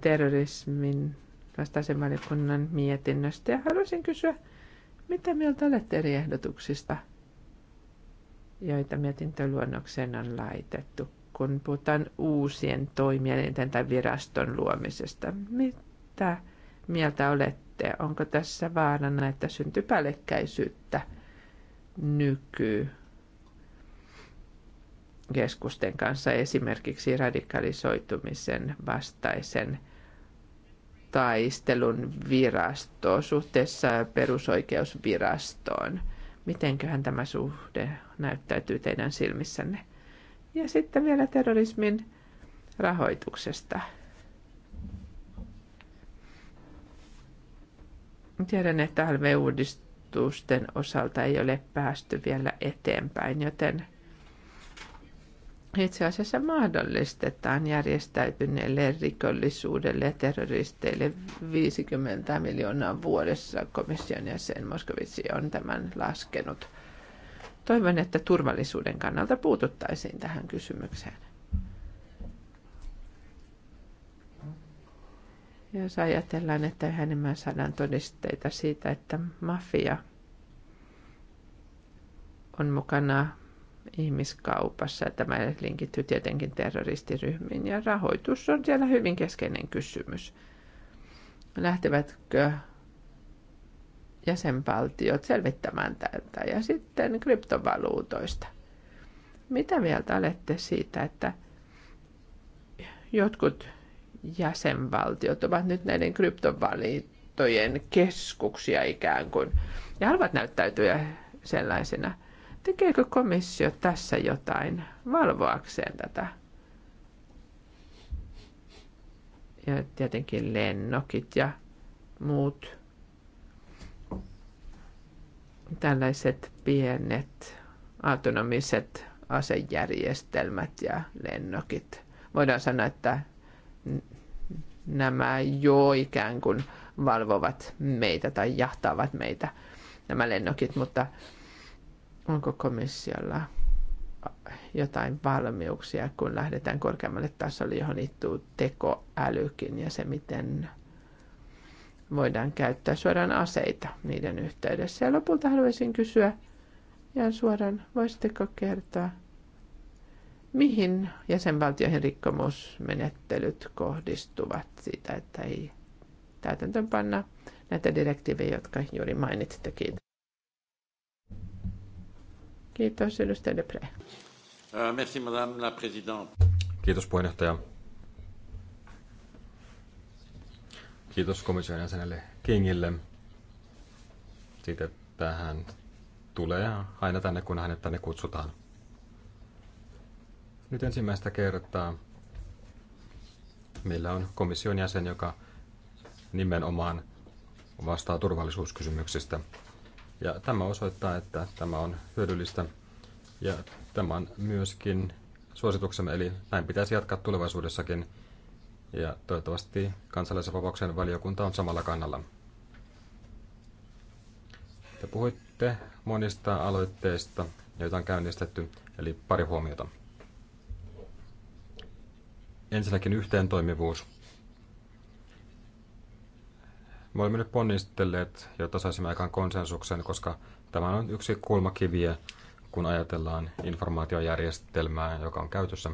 terrorismin vastaisen mietinnöstä ja haluaisin kysyä, mitä mieltä olette eri ehdotuksista, joita mietintöluonnokseen on laitettu, kun puhutaan uusien toimielinten tai viraston luomisesta? mitä mieltä olette? Onko tässä vaarana, että syntyy päällekkäisyyttä nyky keskusten kanssa esimerkiksi radikalisoitumisen vastaisen taistelun virasto suhteessa perusoikeusvirastoon. Mitenköhän tämä suhde näyttäytyy teidän silmissänne? Ja sitten vielä terrorismin rahoituksesta. Tiedän, että LV-uudistusten osalta ei ole päästy vielä eteenpäin, joten itse asiassa mahdollistetaan järjestäytyneelle rikollisuudelle ja terroristeille 50 miljoonaa vuodessa. Komission jäsen Moskovitsi on tämän laskenut. Toivon, että turvallisuuden kannalta puututtaisiin tähän kysymykseen. Jos ajatellaan, että yhä enemmän saadaan todisteita siitä, että mafia on mukana ihmiskaupassa. Tämä linkittyy tietenkin terroristiryhmiin ja rahoitus on siellä hyvin keskeinen kysymys. Lähtevätkö jäsenvaltiot selvittämään tätä ja sitten kryptovaluutoista? Mitä mieltä olette siitä, että jotkut jäsenvaltiot ovat nyt näiden kryptovaliittojen keskuksia ikään kuin. Ja haluavat näyttäytyä sellaisena. Tekeekö komissio tässä jotain valvoakseen tätä? Ja tietenkin lennokit ja muut tällaiset pienet autonomiset asejärjestelmät ja lennokit. Voidaan sanoa, että nämä jo ikään kuin valvovat meitä tai jahtaavat meitä, nämä lennokit, mutta onko komissiolla jotain valmiuksia, kun lähdetään korkeammalle tasolle, johon liittyy tekoälykin ja se, miten voidaan käyttää suoraan aseita niiden yhteydessä. Ja lopulta haluaisin kysyä ihan suoraan, voisitteko kertoa, mihin jäsenvaltioihin rikkomusmenettelyt kohdistuvat siitä, että ei täytäntöönpanna näitä direktiivejä, jotka juuri mainitsitte. Kiitos. Kiitos, edustaja Depre. Äh, merci, madame la présidente. Kiitos, puheenjohtaja. Kiitos komission jäsenelle Kingille siitä, että hän tulee aina tänne, kun hänet tänne kutsutaan. Nyt ensimmäistä kertaa meillä on komission jäsen, joka nimenomaan vastaa turvallisuuskysymyksistä. Ja tämä osoittaa, että tämä on hyödyllistä ja tämä on myöskin suosituksemme, eli näin pitäisi jatkaa tulevaisuudessakin. Ja toivottavasti kansallisen vapauksen valiokunta on samalla kannalla. Te puhuitte monista aloitteista, joita on käynnistetty, eli pari huomiota. Ensinnäkin yhteentoimivuus. Me olemme nyt ponnistelleet, jotta saisimme aikaan konsensuksen, koska tämä on yksi kulmakiviä, kun ajatellaan informaatiojärjestelmää, joka on käytössä.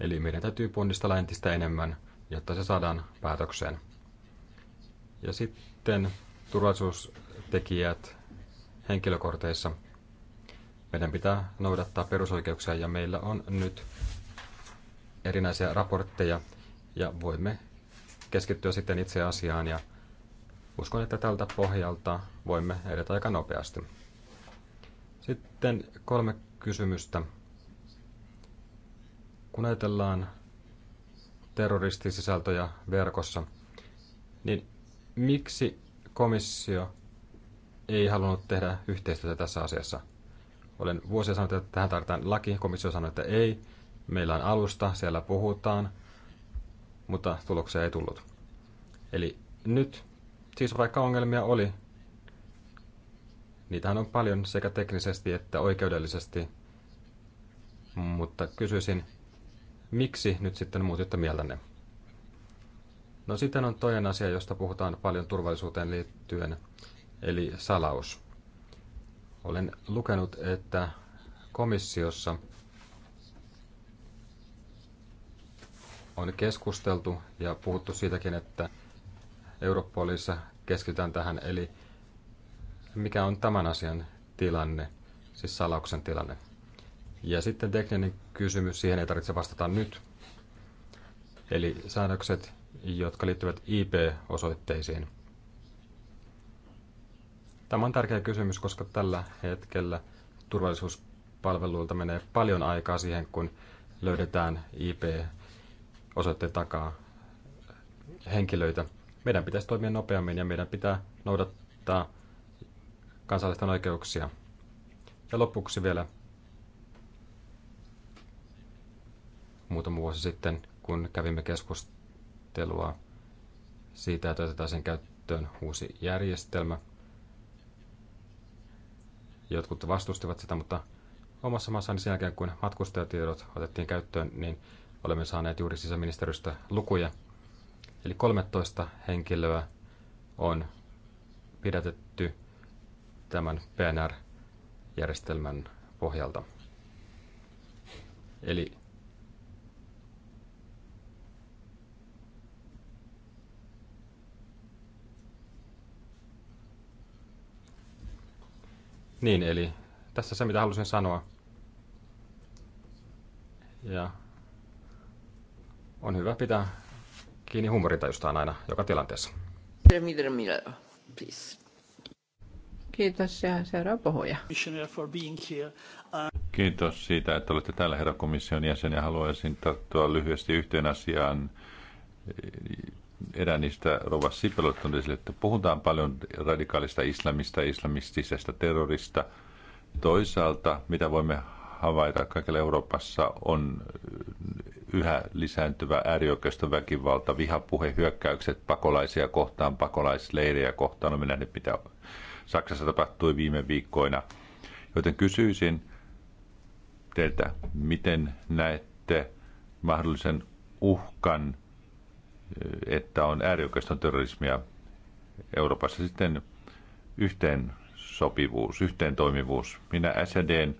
Eli meidän täytyy ponnistella entistä enemmän, jotta se saadaan päätökseen. Ja sitten turvallisuustekijät henkilökorteissa. Meidän pitää noudattaa perusoikeuksia ja meillä on nyt erinäisiä raportteja ja voimme keskittyä sitten itse asiaan ja uskon, että tältä pohjalta voimme edetä aika nopeasti. Sitten kolme kysymystä. Kun ajatellaan terroristisisältöjä verkossa, niin miksi komissio ei halunnut tehdä yhteistyötä tässä asiassa? Olen vuosia sanonut, että tähän tarvitaan laki, komissio sanoi, että ei, Meillä on alusta, siellä puhutaan, mutta tuloksia ei tullut. Eli nyt, siis vaikka ongelmia oli, niitähän on paljon sekä teknisesti että oikeudellisesti, mutta kysyisin, miksi nyt sitten muutitte mieltänne? No sitten on toinen asia, josta puhutaan paljon turvallisuuteen liittyen, eli salaus. Olen lukenut, että komissiossa – on keskusteltu ja puhuttu siitäkin, että Europolissa keskitytään tähän, eli mikä on tämän asian tilanne, siis salauksen tilanne. Ja sitten tekninen kysymys, siihen ei tarvitse vastata nyt. Eli säännökset, jotka liittyvät IP-osoitteisiin. Tämä on tärkeä kysymys, koska tällä hetkellä turvallisuuspalveluilta menee paljon aikaa siihen, kun löydetään IP-osoitteita osoitteen takaa henkilöitä. Meidän pitäisi toimia nopeammin ja meidän pitää noudattaa kansallisten oikeuksia. Ja lopuksi vielä muutama vuosi sitten, kun kävimme keskustelua siitä, että otetaan sen käyttöön uusi järjestelmä. Jotkut vastustivat sitä, mutta omassa maassani sen jälkeen, kun matkustajatiedot otettiin käyttöön, niin Olemme saaneet juuri sisäministeriöstä lukuja. Eli 13 henkilöä on pidätetty tämän PNR-järjestelmän pohjalta. Eli Niin, eli tässä se mitä halusin sanoa. Ja on hyvä pitää kiinni huumorintajustaan aina joka tilanteessa. Kiitos ja seuraava puhuja. Kiitos siitä, että olette täällä herra komission jäsen ja haluaisin tarttua lyhyesti yhteen asiaan. niistä Rova Sipel on esille, että puhutaan paljon radikaalista islamista, islamistisesta terrorista. Toisaalta, mitä voimme havaita kaikilla Euroopassa, on yhä lisääntyvä äärioikeiston väkivalta, vihapuhe, hyökkäykset pakolaisia kohtaan, pakolaisleirejä kohtaan. Olemme no, nähneet, mitä Saksassa tapahtui viime viikkoina. Joten kysyisin teiltä, miten näette mahdollisen uhkan, että on äärioikeiston terrorismia Euroopassa sitten yhteen sopivuus, yhteen toimivuus. Minä SDn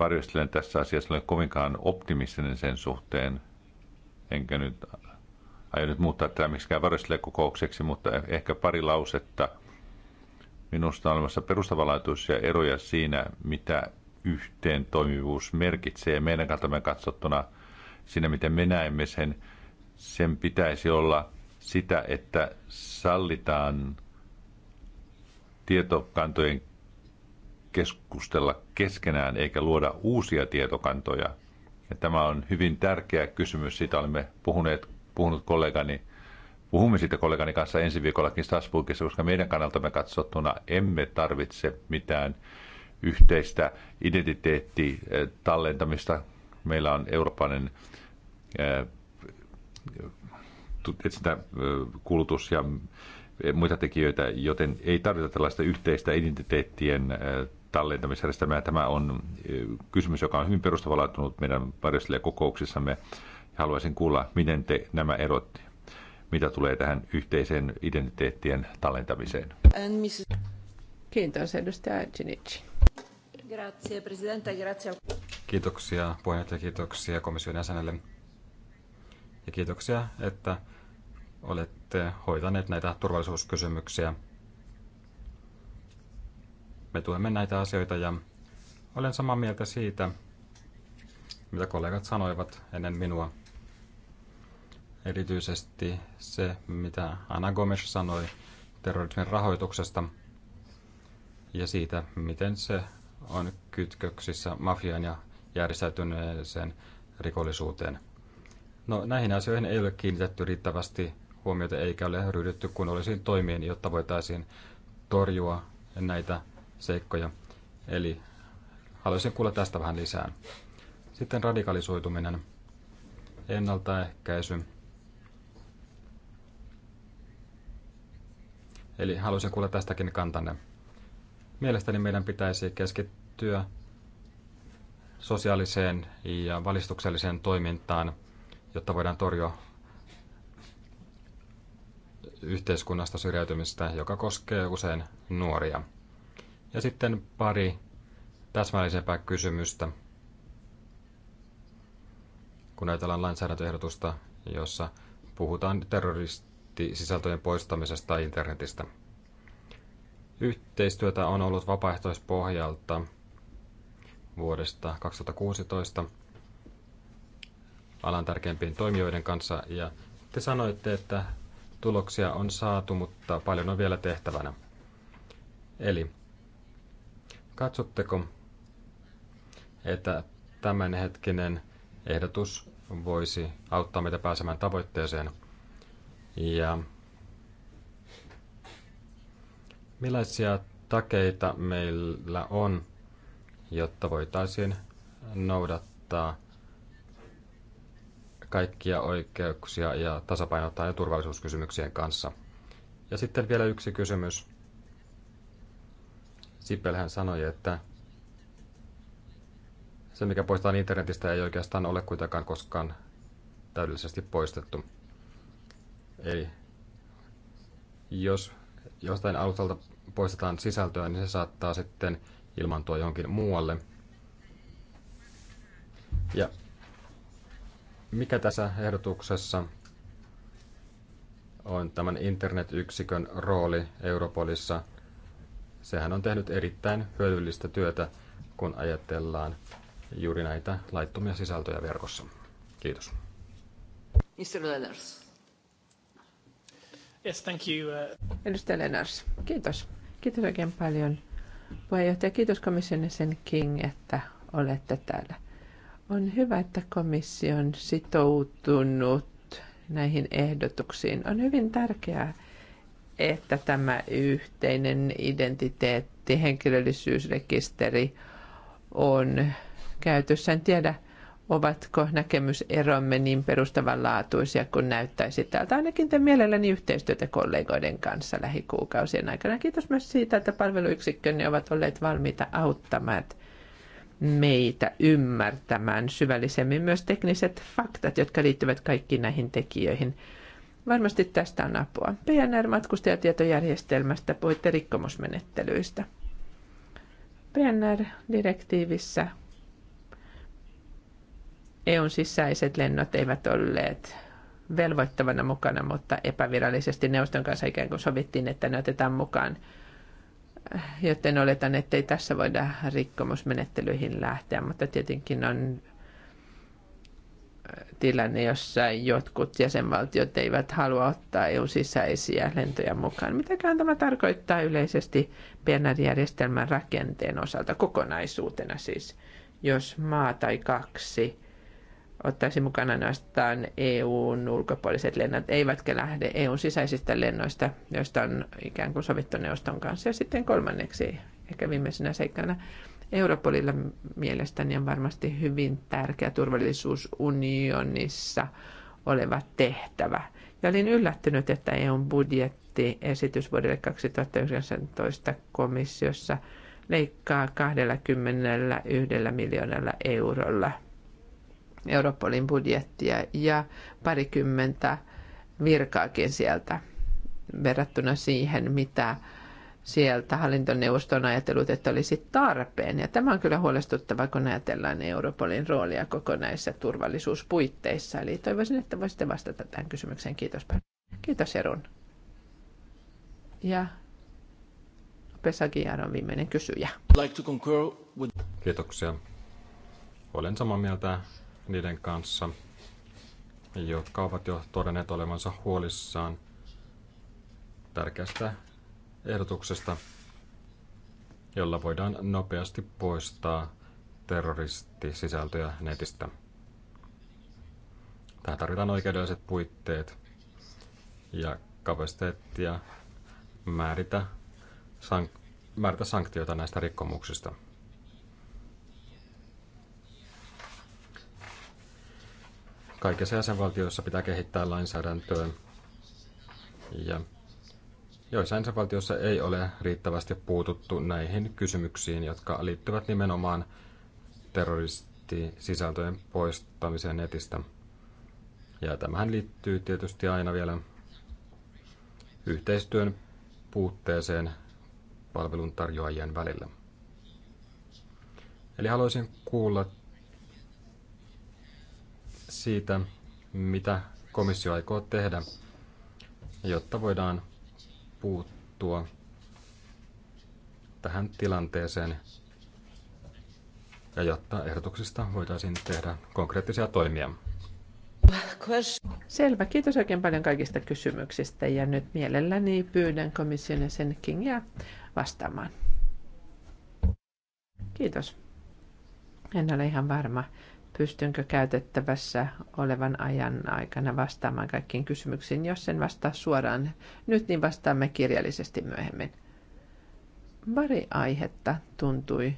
varjostelen tässä asiassa ole kovinkaan optimistinen sen suhteen, enkä nyt aio nyt muuttaa tämä miksikään kokoukseksi, mutta e- ehkä pari lausetta. Minusta on olemassa perustavanlaatuisia eroja siinä, mitä yhteen toimivuus merkitsee meidän kantamme katsottuna siinä, miten me näemme sen. Sen pitäisi olla sitä, että sallitaan tietokantojen keskustella keskenään eikä luoda uusia tietokantoja. Ja tämä on hyvin tärkeä kysymys, siitä olemme puhuneet, puhunut kollegani, puhumme siitä kollegani kanssa ensi viikollakin Strasbourgissa, koska meidän kannaltamme katsottuna emme tarvitse mitään yhteistä identiteettitallentamista. Eh, Meillä on eurooppalainen eh, etsintä, eh, kulutus ja muita tekijöitä, joten ei tarvita tällaista yhteistä identiteettien ja Tämä on kysymys, joka on hyvin perustavalaatunut meidän parissa kokouksissamme. Haluaisin kuulla, miten te nämä erot, mitä tulee tähän yhteiseen identiteettien tallentamiseen. Kiitos, edustaja Ginici. Grazie, presidente, grazie. Kiitoksia puheenjohtaja, kiitoksia komission jäsenelle. Ja kiitoksia, että olette hoitaneet näitä turvallisuuskysymyksiä me tuemme näitä asioita ja olen samaa mieltä siitä, mitä kollegat sanoivat ennen minua. Erityisesti se, mitä Anna Gomes sanoi terrorismin rahoituksesta ja siitä, miten se on kytköksissä mafian ja järjestäytyneeseen rikollisuuteen. No, näihin asioihin ei ole kiinnitetty riittävästi huomiota eikä ole ryhdytty kunnollisiin toimiin, jotta voitaisiin torjua näitä seikkoja. Eli haluaisin kuulla tästä vähän lisää. Sitten radikalisoituminen, ennaltaehkäisy. Eli haluaisin kuulla tästäkin kantanne. Mielestäni meidän pitäisi keskittyä sosiaaliseen ja valistukselliseen toimintaan, jotta voidaan torjua yhteiskunnasta syrjäytymistä, joka koskee usein nuoria. Ja sitten pari täsmällisempää kysymystä, kun ajatellaan lainsäädäntöehdotusta, jossa puhutaan terroristisisältöjen poistamisesta internetistä. Yhteistyötä on ollut vapaaehtoispohjalta vuodesta 2016 alan tärkeimpien toimijoiden kanssa ja te sanoitte, että tuloksia on saatu, mutta paljon on vielä tehtävänä. Eli Katsotteko, että tämänhetkinen ehdotus voisi auttaa meitä pääsemään tavoitteeseen? Ja millaisia takeita meillä on, jotta voitaisiin noudattaa kaikkia oikeuksia ja tasapainottaa ja turvallisuuskysymyksien kanssa? Ja sitten vielä yksi kysymys. Sipelhän sanoi, että se, mikä poistetaan internetistä, ei oikeastaan ole kuitenkaan koskaan täydellisesti poistettu. Eli jos jostain alustalta poistetaan sisältöä, niin se saattaa sitten ilmantua johonkin muualle. Ja mikä tässä ehdotuksessa on tämän internetyksikön rooli Europolissa Sehän on tehnyt erittäin hyödyllistä työtä, kun ajatellaan juuri näitä laittomia sisältöjä verkossa. Kiitos. Mr. Lenners. Yes, thank you. Uh, Edustaja Lenners, kiitos. Kiitos oikein paljon. Puheenjohtaja, kiitos komission sen King, että olette täällä. On hyvä, että komissio on sitoutunut näihin ehdotuksiin. On hyvin tärkeää, että tämä yhteinen identiteetti, henkilöllisyysrekisteri on käytössä. En tiedä, ovatko näkemyseromme niin perustavanlaatuisia kuin näyttäisi täältä. Ainakin te mielelläni yhteistyötä kollegoiden kanssa lähikuukausien aikana. Kiitos myös siitä, että palveluyksikkömme ovat olleet valmiita auttamaan meitä ymmärtämään syvällisemmin myös tekniset faktat, jotka liittyvät kaikkiin näihin tekijöihin. Varmasti tästä on apua. PNR-matkustajatietojärjestelmästä puhuitte rikkomusmenettelyistä. PNR-direktiivissä EUn sisäiset lennot eivät olleet velvoittavana mukana, mutta epävirallisesti neuvoston kanssa ikään kuin sovittiin, että ne otetaan mukaan. Joten oletan, että ei tässä voida rikkomusmenettelyihin lähteä, mutta tietenkin on tilanne, jossa jotkut jäsenvaltiot eivät halua ottaa EU-sisäisiä lentoja mukaan. Mitäkään tämä tarkoittaa yleisesti PNR-järjestelmän rakenteen osalta kokonaisuutena siis, jos maa tai kaksi ottaisi mukana ainoastaan EUn ulkopuoliset lennot, eivätkä lähde EUn sisäisistä lennoista, joista on ikään kuin sovittu neuvoston kanssa. Ja sitten kolmanneksi, ehkä viimeisenä seikkana, Europolilla mielestäni on varmasti hyvin tärkeä turvallisuusunionissa oleva tehtävä. Ja olin yllättynyt, että EUn budjettiesitys vuodelle 2019 komissiossa leikkaa 21 miljoonalla eurolla Europolin budjettia ja parikymmentä virkaakin sieltä verrattuna siihen, mitä sieltä hallintoneuvoston ajatellut, että olisi tarpeen. Ja tämä on kyllä huolestuttava, kun ajatellaan Europolin roolia näissä turvallisuuspuitteissa. Eli toivoisin, että voisitte vastata tähän kysymykseen. Kiitos paljon. Kiitos Jerun. Ja Pesagiar on viimeinen kysyjä. Kiitoksia. Olen samaa mieltä niiden kanssa, jotka ovat jo todenneet olevansa huolissaan tärkeästä ehdotuksesta, jolla voidaan nopeasti poistaa terroristisisältöjä netistä. Tähän tarvitaan oikeudelliset puitteet ja kapasiteettia määritä, sank- määritä sanktioita näistä rikkomuksista. Kaikissa jäsenvaltioissa pitää kehittää lainsäädäntöä ja joissain valtioissa ei ole riittävästi puututtu näihin kysymyksiin, jotka liittyvät nimenomaan terroristisisältöjen poistamiseen netistä. Ja tämähän liittyy tietysti aina vielä yhteistyön puutteeseen palveluntarjoajien välillä. Eli haluaisin kuulla siitä, mitä komissio aikoo tehdä, jotta voidaan puuttua tähän tilanteeseen ja jotta ehdotuksista voitaisiin tehdä konkreettisia toimia. Selvä. Kiitos oikein paljon kaikista kysymyksistä ja nyt mielelläni pyydän komission sen Kingia vastaamaan. Kiitos. En ole ihan varma, pystynkö käytettävässä olevan ajan aikana vastaamaan kaikkiin kysymyksiin. Jos en vastaa suoraan nyt, niin vastaamme kirjallisesti myöhemmin. Pari aihetta tuntui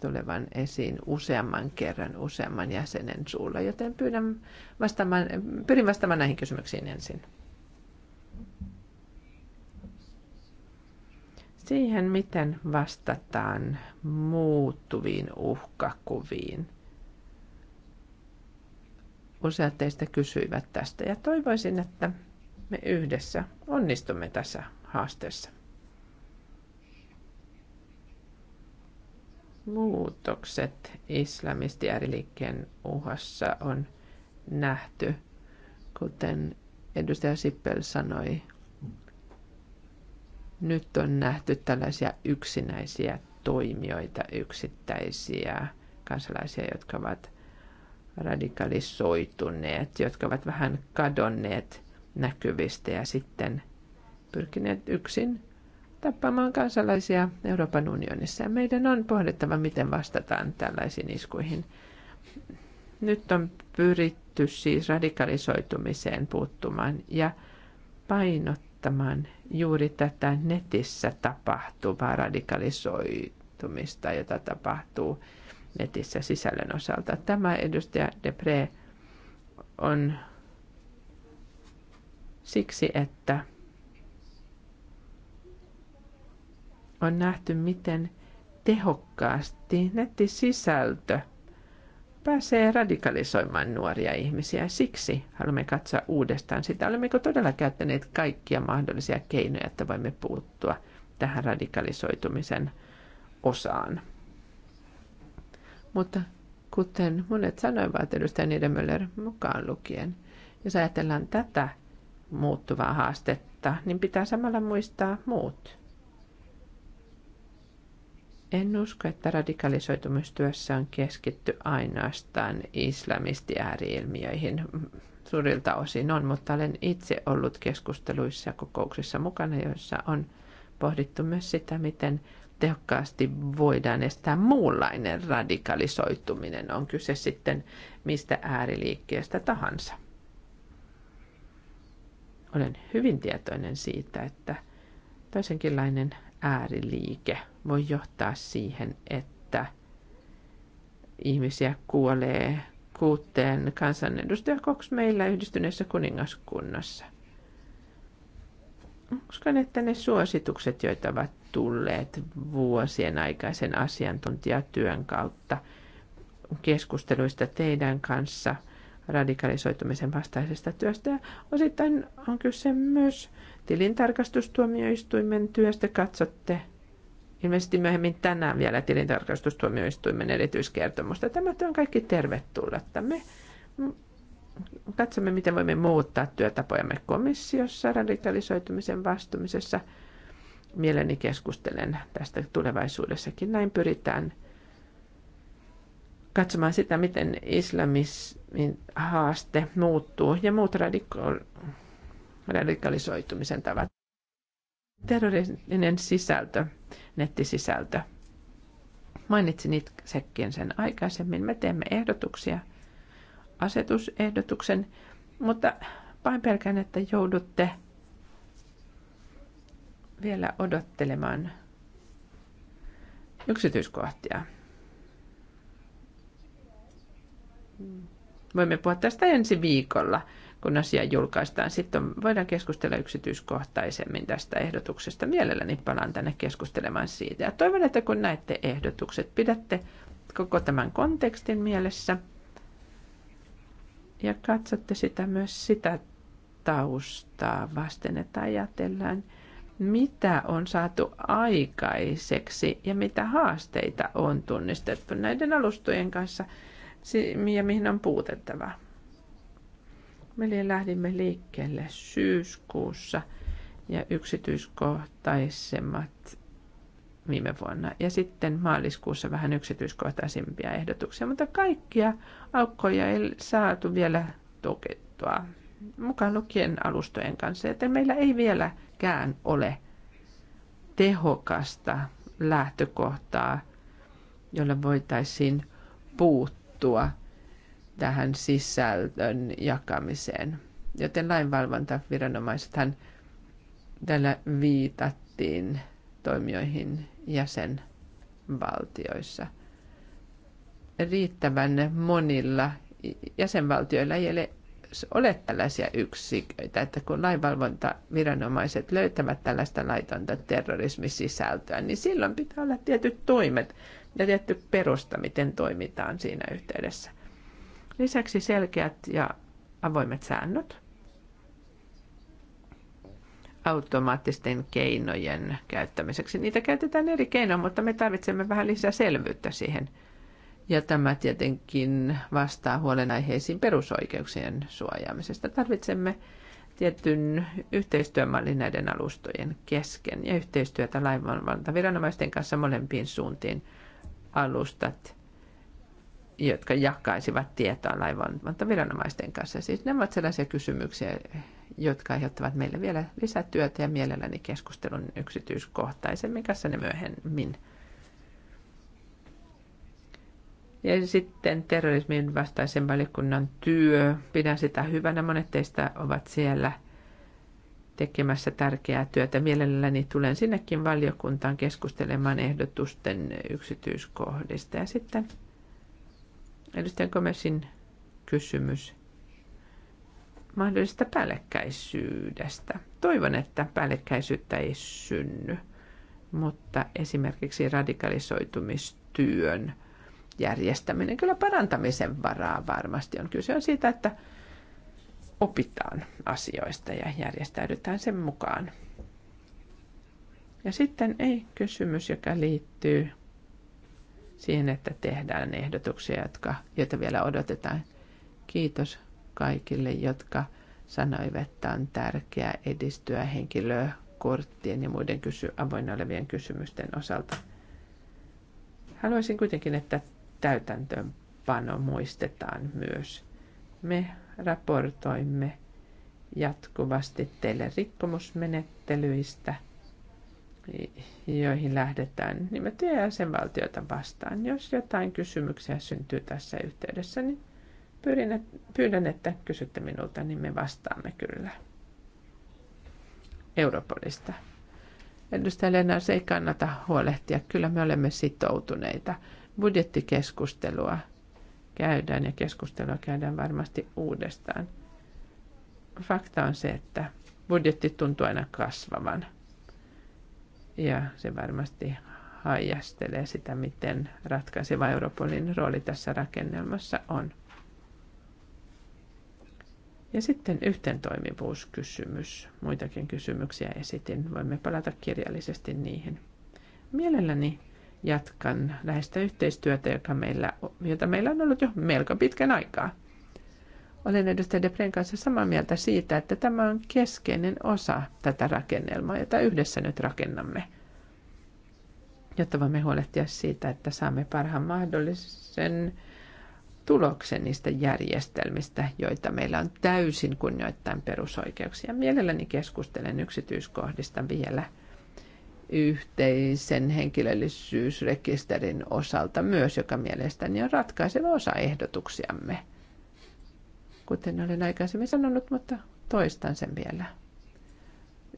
tulevan esiin useamman kerran useamman jäsenen suulla, joten pyydän vastaamaan, pyrin vastaamaan näihin kysymyksiin ensin. Siihen, miten vastataan muuttuviin uhkakuviin – Useat teistä kysyivät tästä ja toivoisin, että me yhdessä onnistumme tässä haasteessa. Muutokset islamisti ääriliikkeen uhassa on nähty, kuten edustaja Sippel sanoi. Nyt on nähty tällaisia yksinäisiä toimijoita, yksittäisiä kansalaisia, jotka ovat radikalisoituneet, jotka ovat vähän kadonneet näkyvistä ja sitten pyrkineet yksin tappamaan kansalaisia Euroopan unionissa. Ja meidän on pohdittava, miten vastataan tällaisiin iskuihin. Nyt on pyritty siis radikalisoitumiseen puuttumaan ja painottamaan juuri tätä netissä tapahtuvaa radikalisoitumista, jota tapahtuu – netissä sisällön osalta. Tämä edustaja Depre on siksi, että on nähty, miten tehokkaasti nettisisältö pääsee radikalisoimaan nuoria ihmisiä. Siksi haluamme katsoa uudestaan sitä, olemmeko todella käyttäneet kaikkia mahdollisia keinoja, että voimme puuttua tähän radikalisoitumisen osaan. Mutta kuten monet sanoivat, edustaja Niedemöller mukaan lukien, jos ajatellaan tätä muuttuvaa haastetta, niin pitää samalla muistaa muut. En usko, että radikalisoitumistyössä on keskitty ainoastaan islamisti ääriilmiöihin. Suurilta osin on, mutta olen itse ollut keskusteluissa ja kokouksissa mukana, joissa on pohdittu myös sitä, miten tehokkaasti voidaan estää muunlainen radikalisoituminen, on kyse sitten mistä ääriliikkeestä tahansa. Olen hyvin tietoinen siitä, että toisenkinlainen ääriliike voi johtaa siihen, että ihmisiä kuolee kuuteen kansanedustajakoksi meillä yhdistyneessä kuningaskunnassa – uskon, että ne suositukset, joita ovat tulleet vuosien aikaisen asiantuntijatyön kautta keskusteluista teidän kanssa radikalisoitumisen vastaisesta työstä. Osittain on kyse myös tilintarkastustuomioistuimen työstä. Katsotte ilmeisesti myöhemmin tänään vielä tilintarkastustuomioistuimen erityiskertomusta. Tämä on kaikki tervetullutta. Me katsomme, miten voimme muuttaa työtapojamme komissiossa radikalisoitumisen vastumisessa. mieleni keskustelen tästä tulevaisuudessakin. Näin pyritään katsomaan sitä, miten islamismin haaste muuttuu ja muut radiko- radikalisoitumisen tavat. Terrorinen sisältö, nettisisältö. Mainitsin itsekin sen aikaisemmin. Me teemme ehdotuksia – asetusehdotuksen, mutta vain pelkään, että joudutte vielä odottelemaan yksityiskohtia. Voimme puhua tästä ensi viikolla, kun asia julkaistaan. Sitten voidaan keskustella yksityiskohtaisemmin tästä ehdotuksesta. Mielelläni palaan tänne keskustelemaan siitä. Ja toivon, että kun näette ehdotukset, pidätte koko tämän kontekstin mielessä – ja katsotte sitä myös sitä taustaa vasten, että ajatellaan, mitä on saatu aikaiseksi ja mitä haasteita on tunnistettu näiden alustojen kanssa ja mihin on puutettava. Me lähdimme liikkeelle syyskuussa ja yksityiskohtaisemmat viime vuonna. Ja sitten maaliskuussa vähän yksityiskohtaisimpia ehdotuksia, mutta kaikkia aukkoja ei saatu vielä tukettua mukaan lukien alustojen kanssa, joten meillä ei vieläkään ole tehokasta lähtökohtaa, jolla voitaisiin puuttua tähän sisältön jakamiseen. Joten lainvalvontaviranomaisethan tällä viitattiin toimijoihin jäsenvaltioissa. Riittävän monilla jäsenvaltioilla ei ole ole tällaisia yksiköitä, että kun lainvalvontaviranomaiset löytävät tällaista laitonta terrorismisisältöä, niin silloin pitää olla tietyt toimet ja tietty perusta, miten toimitaan siinä yhteydessä. Lisäksi selkeät ja avoimet säännöt automaattisten keinojen käyttämiseksi. Niitä käytetään eri keinoin, mutta me tarvitsemme vähän lisää selvyyttä siihen. Ja tämä tietenkin vastaa huolenaiheisiin perusoikeuksien suojaamisesta. Tarvitsemme tietyn yhteistyömallin näiden alustojen kesken ja yhteistyötä viranomaisten kanssa molempiin suuntiin alustat, jotka jakaisivat tietoa viranomaisten kanssa. Siis nämä ovat sellaisia kysymyksiä, jotka aiheuttavat meille vielä lisätyötä ja mielelläni keskustelun yksityiskohtaisemmin kanssa ne myöhemmin. Ja sitten terrorismin vastaisen valikunnan työ. Pidän sitä hyvänä. Monet teistä ovat siellä tekemässä tärkeää työtä. Mielelläni tulen sinnekin valiokuntaan keskustelemaan ehdotusten yksityiskohdista. Ja sitten edustajan Komesin kysymys mahdollisesta päällekkäisyydestä. Toivon, että päällekkäisyyttä ei synny, mutta esimerkiksi radikalisoitumistyön järjestäminen kyllä parantamisen varaa varmasti on. Kyse on siitä, että opitaan asioista ja järjestäydytään sen mukaan. Ja sitten ei kysymys, joka liittyy siihen, että tehdään ehdotuksia, jotka, joita vielä odotetaan. Kiitos kaikille, jotka sanoivat, että on tärkeää edistyä henkilökorttien ja muiden kysy- avoinna olevien kysymysten osalta. Haluaisin kuitenkin, että täytäntöönpano muistetaan myös. Me raportoimme jatkuvasti teille rikkomusmenettelyistä, joihin lähdetään nimettyjä jäsenvaltioita vastaan. Jos jotain kysymyksiä syntyy tässä yhteydessä, niin Pyrin, pyydän, että kysytte minulta, niin me vastaamme kyllä. Europolista. Edustaja Lena, se ei kannata huolehtia. Kyllä me olemme sitoutuneita. Budjettikeskustelua käydään ja keskustelua käydään varmasti uudestaan. Fakta on se, että budjetti tuntuu aina kasvavan. Ja se varmasti heijastelee sitä, miten ratkaiseva Europolin rooli tässä rakennelmassa on. Ja sitten yhteentoimivuuskysymys. Muitakin kysymyksiä esitin. Voimme palata kirjallisesti niihin. Mielelläni jatkan läheistä yhteistyötä, joka meillä, jota meillä on ollut jo melko pitkän aikaa. Olen edustaja Depren kanssa samaa mieltä siitä, että tämä on keskeinen osa tätä rakennelmaa, jota yhdessä nyt rakennamme, jotta voimme huolehtia siitä, että saamme parhaan mahdollisen tuloksen niistä järjestelmistä, joita meillä on täysin kunnioittain perusoikeuksia. Mielelläni keskustelen yksityiskohdista vielä yhteisen henkilöllisyysrekisterin osalta myös, joka mielestäni on ratkaiseva osa ehdotuksiamme. Kuten olen aikaisemmin sanonut, mutta toistan sen vielä.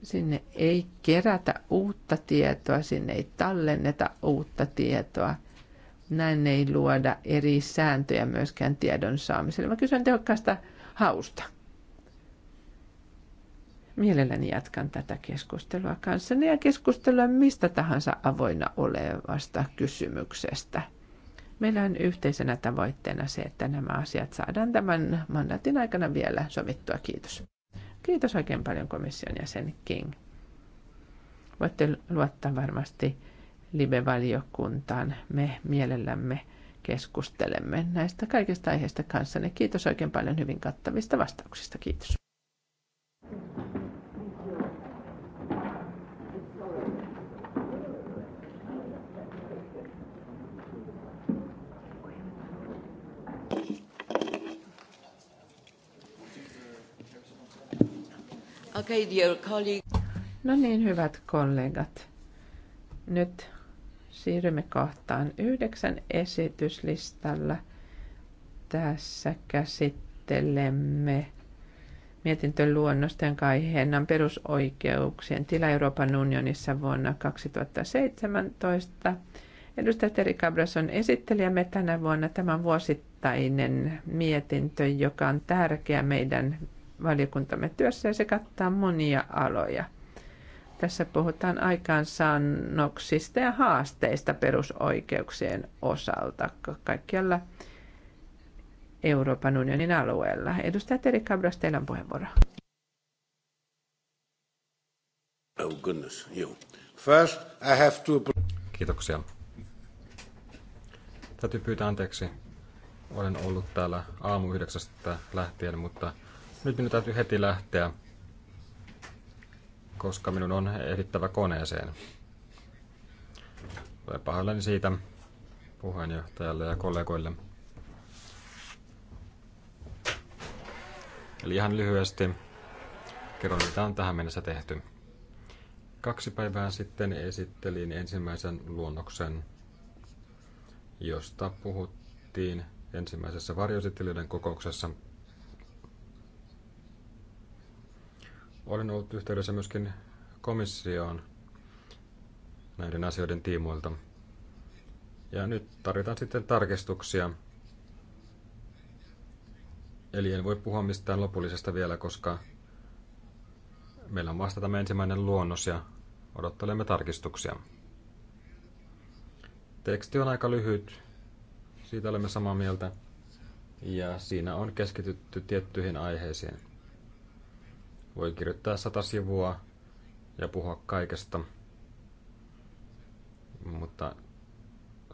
Sinne ei kerätä uutta tietoa, sinne ei tallenneta uutta tietoa – näin ei luoda eri sääntöjä myöskään tiedon saamiselle, vaan kyse on tehokkaasta hausta. Mielelläni jatkan tätä keskustelua kanssanne ja keskustelua mistä tahansa avoinna olevasta kysymyksestä. Meillä on yhteisenä tavoitteena se, että nämä asiat saadaan tämän mandatin aikana vielä sovittua. Kiitos. Kiitos oikein paljon komission jäsen King. Voitte luottaa varmasti live-valiokuntaan. Me mielellämme keskustelemme näistä kaikista aiheista kanssanne. Kiitos oikein paljon hyvin kattavista vastauksista. Kiitos. Okay, dear colleague. No niin, hyvät kollegat. Nyt Siirrymme kohtaan yhdeksän esityslistalla. Tässä käsittelemme mietintön luonnosta, jonka aiheena on perusoikeuksien tila Euroopan unionissa vuonna 2017. Edustaja Teri Cabras on esittelijämme tänä vuonna tämän vuosittainen mietintö, joka on tärkeä meidän valiokuntamme työssä ja se kattaa monia aloja – tässä puhutaan aikaansaannoksista ja haasteista perusoikeuksien osalta kaikkialla Euroopan unionin alueella. Edustaja Teri Cabras, teillä on puheenvuoro. Oh goodness, you. First, I have to... Kiitoksia. Täytyy pyytää anteeksi. Olen ollut täällä aamu yhdeksästä lähtien, mutta nyt minun täytyy heti lähteä koska minun on ehdittävä koneeseen. Olen pahoillani siitä puheenjohtajalle ja kollegoille. Eli ihan lyhyesti kerron, mitä on tähän mennessä tehty. Kaksi päivää sitten esittelin ensimmäisen luonnoksen, josta puhuttiin ensimmäisessä varjoesittelyiden kokouksessa – Olen ollut yhteydessä myöskin komissioon näiden asioiden tiimoilta. Ja nyt tarvitaan sitten tarkistuksia. Eli en voi puhua mistään lopullisesta vielä, koska meillä on vasta tämä ensimmäinen luonnos ja odottelemme tarkistuksia. Teksti on aika lyhyt, siitä olemme samaa mieltä, ja siinä on keskitytty tiettyihin aiheisiin. Voi kirjoittaa sata sivua ja puhua kaikesta, mutta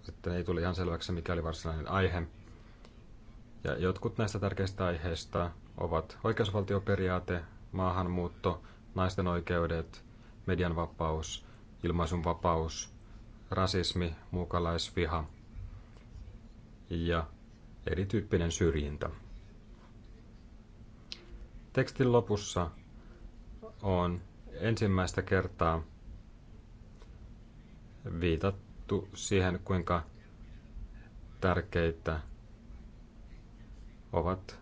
sitten ei tuli ihan selväksi, mikä oli varsinainen aihe. Ja jotkut näistä tärkeistä aiheista ovat oikeusvaltioperiaate, maahanmuutto, naisten oikeudet, median vapaus, ilmaisun vapaus, rasismi, muukalaisviha ja erityyppinen syrjintä. Tekstin lopussa on ensimmäistä kertaa viitattu siihen, kuinka tärkeitä ovat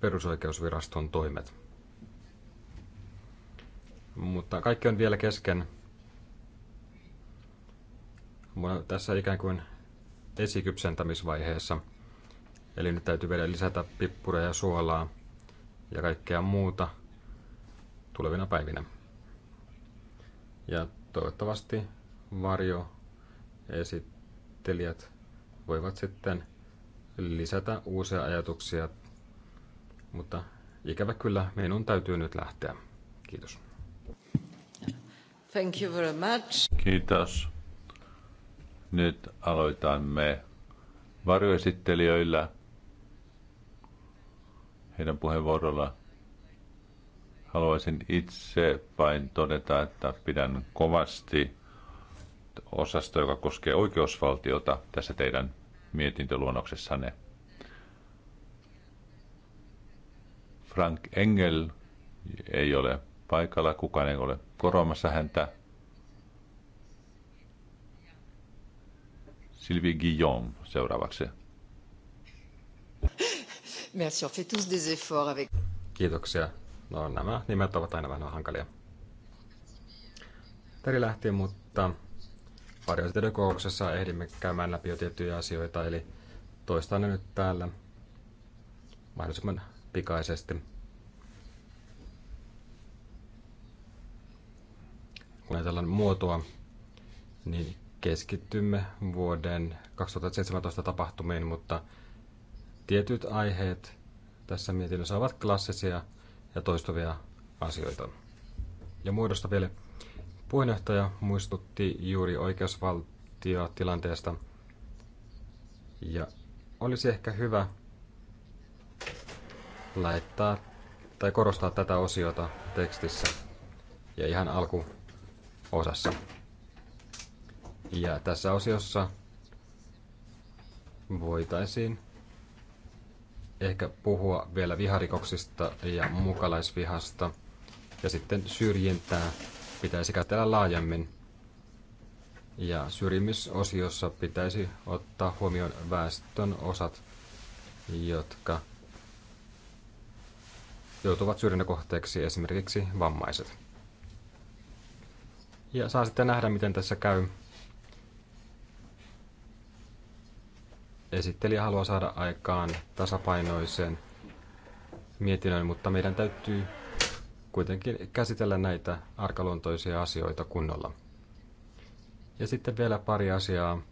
perusoikeusviraston toimet. Mutta kaikki on vielä kesken. Tässä ikään kuin esikypsentämisvaiheessa. Eli nyt täytyy vielä lisätä pippureja ja suolaa ja kaikkea muuta – tulevina päivinä. Ja toivottavasti varjo voivat sitten lisätä uusia ajatuksia, mutta ikävä kyllä minun täytyy nyt lähteä. Kiitos. Thank you very much. Kiitos. Nyt aloitamme varjoesittelijöillä heidän puheenvuorollaan. Haluaisin itse vain todeta, että pidän kovasti osasta, joka koskee oikeusvaltiota tässä teidän mietintöluonnoksessanne. Frank Engel ei ole paikalla, kukaan ei ole koromassa häntä. Sylvie Guillaume seuraavaksi. Merci, on fait tous des efforts avec... Kiitoksia. No nämä nimet ovat aina vähän hankalia. Teri lähti, mutta varjoiteiden kokouksessa ehdimme käymään läpi jo tiettyjä asioita, eli toistan ne nyt täällä mahdollisimman pikaisesti. Kun ajatellaan muotoa, niin keskittymme vuoden 2017 tapahtumiin, mutta tietyt aiheet tässä mietinnössä ovat klassisia – ja toistuvia asioita. Ja muodosta vielä puheenjohtaja muistutti juuri oikeusvaltiotilanteesta ja olisi ehkä hyvä laittaa tai korostaa tätä osiota tekstissä ja ihan alkuosassa. Ja tässä osiossa voitaisiin ehkä puhua vielä viharikoksista ja mukalaisvihasta. Ja sitten syrjintää pitäisi käsitellä laajemmin. Ja syrjimisosiossa pitäisi ottaa huomioon väestön osat, jotka joutuvat syrjinnän kohteeksi, esimerkiksi vammaiset. Ja saa sitten nähdä, miten tässä käy. esittelijä haluaa saada aikaan tasapainoisen mietinnön, mutta meidän täytyy kuitenkin käsitellä näitä arkaluontoisia asioita kunnolla. Ja sitten vielä pari asiaa,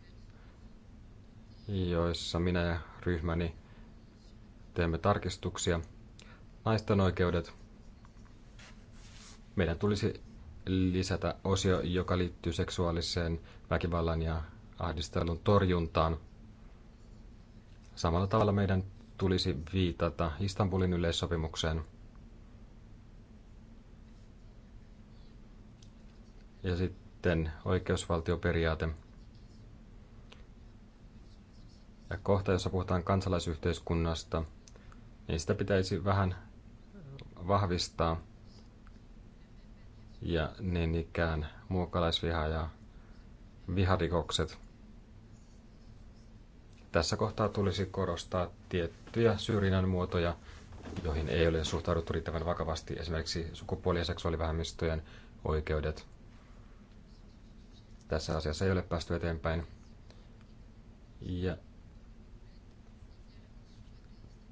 joissa minä ja ryhmäni teemme tarkistuksia. Naisten oikeudet. Meidän tulisi lisätä osio, joka liittyy seksuaaliseen väkivallan ja ahdistelun torjuntaan – Samalla tavalla meidän tulisi viitata Istanbulin yleissopimukseen. Ja sitten oikeusvaltioperiaate. Ja kohta, jossa puhutaan kansalaisyhteiskunnasta, niin sitä pitäisi vähän vahvistaa. Ja niin ikään muukalaisviha ja viharikokset. Tässä kohtaa tulisi korostaa tiettyjä syrjinnän muotoja, joihin ei ole suhtauduttu riittävän vakavasti, esimerkiksi sukupuoli- ja seksuaalivähemmistöjen oikeudet. Tässä asiassa ei ole päästy eteenpäin. Ja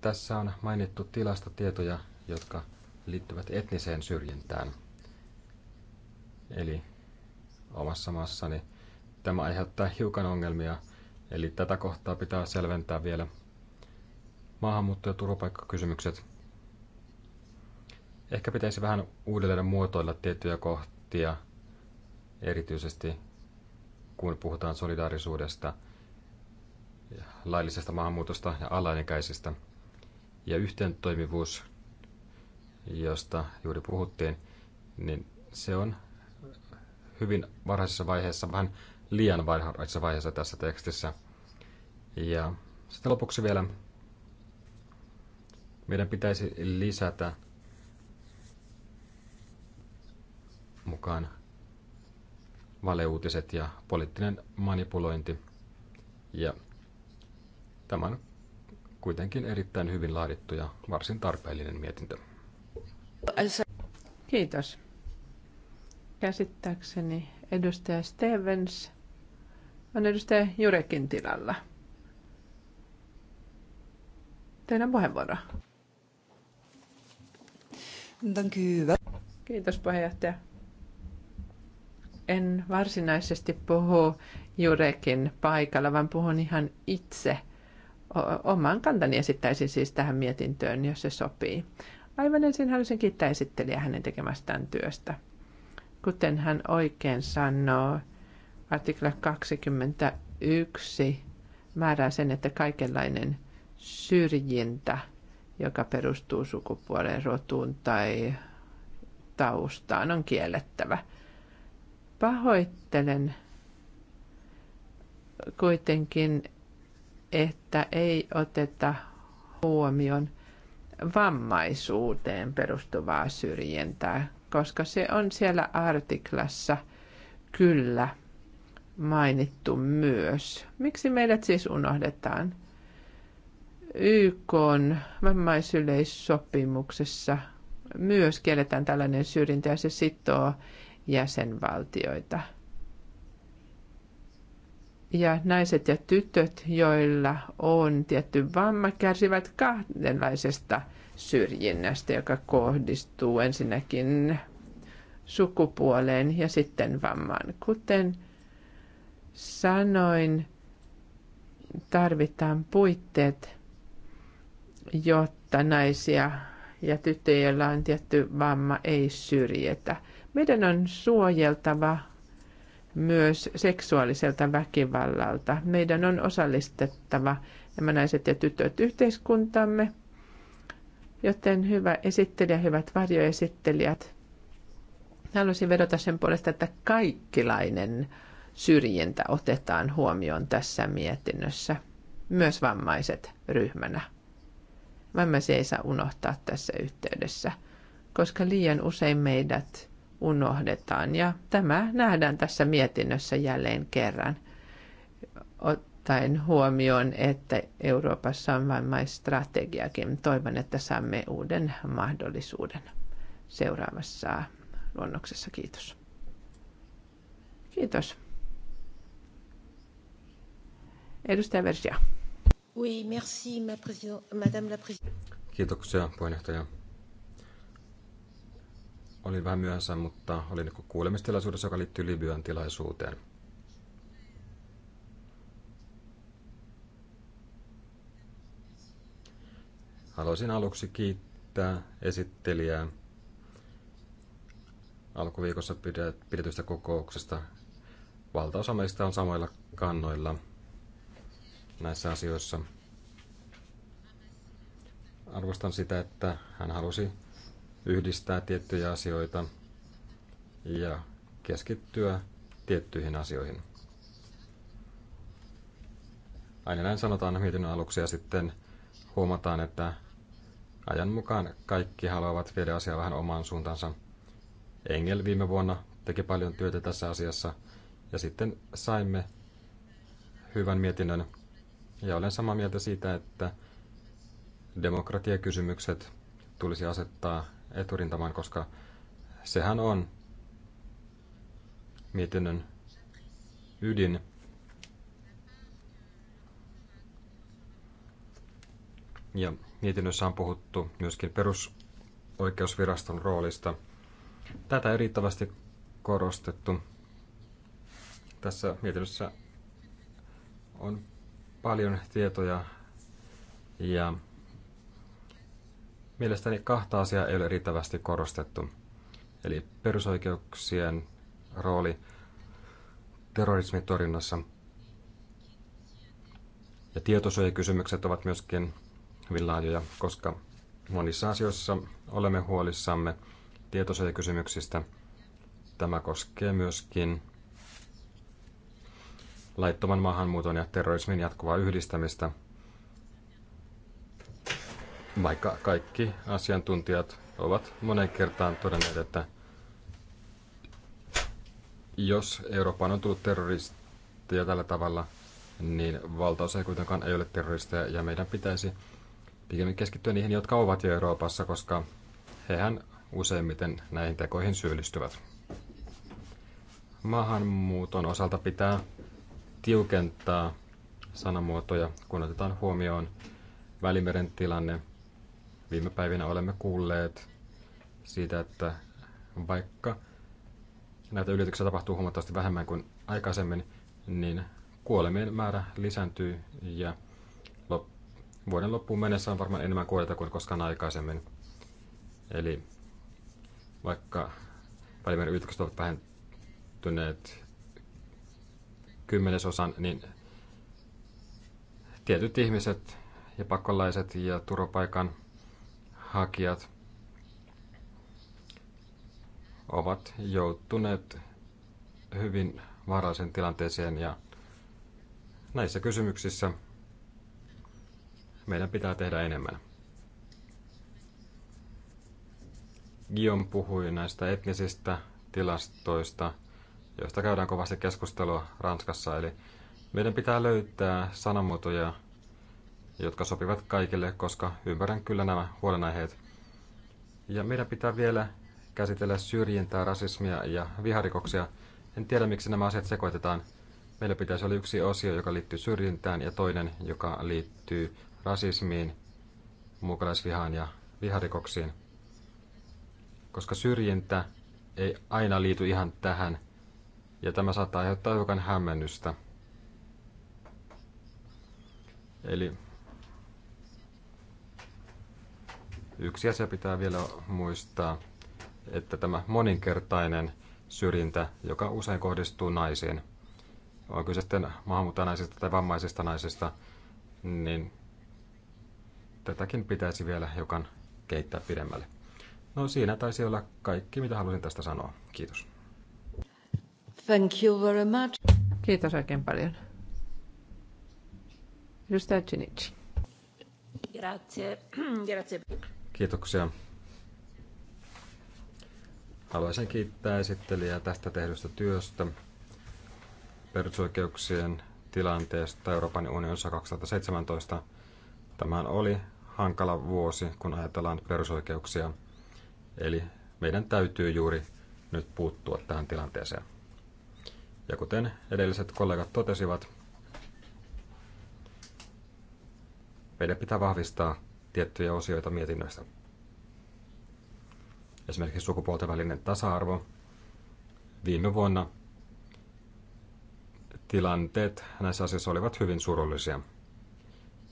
tässä on mainittu tilastotietoja, jotka liittyvät etniseen syrjintään. Eli omassa maassani tämä aiheuttaa hiukan ongelmia – Eli tätä kohtaa pitää selventää vielä. Maahanmuutto- ja turvapaikkakysymykset. Ehkä pitäisi vähän uudelleen muotoilla tiettyjä kohtia, erityisesti kun puhutaan solidaarisuudesta, laillisesta maahanmuutosta ja alainikäisistä. Ja toimivuus, josta juuri puhuttiin, niin se on hyvin varhaisessa vaiheessa vähän liian varhaisessa vaiheessa tässä tekstissä. Ja sitten lopuksi vielä meidän pitäisi lisätä mukaan valeuutiset ja poliittinen manipulointi. Ja tämä on kuitenkin erittäin hyvin laadittu ja varsin tarpeellinen mietintö. Kiitos. Käsittääkseni edustaja Stevens on edustaja Jurekin tilalla. Teidän puheenvuoro. Kiitos puheenjohtaja. En varsinaisesti puhu Jurekin paikalla, vaan puhun ihan itse. Oman kantani esittäisin siis tähän mietintöön, jos se sopii. Aivan ensin haluaisin kiittää esittelijää hänen tekemästään työstä. Kuten hän oikein sanoo, artikla 21 määrää sen, että kaikenlainen syrjintä, joka perustuu sukupuoleen, rotuun tai taustaan, on kiellettävä. Pahoittelen kuitenkin, että ei oteta huomioon vammaisuuteen perustuvaa syrjintää, koska se on siellä artiklassa kyllä – mainittu myös. Miksi meidät siis unohdetaan? YK on vammaisyleissopimuksessa myös kielletään tällainen syrjintä ja se sitoo jäsenvaltioita. Ja naiset ja tytöt, joilla on tietty vamma, kärsivät kahdenlaisesta syrjinnästä, joka kohdistuu ensinnäkin sukupuoleen ja sitten vammaan, kuten – sanoin, tarvitaan puitteet, jotta naisia ja tyttöjä, joilla on tietty vamma, ei syrjetä. Meidän on suojeltava myös seksuaaliselta väkivallalta. Meidän on osallistettava nämä naiset ja tytöt yhteiskuntamme. Joten hyvä esittelijä, hyvät varjoesittelijät, haluaisin vedota sen puolesta, että kaikkilainen syrjintä otetaan huomioon tässä mietinnössä, myös vammaiset ryhmänä. Vammaisia ei saa unohtaa tässä yhteydessä, koska liian usein meidät unohdetaan ja tämä nähdään tässä mietinnössä jälleen kerran ottaen huomioon, että Euroopassa on vammaistrategiakin. Toivon, että saamme uuden mahdollisuuden seuraavassa luonnoksessa. Kiitos. Kiitos. Edustaja Versia. Oui, merci, ma madame la Kiitoksia, puheenjohtaja. Olin vähän myöhässä, mutta olin niinku kuulemistilaisuudessa, joka liittyy Libyan tilaisuuteen. Haluaisin aluksi kiittää esittelijää alkuviikossa pidetystä kokouksesta. Valtaosa meistä on samoilla kannoilla – näissä asioissa. Arvostan sitä, että hän halusi yhdistää tiettyjä asioita ja keskittyä tiettyihin asioihin. Aina näin sanotaan mietinnön aluksi ja sitten huomataan, että ajan mukaan kaikki haluavat viedä asiaa vähän omaan suuntaansa. Engel viime vuonna teki paljon työtä tässä asiassa ja sitten saimme hyvän mietinnön, ja olen samaa mieltä siitä, että demokratiakysymykset tulisi asettaa eturintamaan, koska sehän on mietinnön ydin. Ja mietinnössä on puhuttu myöskin perusoikeusviraston roolista. Tätä ei riittävästi korostettu. Tässä mietinnössä on paljon tietoja ja mielestäni kahta asiaa ei ole riittävästi korostettu. Eli perusoikeuksien rooli terrorismin torjunnassa ja tietosuojakysymykset ovat myöskin hyvin laajoja, koska monissa asioissa olemme huolissamme tietosuojakysymyksistä. Tämä koskee myöskin laittoman maahanmuuton ja terrorismin jatkuvaa yhdistämistä, vaikka kaikki asiantuntijat ovat monen kertaan todenneet, että jos Eurooppaan on tullut terroristeja tällä tavalla, niin valtaosa kuitenkaan ei ole terroristeja ja meidän pitäisi pikemmin keskittyä niihin, jotka ovat jo Euroopassa, koska hehän useimmiten näihin tekoihin syyllistyvät. Maahanmuuton osalta pitää tiukentaa sanamuotoja, kun otetaan huomioon Välimeren tilanne. Viime päivinä olemme kuulleet siitä, että vaikka näitä ylityksiä tapahtuu huomattavasti vähemmän kuin aikaisemmin, niin kuolemien määrä lisääntyy ja lop- vuoden loppuun mennessä on varmaan enemmän kuolleita kuin koskaan aikaisemmin. Eli vaikka Välimeren ylitykset ovat vähentyneet kymmenesosan, niin tietyt ihmiset ja pakolaiset ja turvapaikan hakijat ovat joutuneet hyvin varaisen tilanteeseen ja näissä kysymyksissä meidän pitää tehdä enemmän. Gion puhui näistä etnisistä tilastoista joista käydään kovasti keskustelua Ranskassa. Eli meidän pitää löytää sanamuotoja, jotka sopivat kaikille, koska ymmärrän kyllä nämä huolenaiheet. Ja meidän pitää vielä käsitellä syrjintää, rasismia ja viharikoksia. En tiedä, miksi nämä asiat sekoitetaan. Meillä pitäisi olla yksi osio, joka liittyy syrjintään ja toinen, joka liittyy rasismiin, muukalaisvihaan ja viharikoksiin. Koska syrjintä ei aina liity ihan tähän – ja tämä saattaa aiheuttaa hiukan hämmennystä. Eli yksi asia pitää vielä muistaa, että tämä moninkertainen syrjintä, joka usein kohdistuu naisiin, on kyse sitten maahanmuuttajanaisista tai vammaisista naisista, niin tätäkin pitäisi vielä hiukan keittää pidemmälle. No siinä taisi olla kaikki, mitä halusin tästä sanoa. Kiitos. Thank you very much. Kiitos oikein paljon. Edustaja Cinici. Grazie. Grazie. Kiitoksia. Haluaisin kiittää esittelijää tästä tehdystä työstä perusoikeuksien tilanteesta Euroopan unionissa 2017. Tämä oli hankala vuosi, kun ajatellaan perusoikeuksia. Eli meidän täytyy juuri nyt puuttua tähän tilanteeseen. Ja kuten edelliset kollegat totesivat, meidän pitää vahvistaa tiettyjä osioita mietinnöistä. Esimerkiksi sukupuolten välinen tasa-arvo. Viime vuonna tilanteet näissä asioissa olivat hyvin surullisia.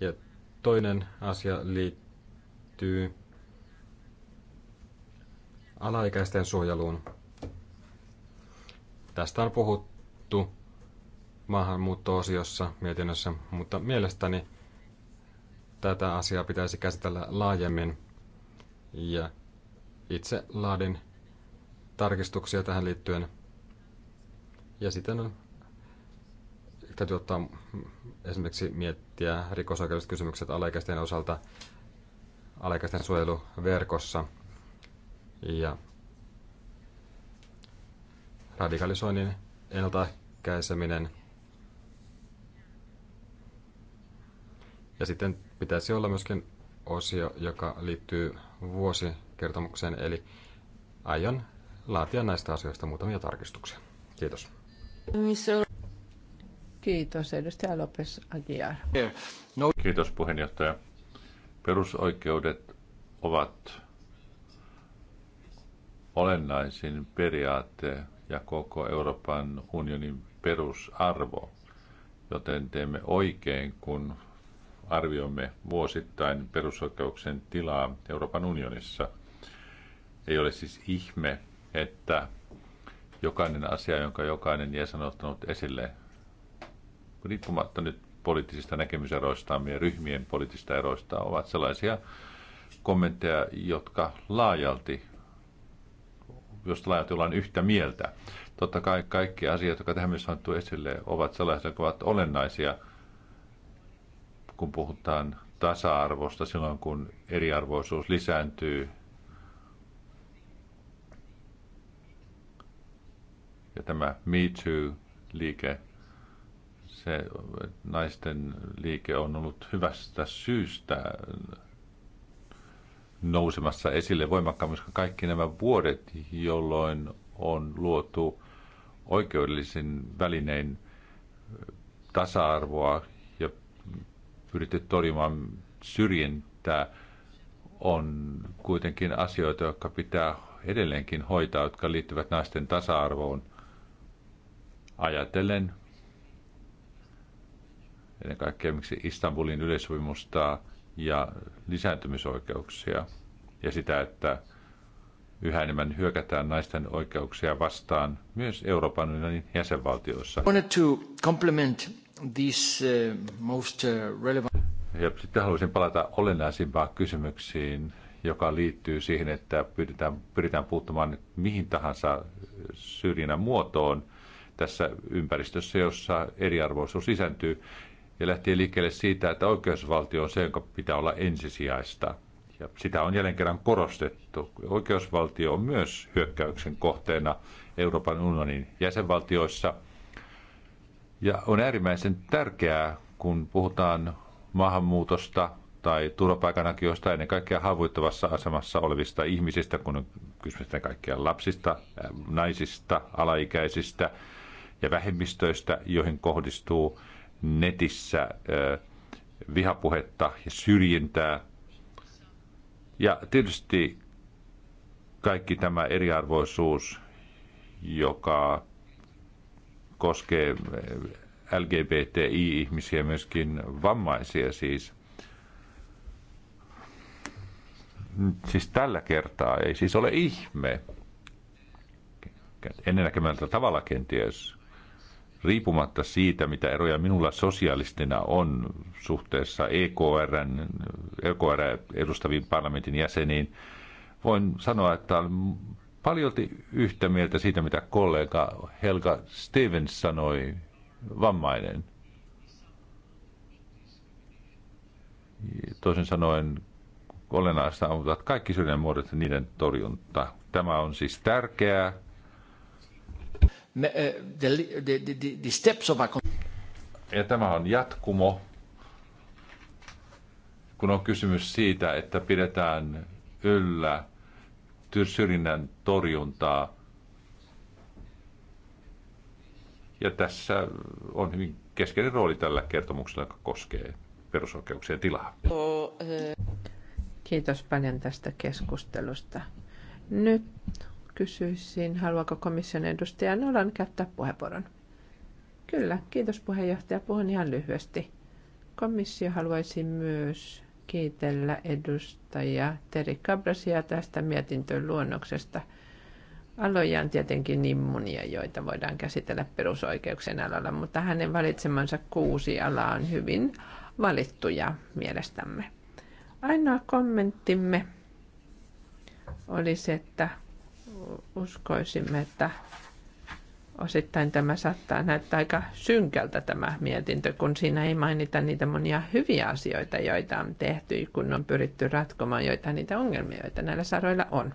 Ja toinen asia liittyy alaikäisten suojeluun. Tästä on puhuttu sovittu maahanmuutto-osiossa mietinnössä, mutta mielestäni tätä asiaa pitäisi käsitellä laajemmin. Ja itse laadin tarkistuksia tähän liittyen. Ja sitten on, täytyy ottaa esimerkiksi miettiä rikosoikeudelliset kysymykset alaikäisten osalta alaikäisten suojeluverkossa ja radikalisoinnin ennalta ehkäiseminen. Ja sitten pitäisi olla myöskin osio, joka liittyy vuosikertomukseen, eli aion laatia näistä asioista muutamia tarkistuksia. Kiitos. Kiitos, edustaja Lopes Aguiar. No. Kiitos, puheenjohtaja. Perusoikeudet ovat olennaisin periaate ja koko Euroopan unionin perusarvo. Joten teemme oikein, kun arvioimme vuosittain perusoikeuksien tilaa Euroopan unionissa. Ei ole siis ihme, että jokainen asia, jonka jokainen jäsen on ottanut esille, riippumatta nyt poliittisista näkemyseroistaan ja ryhmien poliittisista eroista, ovat sellaisia kommentteja, jotka laajalti, josta laajalti ollaan yhtä mieltä. Totta kai kaikki asiat, jotka tähän myös on esille, ovat sellaisia, jotka ovat olennaisia, kun puhutaan tasa-arvosta silloin, kun eriarvoisuus lisääntyy. Ja tämä Me Too-liike, se naisten liike on ollut hyvästä syystä nousemassa esille voimakkaammin, koska kaikki nämä vuodet, jolloin on luotu oikeudellisin välinein tasa-arvoa ja pyritty torjumaan syrjintää, on kuitenkin asioita, jotka pitää edelleenkin hoitaa, jotka liittyvät naisten tasa-arvoon. Ajatellen ennen kaikkea miksi Istanbulin yleissopimusta ja lisääntymisoikeuksia ja sitä, että yhä enemmän hyökätään naisten oikeuksia vastaan myös Euroopan unionin jäsenvaltioissa. Uh, uh, ja sitten haluaisin palata olennaisimpaan kysymyksiin, joka liittyy siihen, että pyritään, pyritään puuttumaan mihin tahansa syrjinnän muotoon tässä ympäristössä, jossa eriarvoisuus sisääntyy. Ja lähtien liikkeelle siitä, että oikeusvaltio on se, jonka pitää olla ensisijaista ja sitä on jälleen kerran korostettu. Oikeusvaltio on myös hyökkäyksen kohteena Euroopan unionin jäsenvaltioissa. Ja on äärimmäisen tärkeää, kun puhutaan maahanmuutosta tai turvapaikanhakijoista, ennen kaikkea haavoittavassa asemassa olevista ihmisistä, kun on kysymys kaikkia lapsista, äh, naisista, alaikäisistä ja vähemmistöistä, joihin kohdistuu netissä äh, vihapuhetta ja syrjintää ja tietysti kaikki tämä eriarvoisuus, joka koskee LGBTI-ihmisiä, myöskin vammaisia siis. Siis tällä kertaa ei siis ole ihme, ennennäkemällä tavalla kenties, riippumatta siitä, mitä eroja minulla sosialistina on suhteessa EKR, EKR edustaviin parlamentin jäseniin, voin sanoa, että olen paljolti yhtä mieltä siitä, mitä kollega Helga Stevens sanoi, vammainen. Toisin sanoen olennaista on, että kaikki syrjinnän muodot ja niiden torjunta. Tämä on siis tärkeää, Eh, the, steps of Ja tämä on jatkumo, kun on kysymys siitä, että pidetään yllä syrjinnän torjuntaa. Ja tässä on hyvin keskeinen rooli tällä kertomuksella, joka koskee perusoikeuksien tilaa. Kiitos paljon tästä keskustelusta. Nyt kysyisin, haluaako komission edustaja Nolan käyttää puheenvuoron. Kyllä, kiitos puheenjohtaja. Puhun ihan lyhyesti. Komissio haluaisi myös kiitellä edustaja Teri Cabrasia tästä mietintöön luonnoksesta. Aloja on tietenkin niin monia, joita voidaan käsitellä perusoikeuksien alalla, mutta hänen valitsemansa kuusi alaa on hyvin valittuja mielestämme. Ainoa kommenttimme oli se, että uskoisimme, että osittain tämä saattaa näyttää aika synkältä tämä mietintö, kun siinä ei mainita niitä monia hyviä asioita, joita on tehty, kun on pyritty ratkomaan joita niitä ongelmia, joita näillä saroilla on.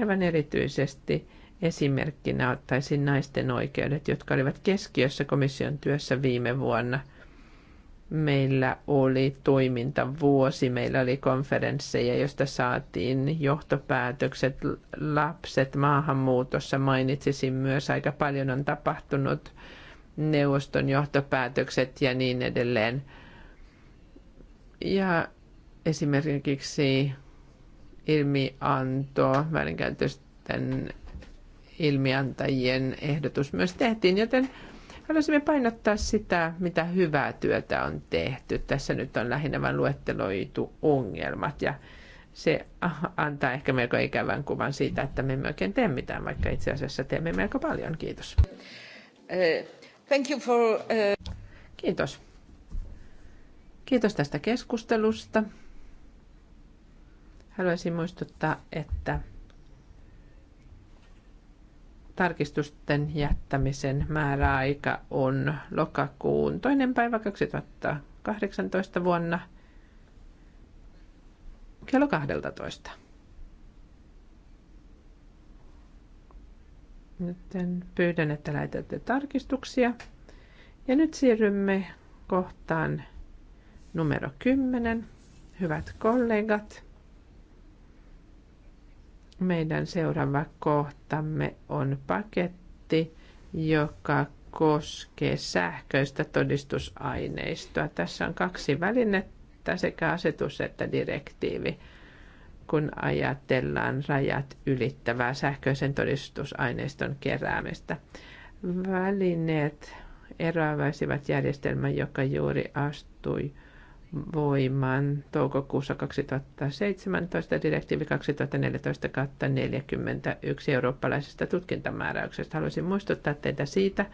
Aivan erityisesti esimerkkinä ottaisin naisten oikeudet, jotka olivat keskiössä komission työssä viime vuonna – Meillä oli toimintavuosi, meillä oli konferensseja, joista saatiin johtopäätökset. Lapset maahanmuutossa mainitsisin myös aika paljon on tapahtunut neuvoston johtopäätökset ja niin edelleen. Ja esimerkiksi ilmianto, väärinkäytösten ilmiantajien ehdotus myös tehtiin, joten Haluaisimme painottaa sitä, mitä hyvää työtä on tehty. Tässä nyt on lähinnä vain luetteloitu ongelmat ja se antaa ehkä melko ikävän kuvan siitä, että me emme oikein tee mitään, vaikka itse asiassa teemme melko paljon. Kiitos. Eh, thank you for, eh. Kiitos. Kiitos tästä keskustelusta. Haluaisin muistuttaa, että Tarkistusten jättämisen määräaika on lokakuun toinen päivä 2018 vuonna kello 12. Nyt pyydän, että laitatte tarkistuksia. Ja nyt siirrymme kohtaan numero 10. Hyvät kollegat, meidän seuraava kohtamme on paketti, joka koskee sähköistä todistusaineistoa. Tässä on kaksi välinettä, sekä asetus että direktiivi, kun ajatellaan rajat ylittävää sähköisen todistusaineiston keräämistä. Välineet eroavaisivat järjestelmän, joka juuri astui voimaan toukokuussa 2017 direktiivi 2014-41 eurooppalaisesta tutkintamääräyksestä. Haluaisin muistuttaa teitä siitä,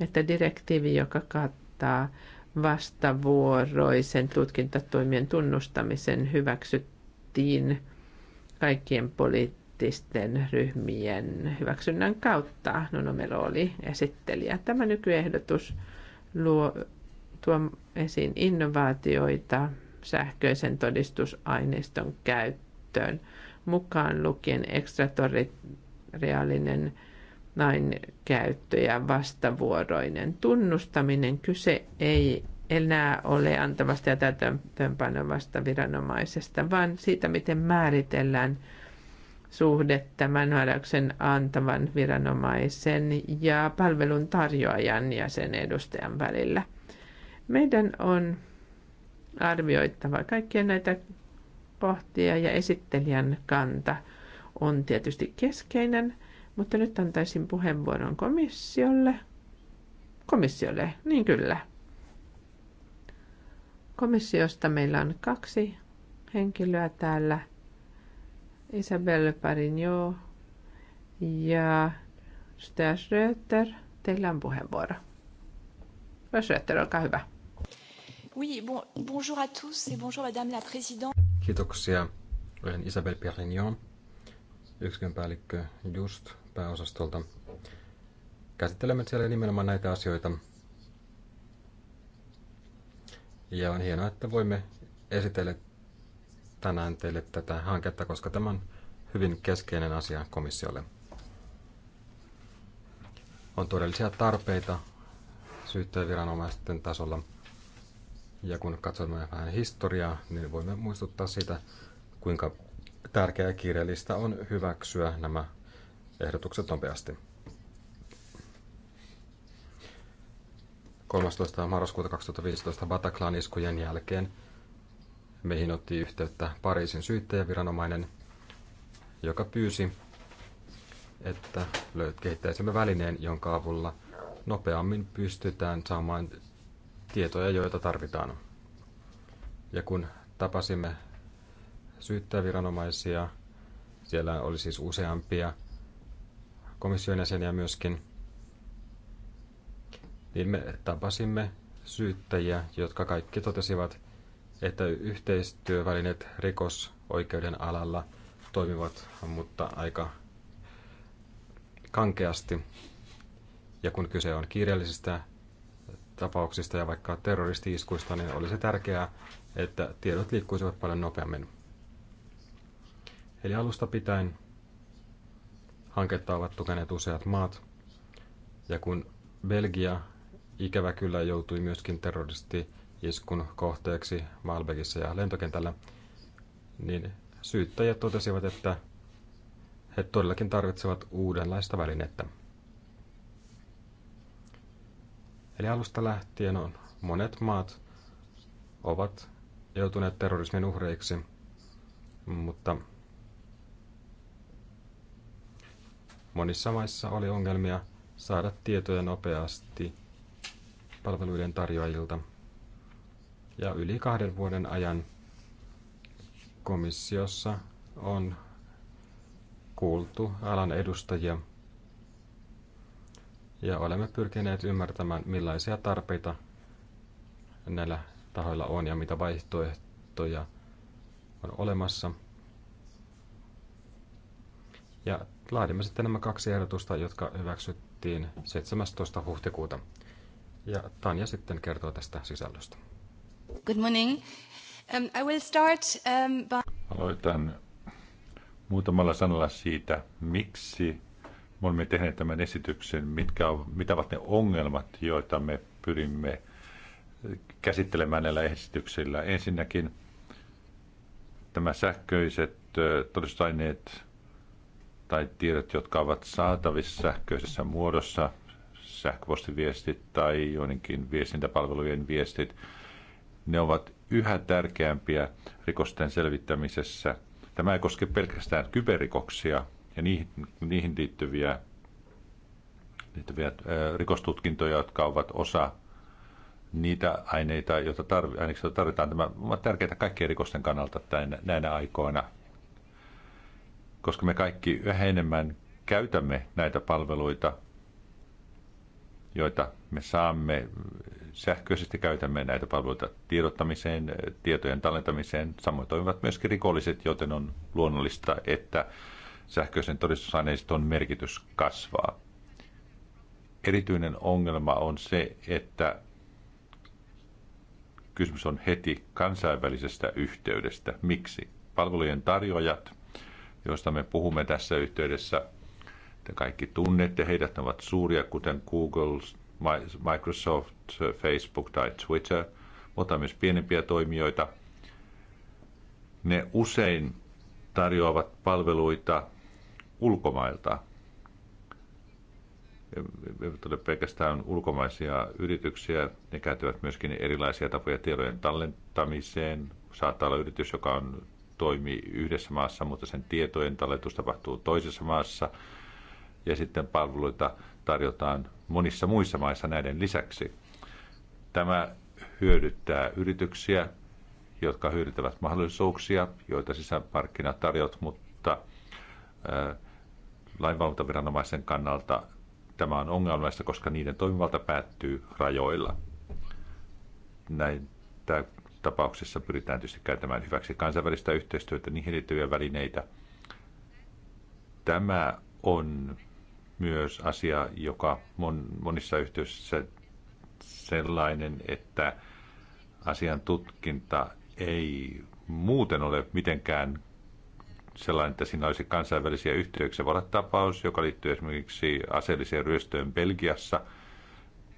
että direktiivi, joka kattaa vastavuoroisen tutkintatoimien tunnustamisen, hyväksyttiin kaikkien poliittisten ryhmien hyväksynnän kautta. Nuno Melo oli esittelijä. Tämä nykyehdotus luo tuo esiin innovaatioita sähköisen todistusaineiston käyttöön, mukaan lukien ekstratoriaalinen nain käyttö ja vastavuoroinen tunnustaminen. Kyse ei enää ole antavasta ja täytäntöönpanovasta viranomaisesta, vaan siitä, miten määritellään suhde tämän määräyksen antavan viranomaisen ja palvelun tarjoajan ja sen edustajan välillä. Meidän on arvioittava kaikkia näitä pohtia ja esittelijän kanta on tietysti keskeinen, mutta nyt antaisin puheenvuoron komissiolle. Komissiolle, niin kyllä. Komissiosta meillä on kaksi henkilöä täällä. Isabelle Parinjo ja Stas Röter. Teillä on puheenvuoro. Röter olkaa hyvä. Oui, bon, bonjour à tous et bonjour madame la présidente. Kiitoksia. Olen Isabel Perignon, yksikön päällikkö Just pääosastolta. Käsittelemme siellä nimenomaan näitä asioita. Ja on hienoa, että voimme esitellä tänään teille tätä hanketta, koska tämä on hyvin keskeinen asia komissiolle. On todellisia tarpeita syyttäjäviranomaisten tasolla – ja kun katsomme vähän historiaa, niin voimme muistuttaa siitä, kuinka tärkeää kiireellistä on hyväksyä nämä ehdotukset nopeasti. 13. marraskuuta 2015 Bataclan iskujen jälkeen meihin otti yhteyttä Pariisin syyttäjäviranomainen, joka pyysi, että kehittäisimme välineen, jonka avulla nopeammin pystytään saamaan tietoja, joita tarvitaan. Ja kun tapasimme syyttäjäviranomaisia, siellä oli siis useampia komission jäseniä myöskin, niin me tapasimme syyttäjiä, jotka kaikki totesivat, että yhteistyövälineet rikosoikeuden alalla toimivat, mutta aika kankeasti. Ja kun kyse on kiireellisistä tapauksista ja vaikka terroristi-iskuista, niin olisi tärkeää, että tiedot liikkuisivat paljon nopeammin. Eli alusta pitäen hanketta ovat tukeneet useat maat, ja kun Belgia ikävä kyllä joutui myöskin terroristi-iskun kohteeksi Malbegissa ja lentokentällä, niin syyttäjät totesivat, että he todellakin tarvitsevat uudenlaista välinettä. Eli alusta lähtien on monet maat ovat joutuneet terrorismin uhreiksi, mutta monissa maissa oli ongelmia saada tietoja nopeasti palveluiden tarjoajilta. Ja yli kahden vuoden ajan komissiossa on kuultu alan edustajia – ja olemme pyrkineet ymmärtämään, millaisia tarpeita näillä tahoilla on ja mitä vaihtoehtoja on olemassa. Ja laadimme sitten nämä kaksi ehdotusta, jotka hyväksyttiin 17. huhtikuuta. Ja Tanja sitten kertoo tästä sisällöstä. Good morning. Um, I will start, um, by... Aloitan muutamalla sanalla siitä, miksi me olemme tehneet tämän esityksen, mitkä on, mitä ovat ne ongelmat, joita me pyrimme käsittelemään näillä esityksillä. Ensinnäkin tämä sähköiset todistusaineet tai tiedot, jotka ovat saatavissa sähköisessä muodossa, sähköpostiviestit tai joidenkin viestintäpalvelujen viestit, ne ovat yhä tärkeämpiä rikosten selvittämisessä. Tämä ei koske pelkästään kyberrikoksia, ja niihin, niihin liittyviä, liittyviä äh, rikostutkintoja, jotka ovat osa niitä aineita, joita tarvi, tarvitaan. Tämä on tärkeää kaikkien rikosten kannalta tämän, näinä aikoina, koska me kaikki yhä enemmän käytämme näitä palveluita, joita me saamme sähköisesti käytämme näitä palveluita tiedottamiseen, tietojen tallentamiseen. Samoin toimivat myöskin rikolliset, joten on luonnollista, että sähköisen todistusaineiston merkitys kasvaa. Erityinen ongelma on se, että kysymys on heti kansainvälisestä yhteydestä. Miksi? Palvelujen tarjoajat, joista me puhumme tässä yhteydessä, te kaikki tunnette heidät, ne ovat suuria, kuten Google, Microsoft, Facebook tai Twitter, mutta myös pienempiä toimijoita. Ne usein tarjoavat palveluita ulkomailta. Eivät tuota, ole pelkästään ulkomaisia yrityksiä, ne käyttävät myöskin erilaisia tapoja tietojen tallentamiseen. Saattaa olla yritys, joka on, toimii yhdessä maassa, mutta sen tietojen talletus tapahtuu toisessa maassa. Ja sitten palveluita tarjotaan monissa muissa maissa näiden lisäksi. Tämä hyödyttää yrityksiä, jotka hyödyntävät mahdollisuuksia, joita sisämarkkinat tarjot, mutta lainvalvontaviranomaisen kannalta tämä on ongelmallista, koska niiden toimivalta päättyy rajoilla. Näin tapauksessa pyritään tietysti käyttämään hyväksi kansainvälistä yhteistyötä, niihin liittyviä välineitä. Tämä on myös asia, joka mon, monissa yhteyksissä sellainen, että asian tutkinta ei muuten ole mitenkään sellainen, että siinä olisi kansainvälisiä yhteyksiä. Voi olla tapaus, joka liittyy esimerkiksi aseelliseen ryöstöön Belgiassa.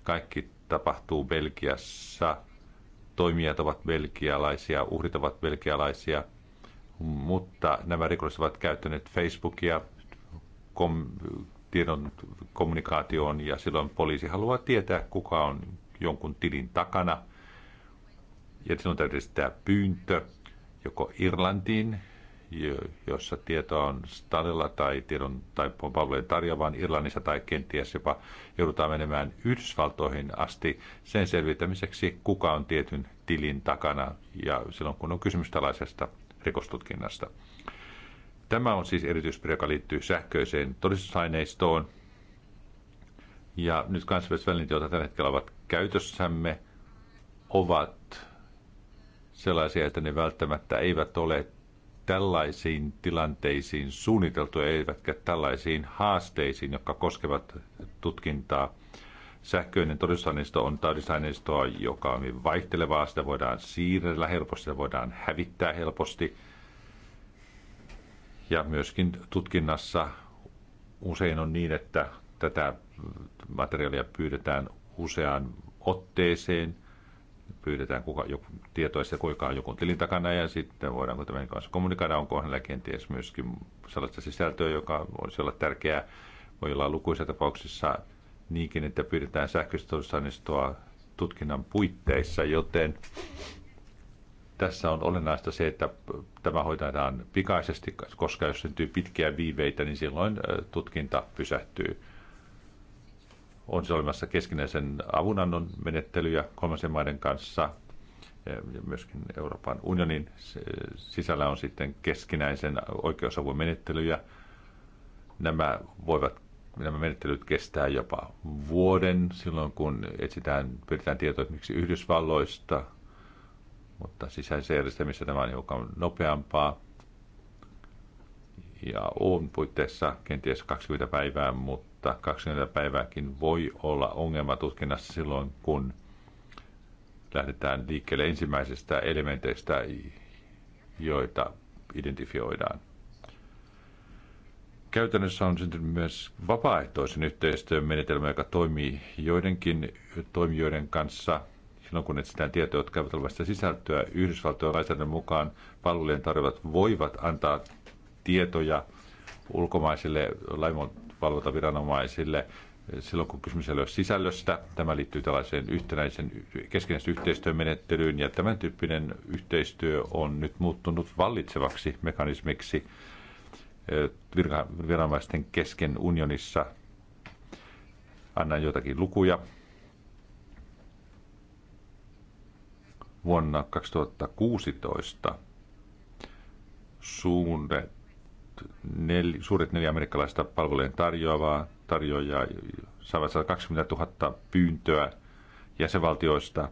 Kaikki tapahtuu Belgiassa. Toimijat ovat belgialaisia, uhrit ovat belgialaisia, mutta nämä rikolliset ovat käyttäneet Facebookia kom- tiedon kommunikaatioon ja silloin poliisi haluaa tietää, kuka on jonkun tilin takana. Ja silloin täytyy sitä pyyntö joko Irlantiin, jossa tietoa on Stalilla tai tiedon tai palvelujen tarjoavan Irlannissa tai kenties jopa joudutaan menemään Yhdysvaltoihin asti sen selvittämiseksi, kuka on tietyn tilin takana ja silloin kun on kysymys tällaisesta rikostutkinnasta. Tämä on siis erityispiirre, joka liittyy sähköiseen todistusaineistoon. Ja nyt kansainväliset välineet, joita tällä hetkellä ovat käytössämme, ovat sellaisia, että ne välttämättä eivät ole tällaisiin tilanteisiin suunniteltuja, eivätkä tällaisiin haasteisiin, jotka koskevat tutkintaa. Sähköinen todistusaineisto on todistusaineistoa, joka on hyvin vaihtelevaa. Sitä voidaan siirrellä helposti, sitä voidaan hävittää helposti. Ja myöskin tutkinnassa usein on niin, että tätä materiaalia pyydetään useaan otteeseen – pyydetään kuka, joku, tietoa siitä, kuinka on joku tilin takana ja sitten voidaanko tämän niin kanssa kommunikoida, onko hänellä kenties myöskin sellaista sisältöä, joka voisi olla tärkeää. Voi olla lukuisissa tapauksissa niinkin, että pyydetään sähköistä tutkinnan puitteissa, joten tässä on olennaista se, että tämä hoitetaan pikaisesti, koska jos syntyy pitkiä viiveitä, niin silloin tutkinta pysähtyy on se siis olemassa keskinäisen avunannon menettelyjä kolmansien maiden kanssa. Ja myöskin Euroopan unionin sisällä on sitten keskinäisen oikeusavun menettelyjä. Nämä voivat nämä menettelyt kestää jopa vuoden silloin, kun etsitään, pyritään tietoa esimerkiksi Yhdysvalloista, mutta sisäisessä järjestelmissä tämä on hiukan nopeampaa. Ja on puitteissa kenties 20 päivää, mutta mutta 20 päivääkin voi olla ongelma tutkinnassa silloin, kun lähdetään liikkeelle ensimmäisestä elementeistä, joita identifioidaan. Käytännössä on syntynyt myös vapaaehtoisen yhteistyön menetelmä, joka toimii joidenkin toimijoiden kanssa silloin, kun etsitään tietoja, jotka eivät ole sisältöä. Yhdysvaltojen lainsäädännön mukaan palvelujen tarjoajat voivat antaa tietoja ulkomaisille viranomaisille silloin, kun kysymys ei ole sisällöstä. Tämä liittyy tällaiseen yhtenäisen keskinäisen yhteistyömenettelyyn ja tämän tyyppinen yhteistyö on nyt muuttunut vallitsevaksi mekanismiksi viranomaisten kesken unionissa. Annan jotakin lukuja. Vuonna 2016 suunne nel, suuret neljä amerikkalaista palvelujen tarjoavaa tarjoajaa saavat 120 000 pyyntöä jäsenvaltioista,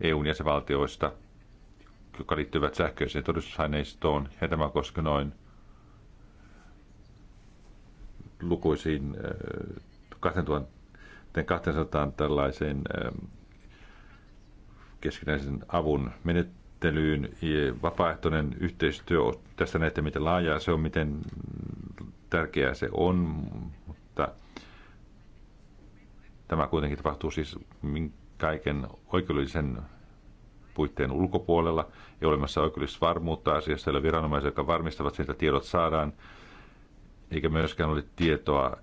EUn jäsenvaltioista, jotka liittyvät sähköiseen todistusaineistoon, ja tämä koski noin lukuisiin 2200 äh, tällaiseen äh, keskinäisen avun menet ja Vapaaehtoinen yhteistyö, tässä näette miten laajaa se on, miten tärkeää se on, mutta tämä kuitenkin tapahtuu siis kaiken oikeudellisen puitteen ulkopuolella. Ei olemassa oikeudellista varmuutta asiassa, ei viranomaisia, jotka varmistavat, että tiedot saadaan, eikä myöskään ole tietoa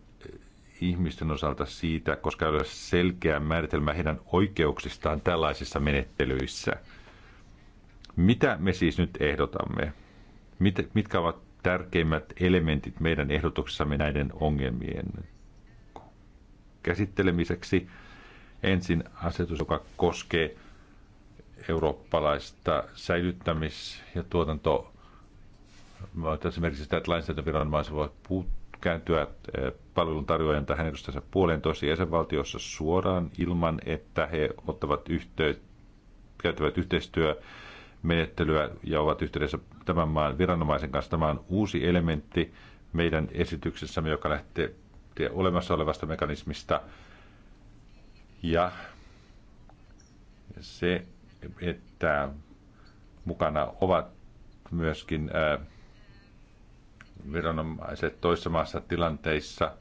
ihmisten osalta siitä, koska ei ole selkeää määritelmää heidän oikeuksistaan tällaisissa menettelyissä. Mitä me siis nyt ehdotamme? Mit, mitkä ovat tärkeimmät elementit meidän ehdotuksessamme näiden ongelmien käsittelemiseksi? Ensin asetus, joka koskee eurooppalaista säilyttämis- ja tuotanto esimerkiksi sitä, että lainsäädäntöviranomaiset voivat kääntyä eh, palveluntarjoajan tai hänen edustajansa puoleen tosi jäsenvaltiossa suoraan ilman, että he ottavat yhteyttä, käyttävät yhteistyötä menettelyä ja ovat yhteydessä tämän maan viranomaisen kanssa. Tämä on uusi elementti meidän esityksessämme, joka lähtee olemassa olevasta mekanismista. Ja se, että mukana ovat myöskin äh, viranomaiset toisessa maassa tilanteissa.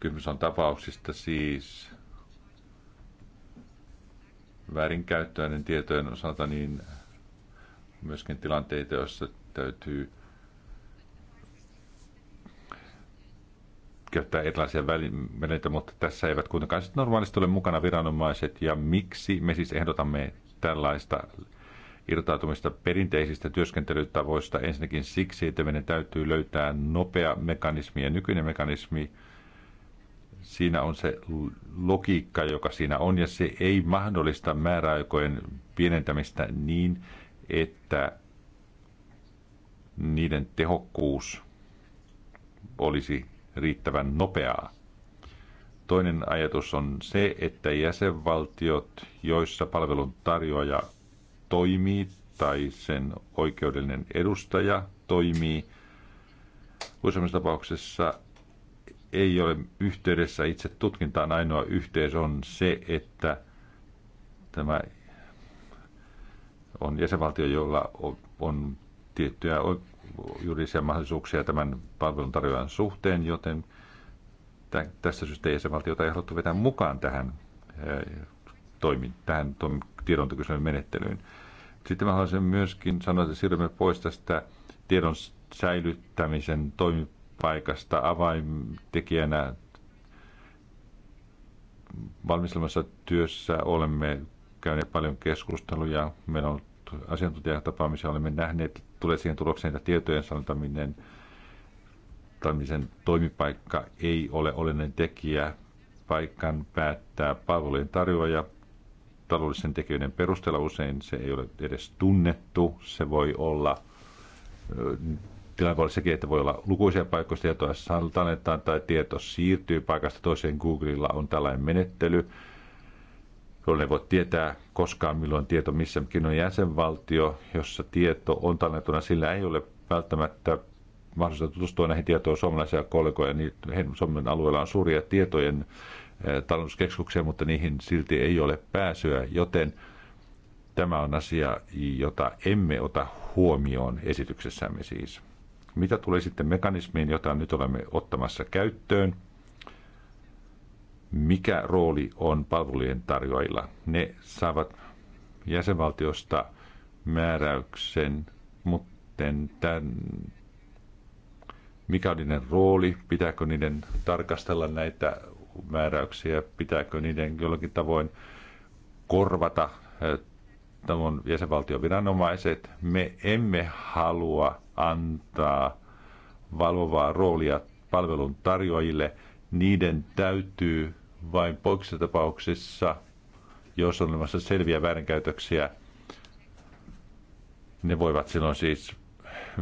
Kysymys on tapauksista siis, väärinkäyttöä niin tietojen osalta, niin myöskin tilanteita, joissa täytyy käyttää erilaisia välineitä, mutta tässä eivät kuitenkaan sitten normaalisti ole mukana viranomaiset. Ja miksi me siis ehdotamme tällaista irtautumista perinteisistä työskentelytavoista? Ensinnäkin siksi, että meidän täytyy löytää nopea mekanismi ja nykyinen mekanismi, siinä on se logiikka, joka siinä on, ja se ei mahdollista määräaikojen pienentämistä niin, että niiden tehokkuus olisi riittävän nopeaa. Toinen ajatus on se, että jäsenvaltiot, joissa palvelun tarjoaja toimii tai sen oikeudellinen edustaja toimii, useimmissa tapauksessa ei ole yhteydessä itse tutkintaan. Ainoa yhteys on se, että tämä on jäsenvaltio, jolla on tiettyjä juridisia mahdollisuuksia tämän palvelun tarjoajan suhteen, joten tästä syystä jäsenvaltiota ei haluttu vetää mukaan tähän, eh, toimi, tähän tiedontokysymyksen menettelyyn. Sitten mä haluaisin myöskin sanoa, että siirrymme pois tästä tiedon säilyttämisen toimi, paikasta avaintekijänä valmistelmassa työssä olemme käyneet paljon keskusteluja. Meillä on ollut asiantuntijatapaamisia, olemme nähneet, tulee siihen tulokseen, että tietojen saantaminen toimittamisen toimipaikka ei ole olennainen tekijä. Paikan päättää palvelujen tarjoaja taloudellisen tekijöiden perusteella usein se ei ole edes tunnettu. Se voi olla tilanne voi olla sekin, että voi olla lukuisia paikkoja, tietoa tallennetaan tai tieto siirtyy paikasta toiseen. Googlella on tällainen menettely, jolloin ei voi tietää koskaan milloin tieto missäkin on jäsenvaltio, jossa tieto on tallennettuna. Sillä ei ole välttämättä mahdollista tutustua näihin tietoihin suomalaisia kollegoja. Niin Suomen alueella on suuria tietojen eh, tallennuskeskuksia, mutta niihin silti ei ole pääsyä, joten tämä on asia, jota emme ota huomioon esityksessämme siis. Mitä tulee sitten mekanismiin, jota nyt olemme ottamassa käyttöön? Mikä rooli on palvelujen tarjoajilla? Ne saavat jäsenvaltiosta määräyksen, mutta tämän, mikä on niiden rooli, pitääkö niiden tarkastella näitä määräyksiä, pitääkö niiden jollakin tavoin korvata eh, tämän jäsenvaltion viranomaiset. Me emme halua antaa valvovaa roolia palvelun tarjoajille. Niiden täytyy vain poikkeustapauksissa, jos on olemassa selviä väärinkäytöksiä, ne voivat silloin siis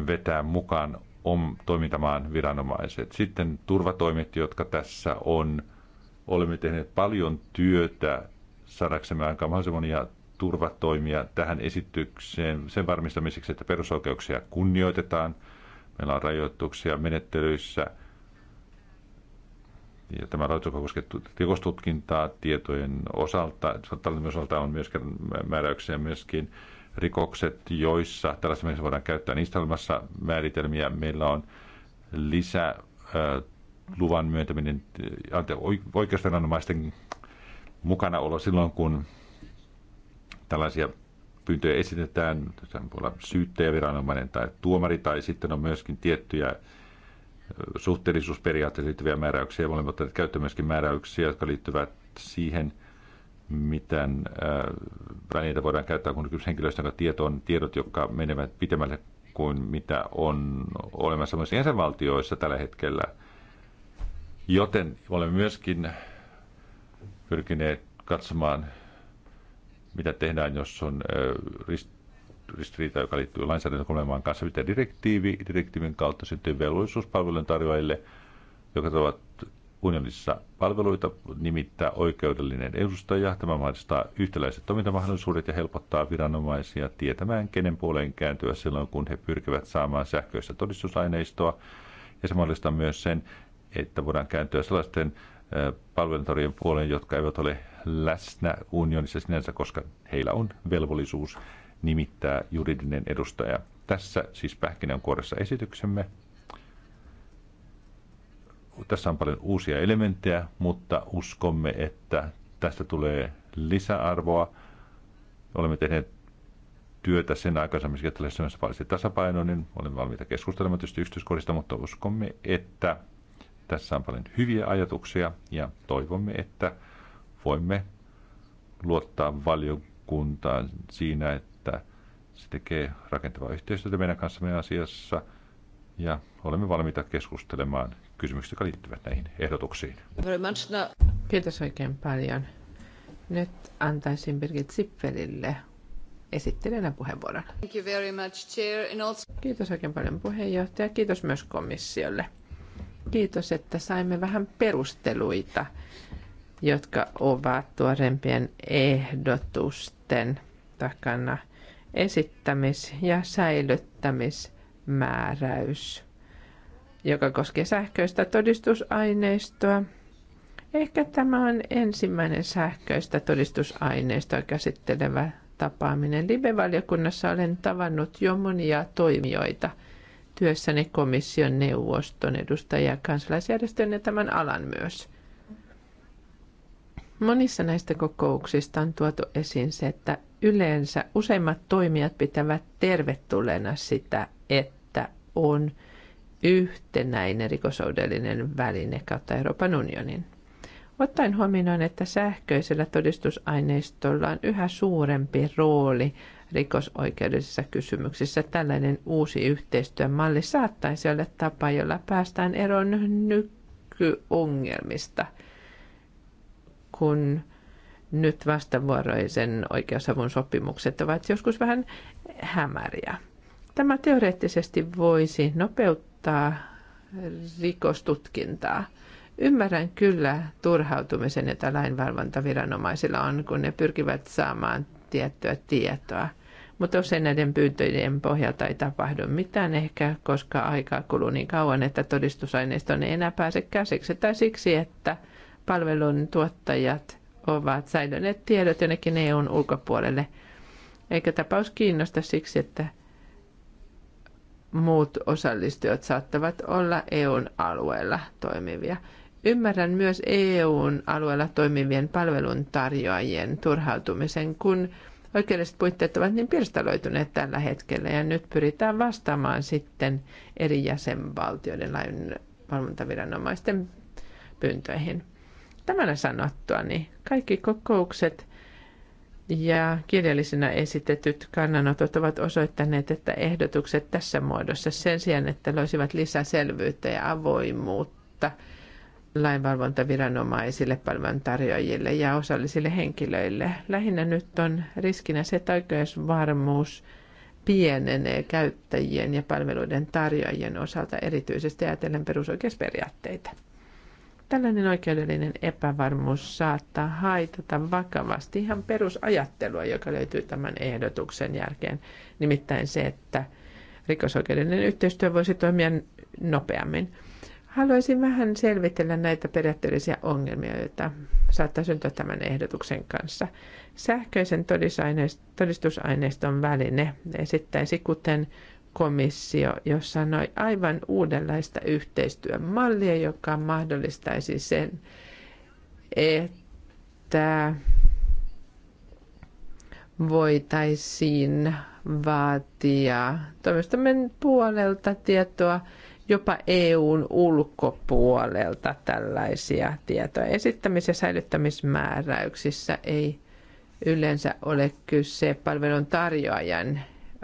vetää mukaan om, toimintamaan viranomaiset. Sitten turvatoimet, jotka tässä on. Olemme tehneet paljon työtä saadaksemme aika mahdollisimman monia turvatoimia tähän esitykseen sen varmistamiseksi, että perusoikeuksia kunnioitetaan. Meillä on rajoituksia menettelyissä. Ja tämä rajoitus koskee rikostutkintaa tietojen osalta. Tällainen osalta on myöskin määräyksiä myöskin rikokset, joissa tällaisessa voidaan käyttää niistä olemassa määritelmiä. Meillä on lisä luvan myöntäminen oikeusviranomaisten mukanaolo silloin, kun tällaisia pyyntöjä esitetään, voi olla syyttäjäviranomainen tai tuomari, tai sitten on myöskin tiettyjä suhteellisuusperiaatteeseen liittyviä määräyksiä. Olemme ottaa käyttöön myöskin määräyksiä, jotka liittyvät siihen, miten välineitä voidaan käyttää, kun kysymys henkilöistä, tieto on tiedot, jotka menevät pitemmälle kuin mitä on olemassa myös jäsenvaltioissa tällä hetkellä. Joten olemme myöskin pyrkineet katsomaan mitä tehdään, jos on ristiriita, joka liittyy lainsäädäntökolemaan kanssa, mitä direktiivi, direktiivin kautta syntyy velvollisuus palvelujen tarjoajille, jotka ovat unionissa palveluita, nimittää oikeudellinen edustaja. Tämä mahdollistaa yhtäläiset toimintamahdollisuudet ja helpottaa viranomaisia tietämään, kenen puoleen kääntyä silloin, kun he pyrkivät saamaan sähköistä todistusaineistoa. Ja se mahdollistaa myös sen, että voidaan kääntyä sellaisten palveluntarjoajien puoleen, jotka eivät ole läsnä unionissa sinänsä, koska heillä on velvollisuus nimittää juridinen edustaja. Tässä siis pähkinänkuoressa esityksemme. Tässä on paljon uusia elementtejä, mutta uskomme, että tästä tulee lisäarvoa. Olemme tehneet työtä sen aikaisemmin, että tällaisessa tasapainoinen. Olemme valmiita keskustelemaan tietysti yksityiskohdista, mutta uskomme, että tässä on paljon hyviä ajatuksia ja toivomme, että voimme luottaa valiokuntaan siinä, että se tekee rakentavaa yhteistyötä meidän kanssamme asiassa ja olemme valmiita keskustelemaan kysymyksistä, jotka liittyvät näihin ehdotuksiin. No. Kiitos oikein paljon. Nyt antaisin Birgit Sipperille esittelijänä puheenvuoron. Thank you very much, chair, and also... Kiitos oikein paljon puheenjohtaja. Kiitos myös komissiolle. Kiitos, että saimme vähän perusteluita, jotka ovat tuorempien ehdotusten takana esittämis- ja säilyttämismääräys, joka koskee sähköistä todistusaineistoa. Ehkä tämä on ensimmäinen sähköistä todistusaineistoa käsittelevä tapaaminen. Live-valiokunnassa olen tavannut jo monia toimijoita – työssäni komission neuvoston edustajia kansalaisjärjestöjen ja tämän alan myös. Monissa näistä kokouksista on tuotu esiin se, että yleensä useimmat toimijat pitävät tervetulleena sitä, että on yhtenäinen rikosoudellinen väline kautta Euroopan unionin. Ottaen huomioon, että sähköisellä todistusaineistolla on yhä suurempi rooli rikosoikeudellisissa kysymyksissä. Tällainen uusi yhteistyömalli saattaisi olla tapa, jolla päästään eroon nykyongelmista, kun nyt vastavuoroisen oikeusavun sopimukset ovat joskus vähän hämäriä. Tämä teoreettisesti voisi nopeuttaa rikostutkintaa. Ymmärrän kyllä turhautumisen, jota lainvalvontaviranomaisilla on, kun ne pyrkivät saamaan tiettyä tietoa. Mutta usein näiden pyyntöjen pohjalta ei tapahdu mitään ehkä, koska aikaa kuluu niin kauan, että todistusaineiston ei enää pääse käsiksi. Tai siksi, että palvelun tuottajat ovat säilyneet tiedot jonnekin EUn ulkopuolelle. Eikä tapaus kiinnosta siksi, että muut osallistujat saattavat olla EUn alueella toimivia. Ymmärrän myös EUn alueella toimivien palveluntarjoajien turhautumisen, kun oikeudelliset puitteet ovat niin pirstaloituneet tällä hetkellä ja nyt pyritään vastaamaan sitten eri jäsenvaltioiden lain valvontaviranomaisten pyyntöihin. Tämän sanottua, niin kaikki kokoukset ja kirjallisena esitetyt kannanotot ovat osoittaneet, että ehdotukset tässä muodossa sen sijaan, että loisivat lisäselvyyttä ja avoimuutta – lainvalvontaviranomaisille, palveluntarjoajille ja osallisille henkilöille. Lähinnä nyt on riskinä se, että oikeusvarmuus pienenee käyttäjien ja palveluiden tarjoajien osalta erityisesti ajatellen perusoikeusperiaatteita. Tällainen oikeudellinen epävarmuus saattaa haitata vakavasti ihan perusajattelua, joka löytyy tämän ehdotuksen jälkeen. Nimittäin se, että rikosoikeudellinen yhteistyö voisi toimia nopeammin. Haluaisin vähän selvitellä näitä periaatteellisia ongelmia, joita saattaa syntyä tämän ehdotuksen kanssa. Sähköisen todistusaineiston väline esittäisi, kuten komissio, jos sanoi aivan uudenlaista yhteistyön mallia, joka mahdollistaisi sen, että voitaisiin vaatia toimistomen puolelta tietoa jopa EUn ulkopuolelta tällaisia tietoja. Esittämis- ja säilyttämismääräyksissä ei yleensä ole kyse palvelun tarjoajan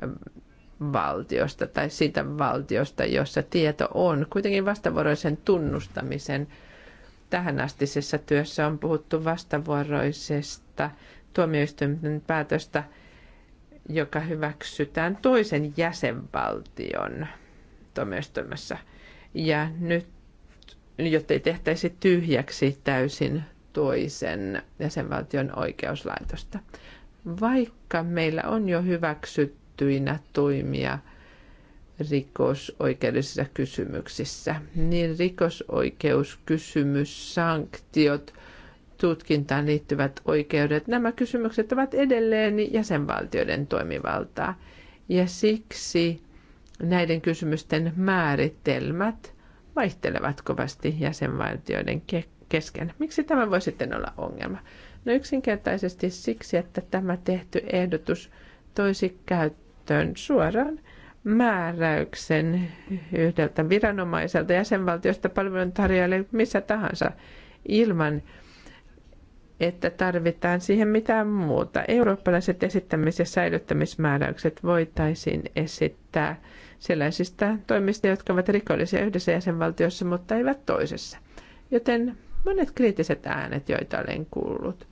ähm, valtiosta tai siitä valtiosta, jossa tieto on. Kuitenkin vastavuoroisen tunnustamisen tähänastisessa työssä on puhuttu vastavuoroisesta tuomioistuimen päätöstä, joka hyväksytään toisen jäsenvaltion tuomioistuimessa. Ja nyt, ei tehtäisi tyhjäksi täysin toisen jäsenvaltion oikeuslaitosta. Vaikka meillä on jo hyväksyttyinä toimia rikosoikeudellisissa kysymyksissä, niin rikosoikeuskysymys, sanktiot, tutkintaan liittyvät oikeudet, nämä kysymykset ovat edelleen jäsenvaltioiden toimivaltaa. Ja siksi näiden kysymysten määritelmät vaihtelevat kovasti jäsenvaltioiden kesken. Miksi tämä voi sitten olla ongelma? No yksinkertaisesti siksi, että tämä tehty ehdotus toisi käyttöön suoraan määräyksen yhdeltä viranomaiselta jäsenvaltiosta palveluntarjoajalle missä tahansa ilman, että tarvitaan siihen mitään muuta. Eurooppalaiset esittämis- ja säilyttämismääräykset voitaisiin esittää sellaisista toimista, jotka ovat rikollisia yhdessä jäsenvaltiossa, mutta eivät toisessa. Joten monet kriittiset äänet, joita olen kuullut,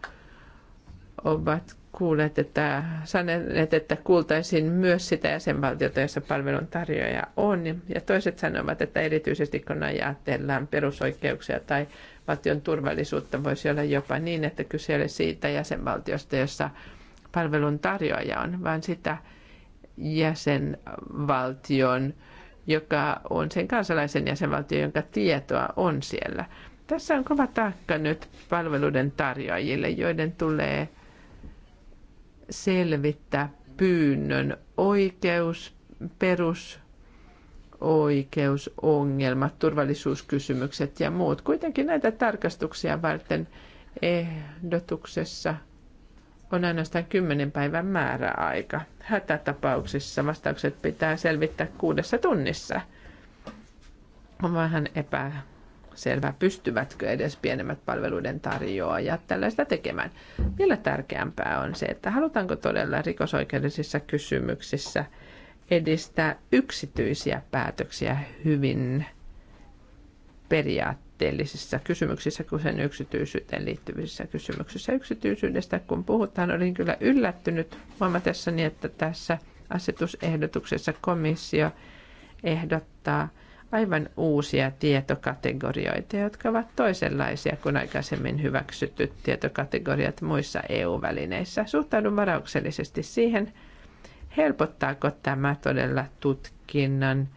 ovat kuulleet, että sanoneet, että kuultaisiin myös sitä jäsenvaltiota, jossa palveluntarjoaja on. Ja toiset sanovat, että erityisesti kun ajatellaan perusoikeuksia tai valtion turvallisuutta, voisi olla jopa niin, että kyse ei ole siitä jäsenvaltiosta, jossa palveluntarjoaja on, vaan sitä jäsenvaltion, joka on sen kansalaisen jäsenvaltion, jonka tietoa on siellä. Tässä on kova taakka nyt palveluiden tarjoajille, joiden tulee selvittää pyynnön oikeus, perus, oikeusongelmat, turvallisuuskysymykset ja muut. Kuitenkin näitä tarkastuksia varten ehdotuksessa – on ainoastaan 10 päivän määräaika. Hätätapauksissa vastaukset pitää selvittää kuudessa tunnissa. On vähän epäselvä, pystyvätkö edes pienemmät palveluiden tarjoajat tällaista tekemään. Vielä tärkeämpää on se, että halutaanko todella rikosoikeudellisissa kysymyksissä edistää yksityisiä päätöksiä hyvin periaatteessa käsitteellisissä kysymyksissä kuin sen yksityisyyteen liittyvissä kysymyksissä. Yksityisyydestä kun puhutaan, olin kyllä yllättynyt huomatessani, että tässä asetusehdotuksessa komissio ehdottaa aivan uusia tietokategorioita, jotka ovat toisenlaisia kuin aikaisemmin hyväksytyt tietokategoriat muissa EU-välineissä. Suhtaudun varauksellisesti siihen, helpottaako tämä todella tutkinnan –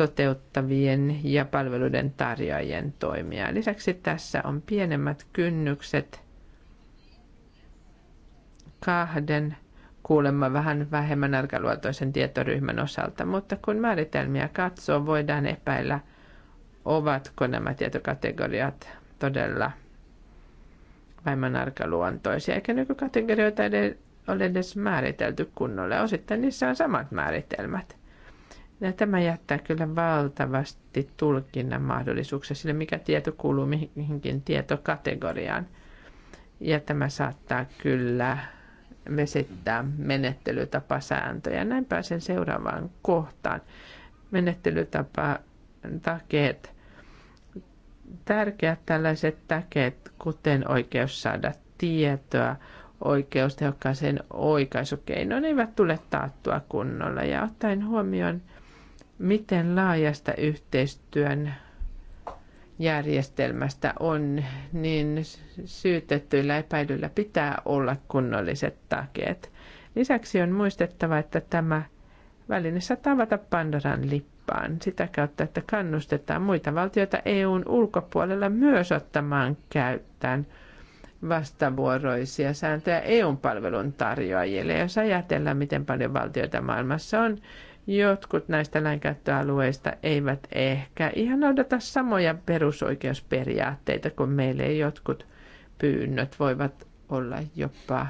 toteuttavien ja palveluiden tarjoajien toimia. Lisäksi tässä on pienemmät kynnykset kahden kuulemma vähän vähemmän arkaluontoisen tietoryhmän osalta, mutta kun määritelmiä katsoo, voidaan epäillä, ovatko nämä tietokategoriat todella vähemmän arkaluontoisia, eikä nykykategorioita ole edes määritelty kunnolla. Osittain niissä on samat määritelmät. Ja tämä jättää kyllä valtavasti tulkinnan mahdollisuuksia sille, mikä tieto kuuluu mihinkin tietokategoriaan. Ja tämä saattaa kyllä vesittää menettelytapasääntöjä. Näin pääsen seuraavaan kohtaan. Menettelytapa takeet. Tärkeät tällaiset takeet, kuten oikeus saada tietoa, oikeus tehokkaaseen oikaisukeinoon, eivät tule taattua kunnolla. Ja ottaen huomioon miten laajasta yhteistyön järjestelmästä on, niin syytettyillä epäilyillä pitää olla kunnolliset takeet. Lisäksi on muistettava, että tämä väline saattaa avata Pandoran lippaan sitä kautta, että kannustetaan muita valtioita EUn ulkopuolella myös ottamaan käyttöön vastavuoroisia sääntöjä EUn palvelun tarjoajille. Jos ajatellaan, miten paljon valtioita maailmassa on, Jotkut näistä lainkäyttöalueista eivät ehkä ihan noudata samoja perusoikeusperiaatteita kuin meille. Jotkut pyynnöt voivat olla jopa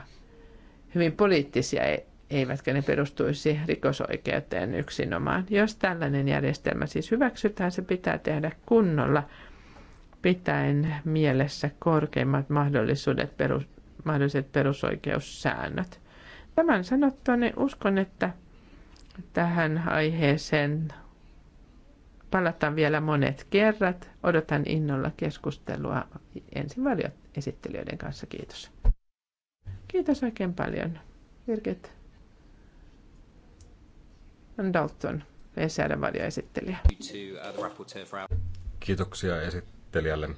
hyvin poliittisia, e- eivätkä ne perustuisi rikosoikeuteen yksinomaan. Jos tällainen järjestelmä siis hyväksytään, se pitää tehdä kunnolla pitäen mielessä korkeimmat mahdollisuudet perus, mahdolliset perusoikeussäännöt. Tämän sanottuani uskon, että Tähän aiheeseen palataan vielä monet kerrat. Odotan innolla keskustelua ensin esittelijöiden kanssa. Kiitos. Kiitos oikein paljon. Virkit. Dalton, VCRn e varjoesittelijä. Kiitoksia esittelijälle.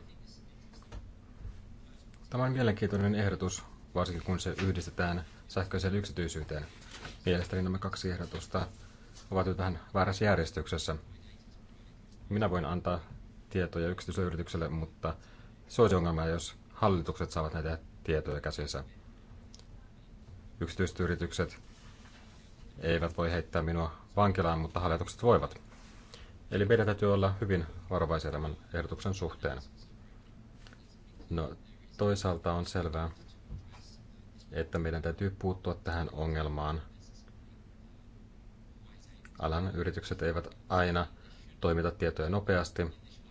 Tämä on mielenkiintoinen ehdotus, varsinkin kun se yhdistetään sähköiseen yksityisyyteen – Mielestäni nämä kaksi ehdotusta ovat jo vähän väärässä järjestyksessä. Minä voin antaa tietoja yksityisyritykselle, mutta se olisi ongelma, jos hallitukset saavat näitä tietoja käsinsä. Yksityiset yritykset eivät voi heittää minua vankilaan, mutta hallitukset voivat. Eli meidän täytyy olla hyvin varovaisia tämän ehdotuksen suhteen. No, toisaalta on selvää, että meidän täytyy puuttua tähän ongelmaan Alan yritykset eivät aina toimita tietoja nopeasti.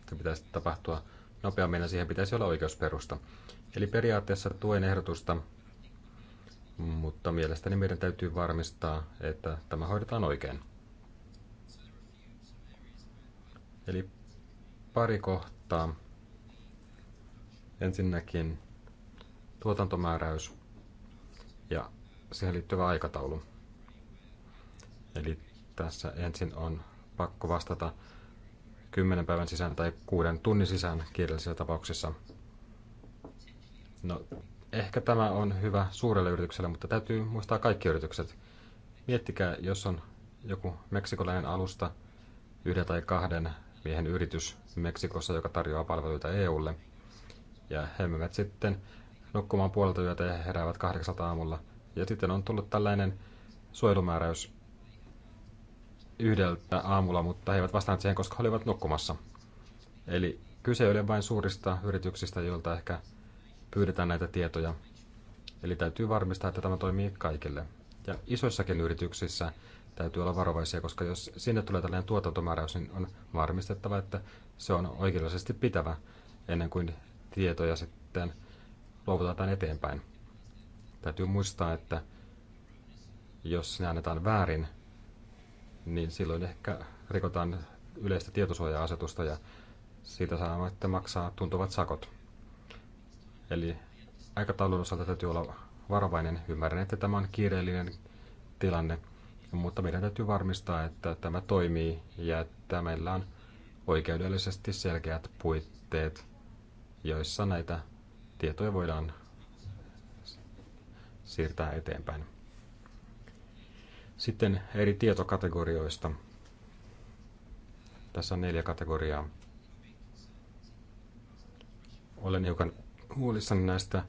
Se pitäisi tapahtua nopeammin ja siihen pitäisi olla oikeusperusta. Eli periaatteessa tuen ehdotusta, mutta mielestäni meidän täytyy varmistaa, että tämä hoidetaan oikein. Eli pari kohtaa. Ensinnäkin tuotantomääräys ja siihen liittyvä aikataulu. Eli tässä ensin on pakko vastata kymmenen päivän sisään tai kuuden tunnin sisään kiireellisissä tapauksissa. No, ehkä tämä on hyvä suurelle yritykselle, mutta täytyy muistaa kaikki yritykset. Miettikää, jos on joku meksikolainen alusta, yhden tai kahden miehen yritys Meksikossa, joka tarjoaa palveluita EUlle. Ja he menevät sitten nukkumaan puolelta yötä ja heräävät kahdeksalta aamulla. Ja sitten on tullut tällainen suojelumääräys yhdeltä aamulla, mutta he eivät vastanneet siihen, koska he olivat nukkumassa. Eli kyse ei ole vain suurista yrityksistä, joilta ehkä pyydetään näitä tietoja. Eli täytyy varmistaa, että tämä toimii kaikille. Ja isoissakin yrityksissä täytyy olla varovaisia, koska jos sinne tulee tällainen tuotantomääräys, niin on varmistettava, että se on oikeudellisesti pitävä ennen kuin tietoja sitten luovutetaan eteenpäin. Täytyy muistaa, että jos ne annetaan väärin, niin silloin ehkä rikotaan yleistä tietosuoja-asetusta ja siitä saamatta maksaa tuntuvat sakot. Eli aikataulun osalta täytyy olla varovainen. Ymmärrän, että tämä on kiireellinen tilanne, mutta meidän täytyy varmistaa, että tämä toimii ja että meillä on oikeudellisesti selkeät puitteet, joissa näitä tietoja voidaan siirtää eteenpäin. Sitten eri tietokategorioista. Tässä on neljä kategoriaa. Olen hiukan huolissani näistä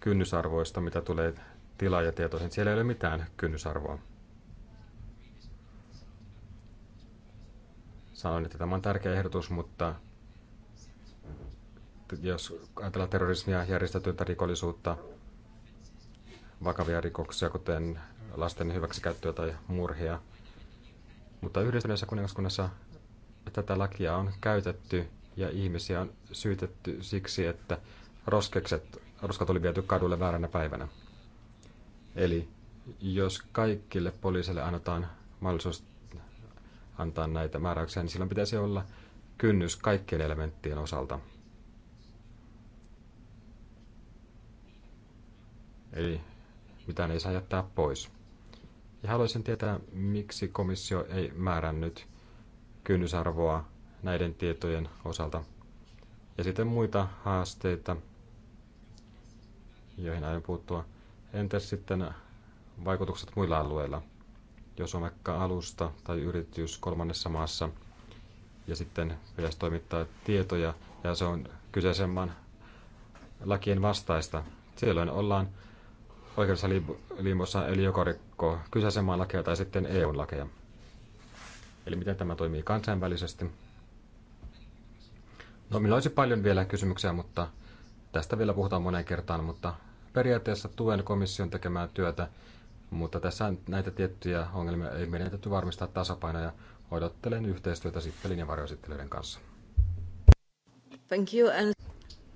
kynnysarvoista, mitä tulee tilaajatietoihin. Siellä ei ole mitään kynnysarvoa. Sanoin, että tämä on tärkeä ehdotus, mutta jos ajatellaan terrorismia, järjestäytyntä rikollisuutta, vakavia rikoksia, kuten lasten hyväksikäyttöä tai murhia. Mutta yhdistyneessä kuningaskunnassa tätä lakia on käytetty ja ihmisiä on syytetty siksi, että roskekset, roskat oli viety kadulle vääränä päivänä. Eli jos kaikille poliisille annetaan mahdollisuus antaa näitä määräyksiä, niin silloin pitäisi olla kynnys kaikkien elementtien osalta. Eli mitään ei saa jättää pois. Ja haluaisin tietää, miksi komissio ei määrännyt kynnysarvoa näiden tietojen osalta. Ja sitten muita haasteita, joihin aion puuttua. Entäs sitten vaikutukset muilla alueilla? Jos on vaikka alusta tai yritys kolmannessa maassa ja sitten pitäisi toimittaa tietoja ja se on kyseisen maan lakien vastaista, silloin ollaan oikeudessa liimossa, eli joko rikkoo kyseisen maan lakeja tai sitten EUn lakeja. Eli miten tämä toimii kansainvälisesti. No, minulla olisi paljon vielä kysymyksiä, mutta tästä vielä puhutaan moneen kertaan, mutta periaatteessa tuen komission tekemään työtä, mutta tässä on näitä tiettyjä ongelmia ei meidän täytyy varmistaa tasapainoja. ja odottelen yhteistyötä sitten linjavarjoesittelyiden kanssa. Thank you and...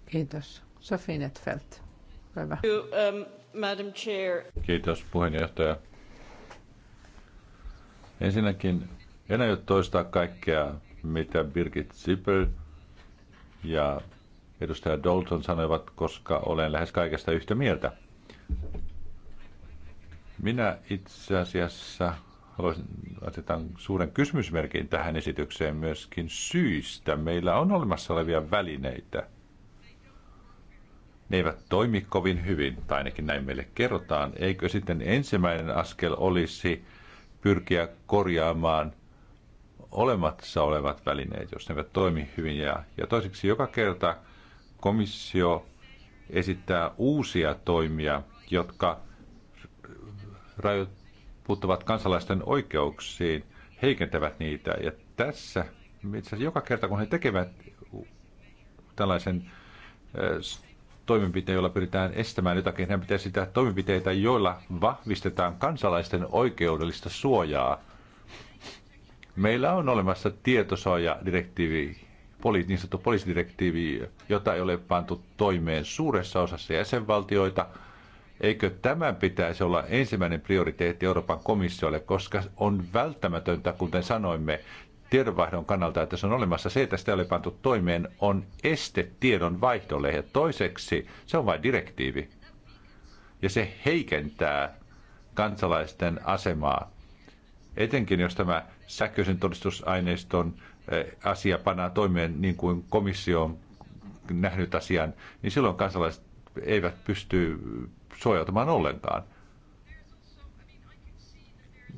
Kiitos. Sofie Netfeldt. Hyvä. You, um... Madam Chair. Kiitos puheenjohtaja. Ensinnäkin en aio toistaa kaikkea, mitä Birgit Zippel ja edustaja Dalton sanoivat, koska olen lähes kaikesta yhtä mieltä. Minä itse asiassa asetan suuren kysymysmerkin tähän esitykseen myöskin syistä. Meillä on olemassa olevia välineitä – ne eivät toimi kovin hyvin, tai ainakin näin meille kerrotaan. Eikö sitten ensimmäinen askel olisi pyrkiä korjaamaan olemassa olevat välineet, jos ne eivät toimi hyvin. Ja, ja toiseksi joka kerta komissio esittää uusia toimia, jotka puuttuvat kansalaisten oikeuksiin, heikentävät niitä. Ja tässä itse asiassa joka kerta, kun he tekevät tällaisen toimenpiteitä, joilla pyritään estämään jotakin. Hän pitää sitä toimenpiteitä, joilla vahvistetaan kansalaisten oikeudellista suojaa. Meillä on olemassa tietosuojadirektiivi, poli, niin sanottu poliisidirektiivi, jota ei ole pantu toimeen suuressa osassa jäsenvaltioita. Eikö tämän pitäisi olla ensimmäinen prioriteetti Euroopan komissiolle, koska on välttämätöntä, kuten sanoimme, tiedonvaihdon kannalta, että se on olemassa. Se, että sitä ei ole pantu toimeen, on este tiedon vaihdolle. Ja toiseksi se on vain direktiivi. Ja se heikentää kansalaisten asemaa. Etenkin jos tämä sähköisen todistusaineiston eh, asia pannaan toimeen niin kuin komissio on nähnyt asian, niin silloin kansalaiset eivät pysty suojautumaan ollenkaan.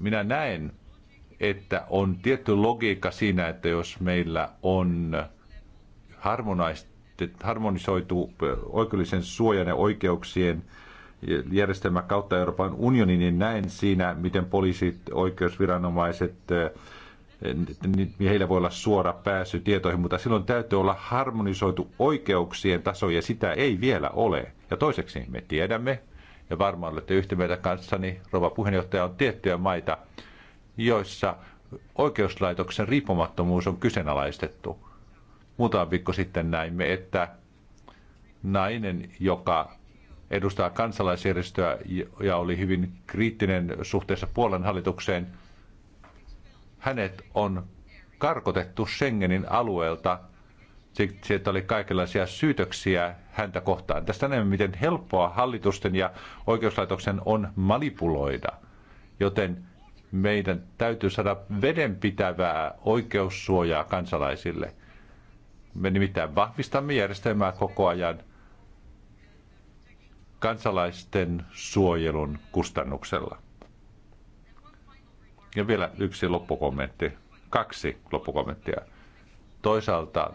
Minä näen että on tietty logiikka siinä, että jos meillä on harmonisoitu oikeudellisen suojan ja oikeuksien järjestelmä kautta Euroopan unioni, niin näen siinä, miten poliisit, oikeusviranomaiset, niin heillä voi olla suora pääsy tietoihin, mutta silloin täytyy olla harmonisoitu oikeuksien taso, ja sitä ei vielä ole. Ja toiseksi me tiedämme, ja varmaan olette yhtä meitä kanssani, rouva puheenjohtaja, on tiettyjä maita, joissa oikeuslaitoksen riippumattomuus on kyseenalaistettu. Muutama viikko sitten näimme, että nainen, joka edustaa kansalaisjärjestöä ja oli hyvin kriittinen suhteessa Puolan hallitukseen, hänet on karkotettu Schengenin alueelta. että oli kaikenlaisia syytöksiä häntä kohtaan. Tästä näemme, miten helppoa hallitusten ja oikeuslaitoksen on manipuloida. Joten meidän täytyy saada vedenpitävää oikeussuojaa kansalaisille. Me nimittäin vahvistamme järjestelmää koko ajan kansalaisten suojelun kustannuksella. Ja vielä yksi loppukommentti, kaksi loppukommenttia. Toisaalta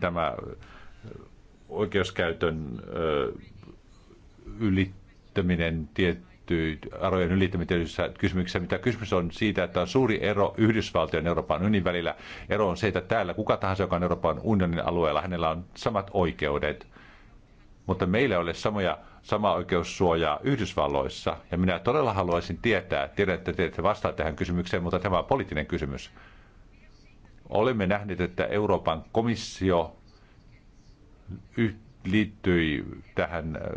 tämä oikeuskäytön ylittäminen tiet, liittyy arvojen ylittämisessä kysymyksessä, mitä kysymys on siitä, että on suuri ero Yhdysvaltojen ja Euroopan unionin välillä. Ero on se, että täällä kuka tahansa, joka on Euroopan unionin alueella, hänellä on samat oikeudet, mutta meillä ei ole samoja, sama oikeussuojaa Yhdysvalloissa. Ja minä todella haluaisin tietää, tiedän, että te ette vastaa tähän kysymykseen, mutta tämä on poliittinen kysymys. Olemme nähneet, että Euroopan komissio liittyi tähän äh,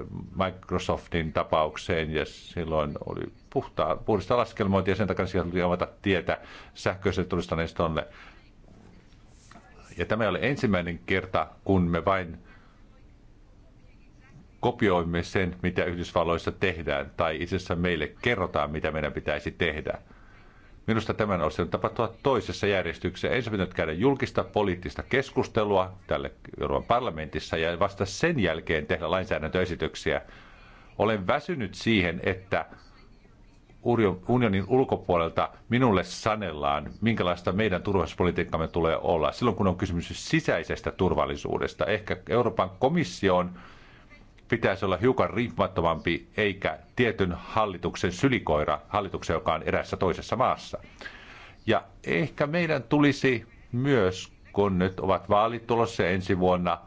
Microsoftin tapaukseen ja silloin oli puhtaa, puhdista laskelmointia ja sen takia siellä tuli avata tietä sähköiselle todistaneistolle. Ja tämä oli ensimmäinen kerta, kun me vain kopioimme sen, mitä Yhdysvalloissa tehdään, tai itse asiassa meille kerrotaan, mitä meidän pitäisi tehdä – Minusta tämän olisi tapahtua toisessa järjestyksessä. Ensin pitänyt käydä julkista poliittista keskustelua tälle Euroopan parlamentissa ja vasta sen jälkeen tehdä lainsäädäntöesityksiä. Olen väsynyt siihen, että unionin ulkopuolelta minulle sanellaan, minkälaista meidän turvallisuuspolitiikkamme tulee olla. Silloin kun on kysymys sisäisestä turvallisuudesta, ehkä Euroopan on pitäisi olla hiukan riippumattomampi eikä tietyn hallituksen sylikoira hallituksen, joka on erässä toisessa maassa. Ja ehkä meidän tulisi myös, kun nyt ovat vaalit tulossa ensi vuonna,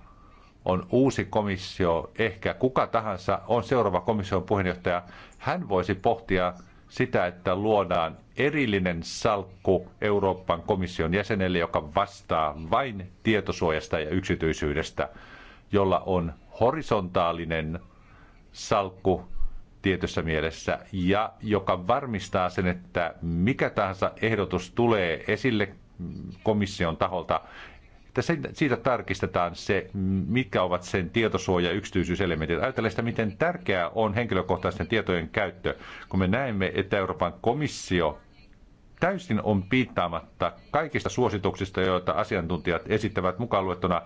on uusi komissio, ehkä kuka tahansa on seuraava komission puheenjohtaja, hän voisi pohtia sitä, että luodaan erillinen salkku Euroopan komission jäsenelle, joka vastaa vain tietosuojasta ja yksityisyydestä, jolla on horisontaalinen salkku tietyssä mielessä ja joka varmistaa sen, että mikä tahansa ehdotus tulee esille komission taholta, että sen, siitä tarkistetaan se, mitkä ovat sen tietosuoja- ja yksityisyyselementit. Ajatellaan sitä, miten tärkeää on henkilökohtaisten tietojen käyttö, kun me näemme, että Euroopan komissio täysin on piittaamatta kaikista suosituksista, joita asiantuntijat esittävät mukaan luettuna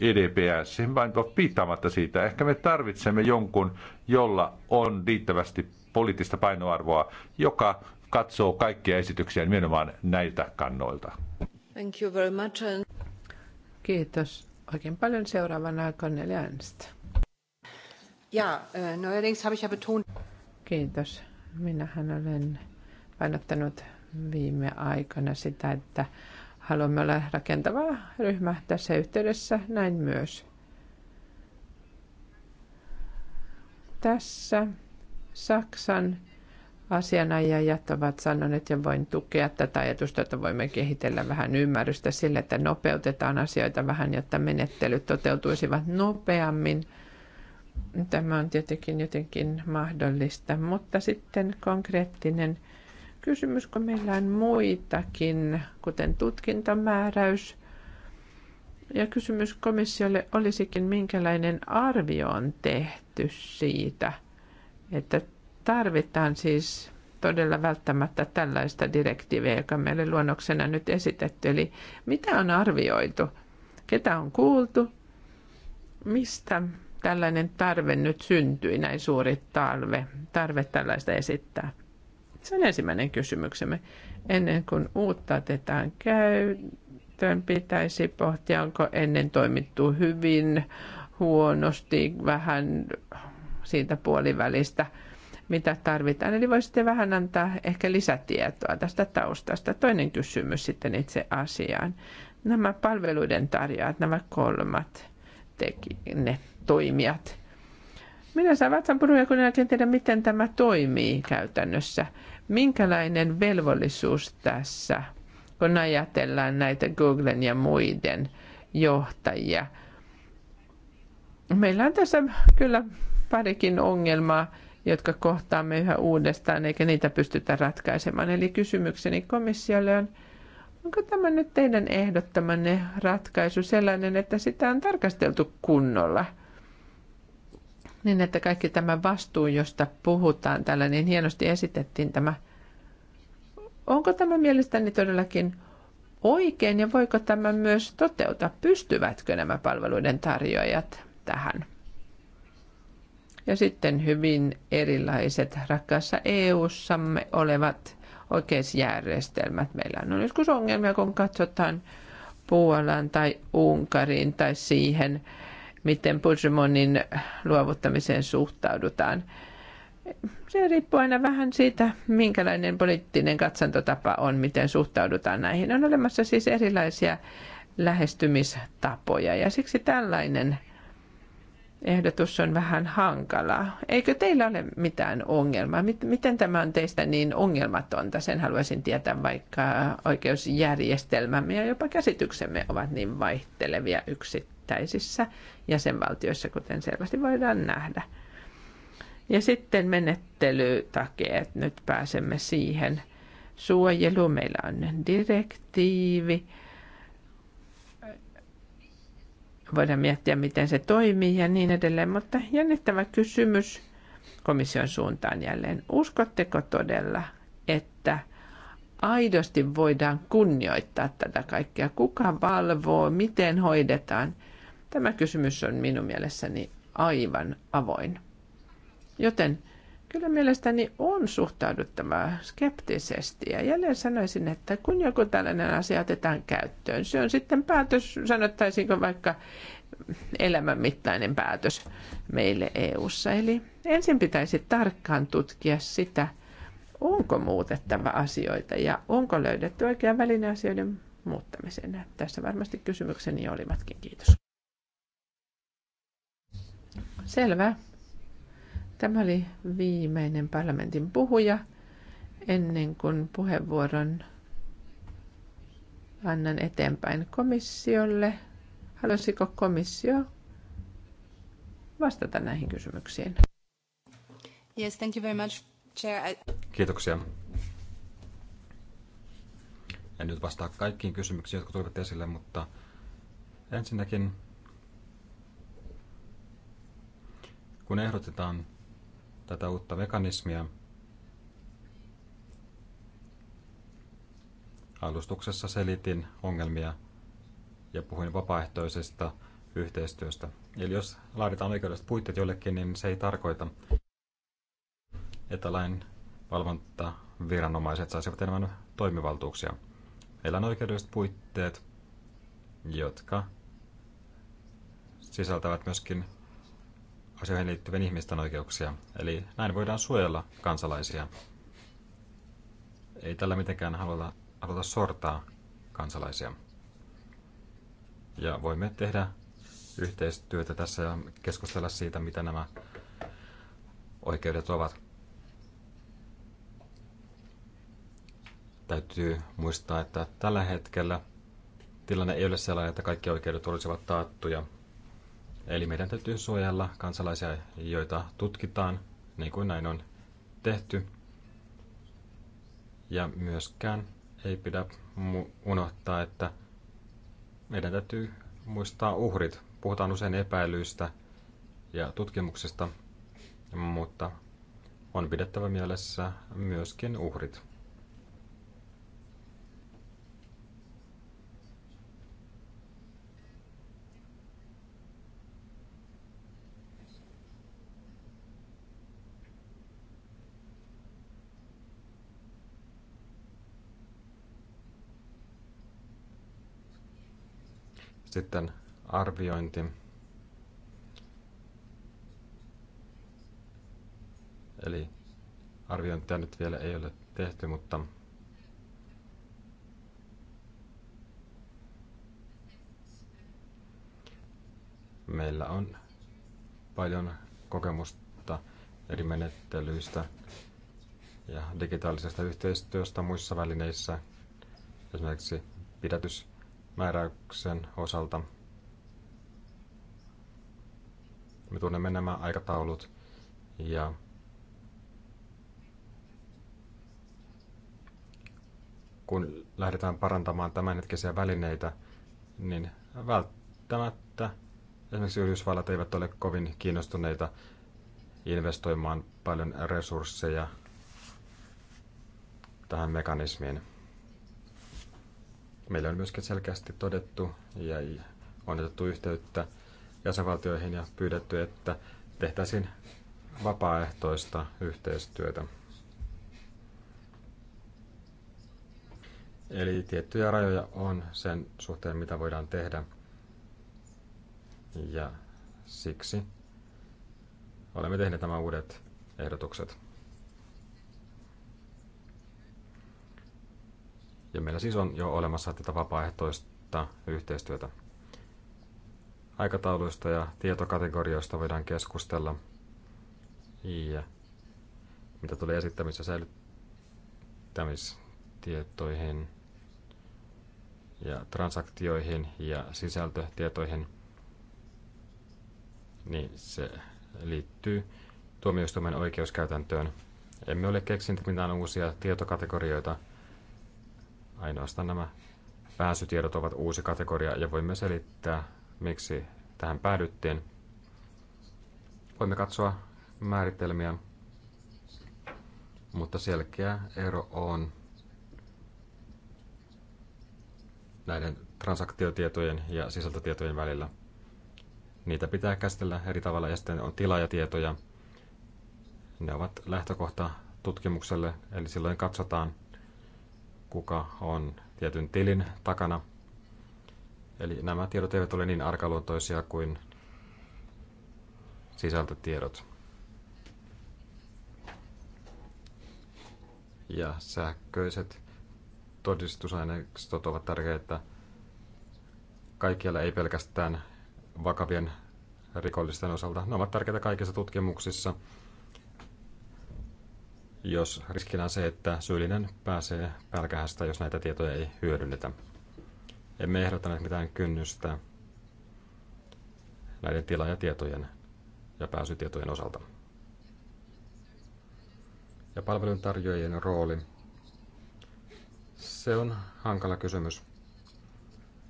EDPS, vain piittaamatta siitä. Ehkä me tarvitsemme jonkun, jolla on riittävästi poliittista painoarvoa, joka katsoo kaikkia esityksiä nimenomaan näiltä kannoilta. Thank you very much. Kiitos oikein paljon. Seuraavana Cornelia Ernst. Ja, äh, neuerdings habe ich ja betont. Kiitos. Minähän olen painottanut viime aikoina sitä, että Haluamme olla rakentava ryhmä tässä yhteydessä, näin myös. Tässä Saksan asianajajat ovat sanoneet ja voin tukea tätä ajatusta, että voimme kehitellä vähän ymmärrystä sille, että nopeutetaan asioita vähän, jotta menettelyt toteutuisivat nopeammin. Tämä on tietenkin jotenkin mahdollista, mutta sitten konkreettinen kysymys, kun meillä on muitakin, kuten tutkintamääräys. Ja kysymys komissiolle olisikin, minkälainen arvio on tehty siitä, että tarvitaan siis todella välttämättä tällaista direktiiviä, joka meille luonnoksena nyt esitetty. Eli mitä on arvioitu? Ketä on kuultu? Mistä tällainen tarve nyt syntyi, näin suuri tarve, tarve tällaista esittää? Se on ensimmäinen kysymyksemme. Ennen kuin uutta otetaan käyttöön, pitäisi pohtia, onko ennen toimittu hyvin, huonosti, vähän siitä puolivälistä, mitä tarvitaan. Eli voisitte vähän antaa ehkä lisätietoa tästä taustasta. Toinen kysymys sitten itse asiaan. Nämä palveluiden tarjoajat, nämä kolmat teki, ne toimijat. Minä saan vatsan puruja, kun en tiedä, miten tämä toimii käytännössä. Minkälainen velvollisuus tässä, kun ajatellaan näitä Googlen ja muiden johtajia? Meillä on tässä kyllä parikin ongelmaa, jotka kohtaamme yhä uudestaan, eikä niitä pystytä ratkaisemaan. Eli kysymykseni komissiolle on, onko tämä nyt teidän ehdottamanne ratkaisu sellainen, että sitä on tarkasteltu kunnolla – niin, että kaikki tämä vastuu, josta puhutaan täällä, niin hienosti esitettiin tämä. Onko tämä mielestäni todellakin oikein ja voiko tämä myös toteuta? Pystyvätkö nämä palveluiden tarjoajat tähän? Ja sitten hyvin erilaiset rakkaassa EU-samme olevat oikeusjärjestelmät. Meillä on joskus ongelmia, kun katsotaan Puolaan tai Unkariin tai siihen, miten Puigdemontin luovuttamiseen suhtaudutaan. Se riippuu aina vähän siitä, minkälainen poliittinen katsantotapa on, miten suhtaudutaan näihin. On olemassa siis erilaisia lähestymistapoja ja siksi tällainen ehdotus on vähän hankalaa. Eikö teillä ole mitään ongelmaa? Miten tämä on teistä niin ongelmatonta? Sen haluaisin tietää, vaikka oikeusjärjestelmämme ja jopa käsityksemme ovat niin vaihtelevia yksittäin yksittäisissä jäsenvaltioissa, kuten selvästi voidaan nähdä. Ja sitten menettelytakeet, nyt pääsemme siihen. suojeluun. meillä on direktiivi. Voidaan miettiä, miten se toimii ja niin edelleen, mutta jännittävä kysymys komission suuntaan jälleen. Uskotteko todella, että aidosti voidaan kunnioittaa tätä kaikkea? Kuka valvoo, miten hoidetaan – Tämä kysymys on minun mielessäni aivan avoin. Joten kyllä mielestäni on suhtauduttava skeptisesti. Ja jälleen sanoisin, että kun joku tällainen asia otetaan käyttöön, se on sitten päätös, sanottaisinko vaikka elämänmittainen päätös meille EU:ssa. Eli ensin pitäisi tarkkaan tutkia sitä, onko muutettava asioita ja onko löydetty oikea väline asioiden muuttamiseen. Tässä varmasti kysymykseni olivatkin. Kiitos. Selvä. Tämä oli viimeinen parlamentin puhuja ennen kuin puheenvuoron annan eteenpäin komissiolle. Haluaisiko komissio vastata näihin kysymyksiin? Yes, thank you very much, Chair. I... Kiitoksia. En nyt vastaa kaikkiin kysymyksiin, jotka tulivat esille, mutta ensinnäkin kun ehdotetaan tätä uutta mekanismia, alustuksessa selitin ongelmia ja puhuin vapaaehtoisesta yhteistyöstä. Eli jos laaditaan oikeudelliset puitteet jollekin, niin se ei tarkoita, että lain valvontaviranomaiset saisivat enemmän toimivaltuuksia. Meillä on oikeudelliset puitteet, jotka sisältävät myöskin asioihin liittyvien ihmisten oikeuksia. Eli näin voidaan suojella kansalaisia. Ei tällä mitenkään haluta, haluta sortaa kansalaisia. Ja voimme tehdä yhteistyötä tässä ja keskustella siitä, mitä nämä oikeudet ovat. Täytyy muistaa, että tällä hetkellä tilanne ei ole sellainen, että kaikki oikeudet olisivat taattuja. Eli meidän täytyy suojella kansalaisia, joita tutkitaan, niin kuin näin on tehty. Ja myöskään ei pidä unohtaa, että meidän täytyy muistaa uhrit. Puhutaan usein epäilyistä ja tutkimuksista, mutta on pidettävä mielessä myöskin uhrit. Sitten arviointi. Eli arviointia nyt vielä ei ole tehty, mutta meillä on paljon kokemusta eri menettelyistä ja digitaalisesta yhteistyöstä muissa välineissä, esimerkiksi pidätys- määräyksen osalta. Me tunnemme nämä aikataulut ja kun lähdetään parantamaan tämänhetkisiä välineitä, niin välttämättä esimerkiksi Yhdysvallat eivät ole kovin kiinnostuneita investoimaan paljon resursseja tähän mekanismiin. Meillä on myöskin selkeästi todettu ja on otettu yhteyttä jäsenvaltioihin ja pyydetty, että tehtäisiin vapaaehtoista yhteistyötä. Eli tiettyjä rajoja on sen suhteen, mitä voidaan tehdä. Ja siksi olemme tehneet nämä uudet ehdotukset. Ja meillä siis on jo olemassa tätä vapaaehtoista yhteistyötä. Aikatauluista ja tietokategorioista voidaan keskustella. Ja mitä tulee esittämis- ja säilyttämistietoihin ja transaktioihin ja sisältötietoihin, niin se liittyy tuomioistuimen oikeuskäytäntöön. Emme ole keksineet mitään uusia tietokategorioita – Ainoastaan nämä pääsytiedot ovat uusi kategoria ja voimme selittää, miksi tähän päädyttiin. Voimme katsoa määritelmiä, mutta selkeä ero on näiden transaktiotietojen ja sisältötietojen välillä. Niitä pitää käsitellä eri tavalla ja sitten on tilaajatietoja. Ne ovat lähtökohta tutkimukselle, eli silloin katsotaan, kuka on tietyn tilin takana. Eli nämä tiedot eivät ole niin arkaluontoisia kuin sisältötiedot. Ja sähköiset todistusaineistot ovat tärkeitä. Kaikkialla ei pelkästään vakavien rikollisten osalta. Ne ovat tärkeitä kaikissa tutkimuksissa, jos riskinä on se, että syyllinen pääsee pälkähästä, jos näitä tietoja ei hyödynnetä. Emme ehdottaneet mitään kynnystä näiden tilaajatietojen ja pääsytietojen osalta. Ja palveluntarjoajien rooli. Se on hankala kysymys.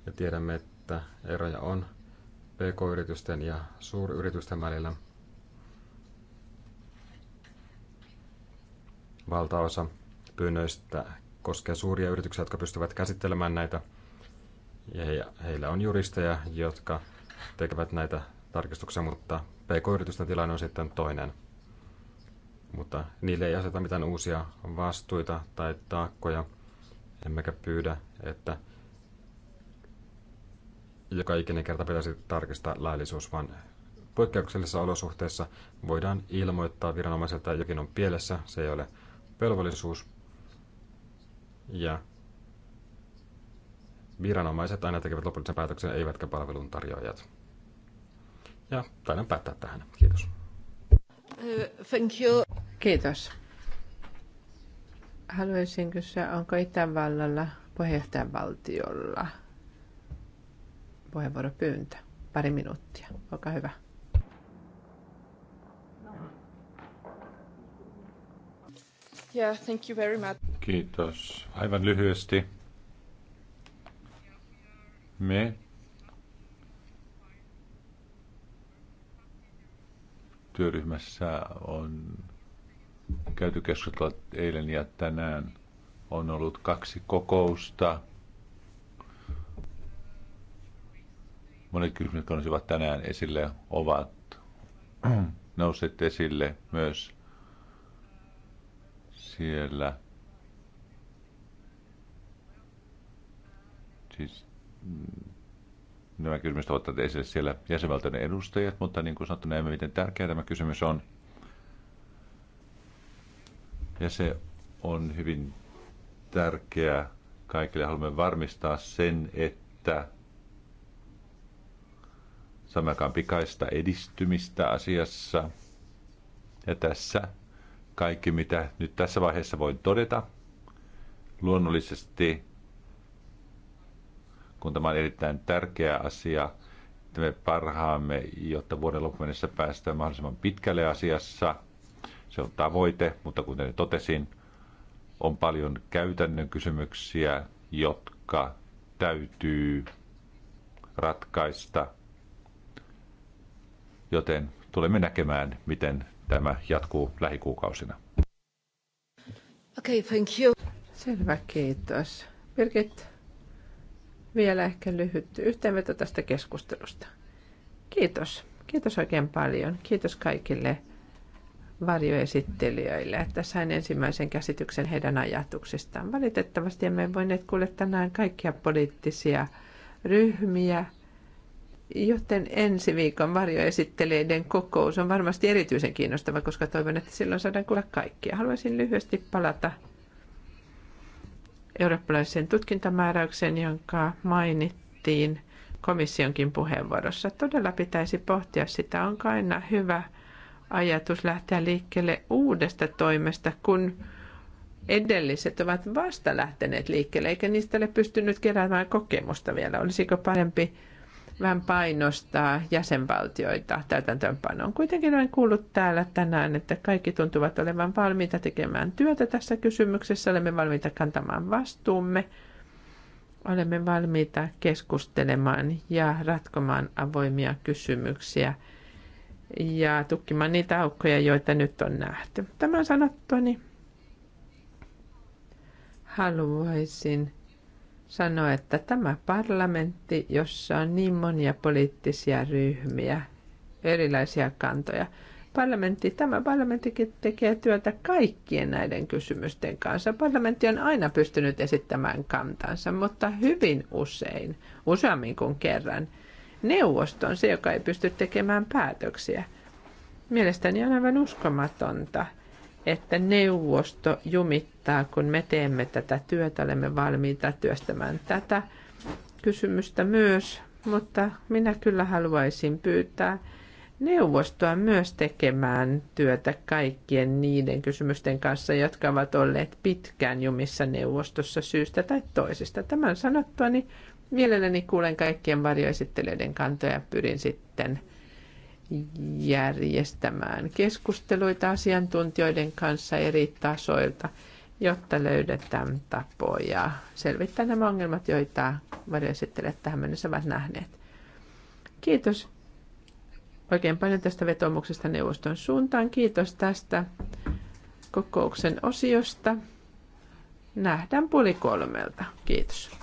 Ja tiedämme, että eroja on pk-yritysten ja suuryritysten välillä – Valtaosa pyynnöistä koskee suuria yrityksiä, jotka pystyvät käsittelemään näitä. Ja heillä on juristeja, jotka tekevät näitä tarkistuksia, mutta PK-yritysten tilanne on sitten toinen. Mutta niille ei aseta mitään uusia vastuita tai taakkoja, emmekä pyydä, että joka ikinen kerta pitäisi tarkistaa laillisuus, vaan poikkeuksellisissa olosuhteissa voidaan ilmoittaa viranomaiselta, että jokin on pielessä, se ei ole velvollisuus. Ja viranomaiset aina tekevät lopullisen päätöksen, eivätkä palveluntarjoajat. Ja taidan päättää tähän. Kiitos. Uh, thank you. Kiitos. Haluaisin kysyä, onko Itävallalla valtiolla puheenvuoropyyntö? Pari minuuttia. Olkaa hyvä. Yeah, thank you very much. Kiitos. Aivan lyhyesti. Me työryhmässä on käyty keskustelua eilen ja tänään. On ollut kaksi kokousta. Monet kysymykset, jotka nousivat tänään esille, ovat nousseet esille myös siellä. Siis mm, nämä kysymykset ovat esille siellä jäsenvaltioiden edustajat, mutta niin kuin sanottu, näemme miten tärkeä tämä kysymys on. Ja se on hyvin tärkeää kaikille. Haluamme varmistaa sen, että samakaan pikaista edistymistä asiassa. Ja tässä kaikki, mitä nyt tässä vaiheessa voin todeta. Luonnollisesti, kun tämä on erittäin tärkeä asia, että me parhaamme, jotta vuoden loppuun mennessä päästään mahdollisimman pitkälle asiassa. Se on tavoite, mutta kuten totesin, on paljon käytännön kysymyksiä, jotka täytyy ratkaista. Joten tulemme näkemään, miten tämä jatkuu lähikuukausina. Okay, thank you. Selvä, kiitos. Birgit, vielä ehkä lyhyt yhteenveto tästä keskustelusta. Kiitos. Kiitos oikein paljon. Kiitos kaikille varjoesittelijöille, että sain ensimmäisen käsityksen heidän ajatuksistaan. Valitettavasti emme voineet kuulla tänään kaikkia poliittisia ryhmiä – Joten ensi viikon varjoesittelijöiden kokous on varmasti erityisen kiinnostava, koska toivon, että silloin saadaan kuulla kaikkia. Haluaisin lyhyesti palata eurooppalaiseen tutkintamääräykseen, jonka mainittiin komissionkin puheenvuorossa. Todella pitäisi pohtia sitä, onko aina hyvä ajatus lähteä liikkeelle uudesta toimesta, kun edelliset ovat vasta lähteneet liikkeelle, eikä niistä ole pystynyt keräämään kokemusta vielä. Olisiko parempi vähän painostaa jäsenvaltioita täytäntöönpanoon. Kuitenkin olen kuullut täällä tänään, että kaikki tuntuvat olevan valmiita tekemään työtä tässä kysymyksessä. Olemme valmiita kantamaan vastuumme. Olemme valmiita keskustelemaan ja ratkomaan avoimia kysymyksiä ja tukkimaan niitä aukkoja, joita nyt on nähty. Tämän sanottuani haluaisin sanoa, että tämä parlamentti, jossa on niin monia poliittisia ryhmiä, erilaisia kantoja, parlamentti, tämä parlamentti tekee työtä kaikkien näiden kysymysten kanssa. Parlamentti on aina pystynyt esittämään kantansa, mutta hyvin usein, useammin kuin kerran, neuvosto on se, joka ei pysty tekemään päätöksiä. Mielestäni on aivan uskomatonta, että neuvosto jumittaa kohtaa, kun me teemme tätä työtä, olemme valmiita työstämään tätä kysymystä myös, mutta minä kyllä haluaisin pyytää neuvostoa myös tekemään työtä kaikkien niiden kysymysten kanssa, jotka ovat olleet pitkään jumissa neuvostossa syystä tai toisesta. Tämän sanottua, niin mielelläni kuulen kaikkien varjoesittelijöiden kantoja ja pyrin sitten järjestämään keskusteluita asiantuntijoiden kanssa eri tasoilta jotta löydetään tapoja selvittää nämä ongelmat, joita varjoesittelijät tähän mennessä ovat nähneet. Kiitos oikein paljon tästä vetomuksesta neuvoston suuntaan. Kiitos tästä kokouksen osiosta. Nähdään puoli kolmelta. Kiitos.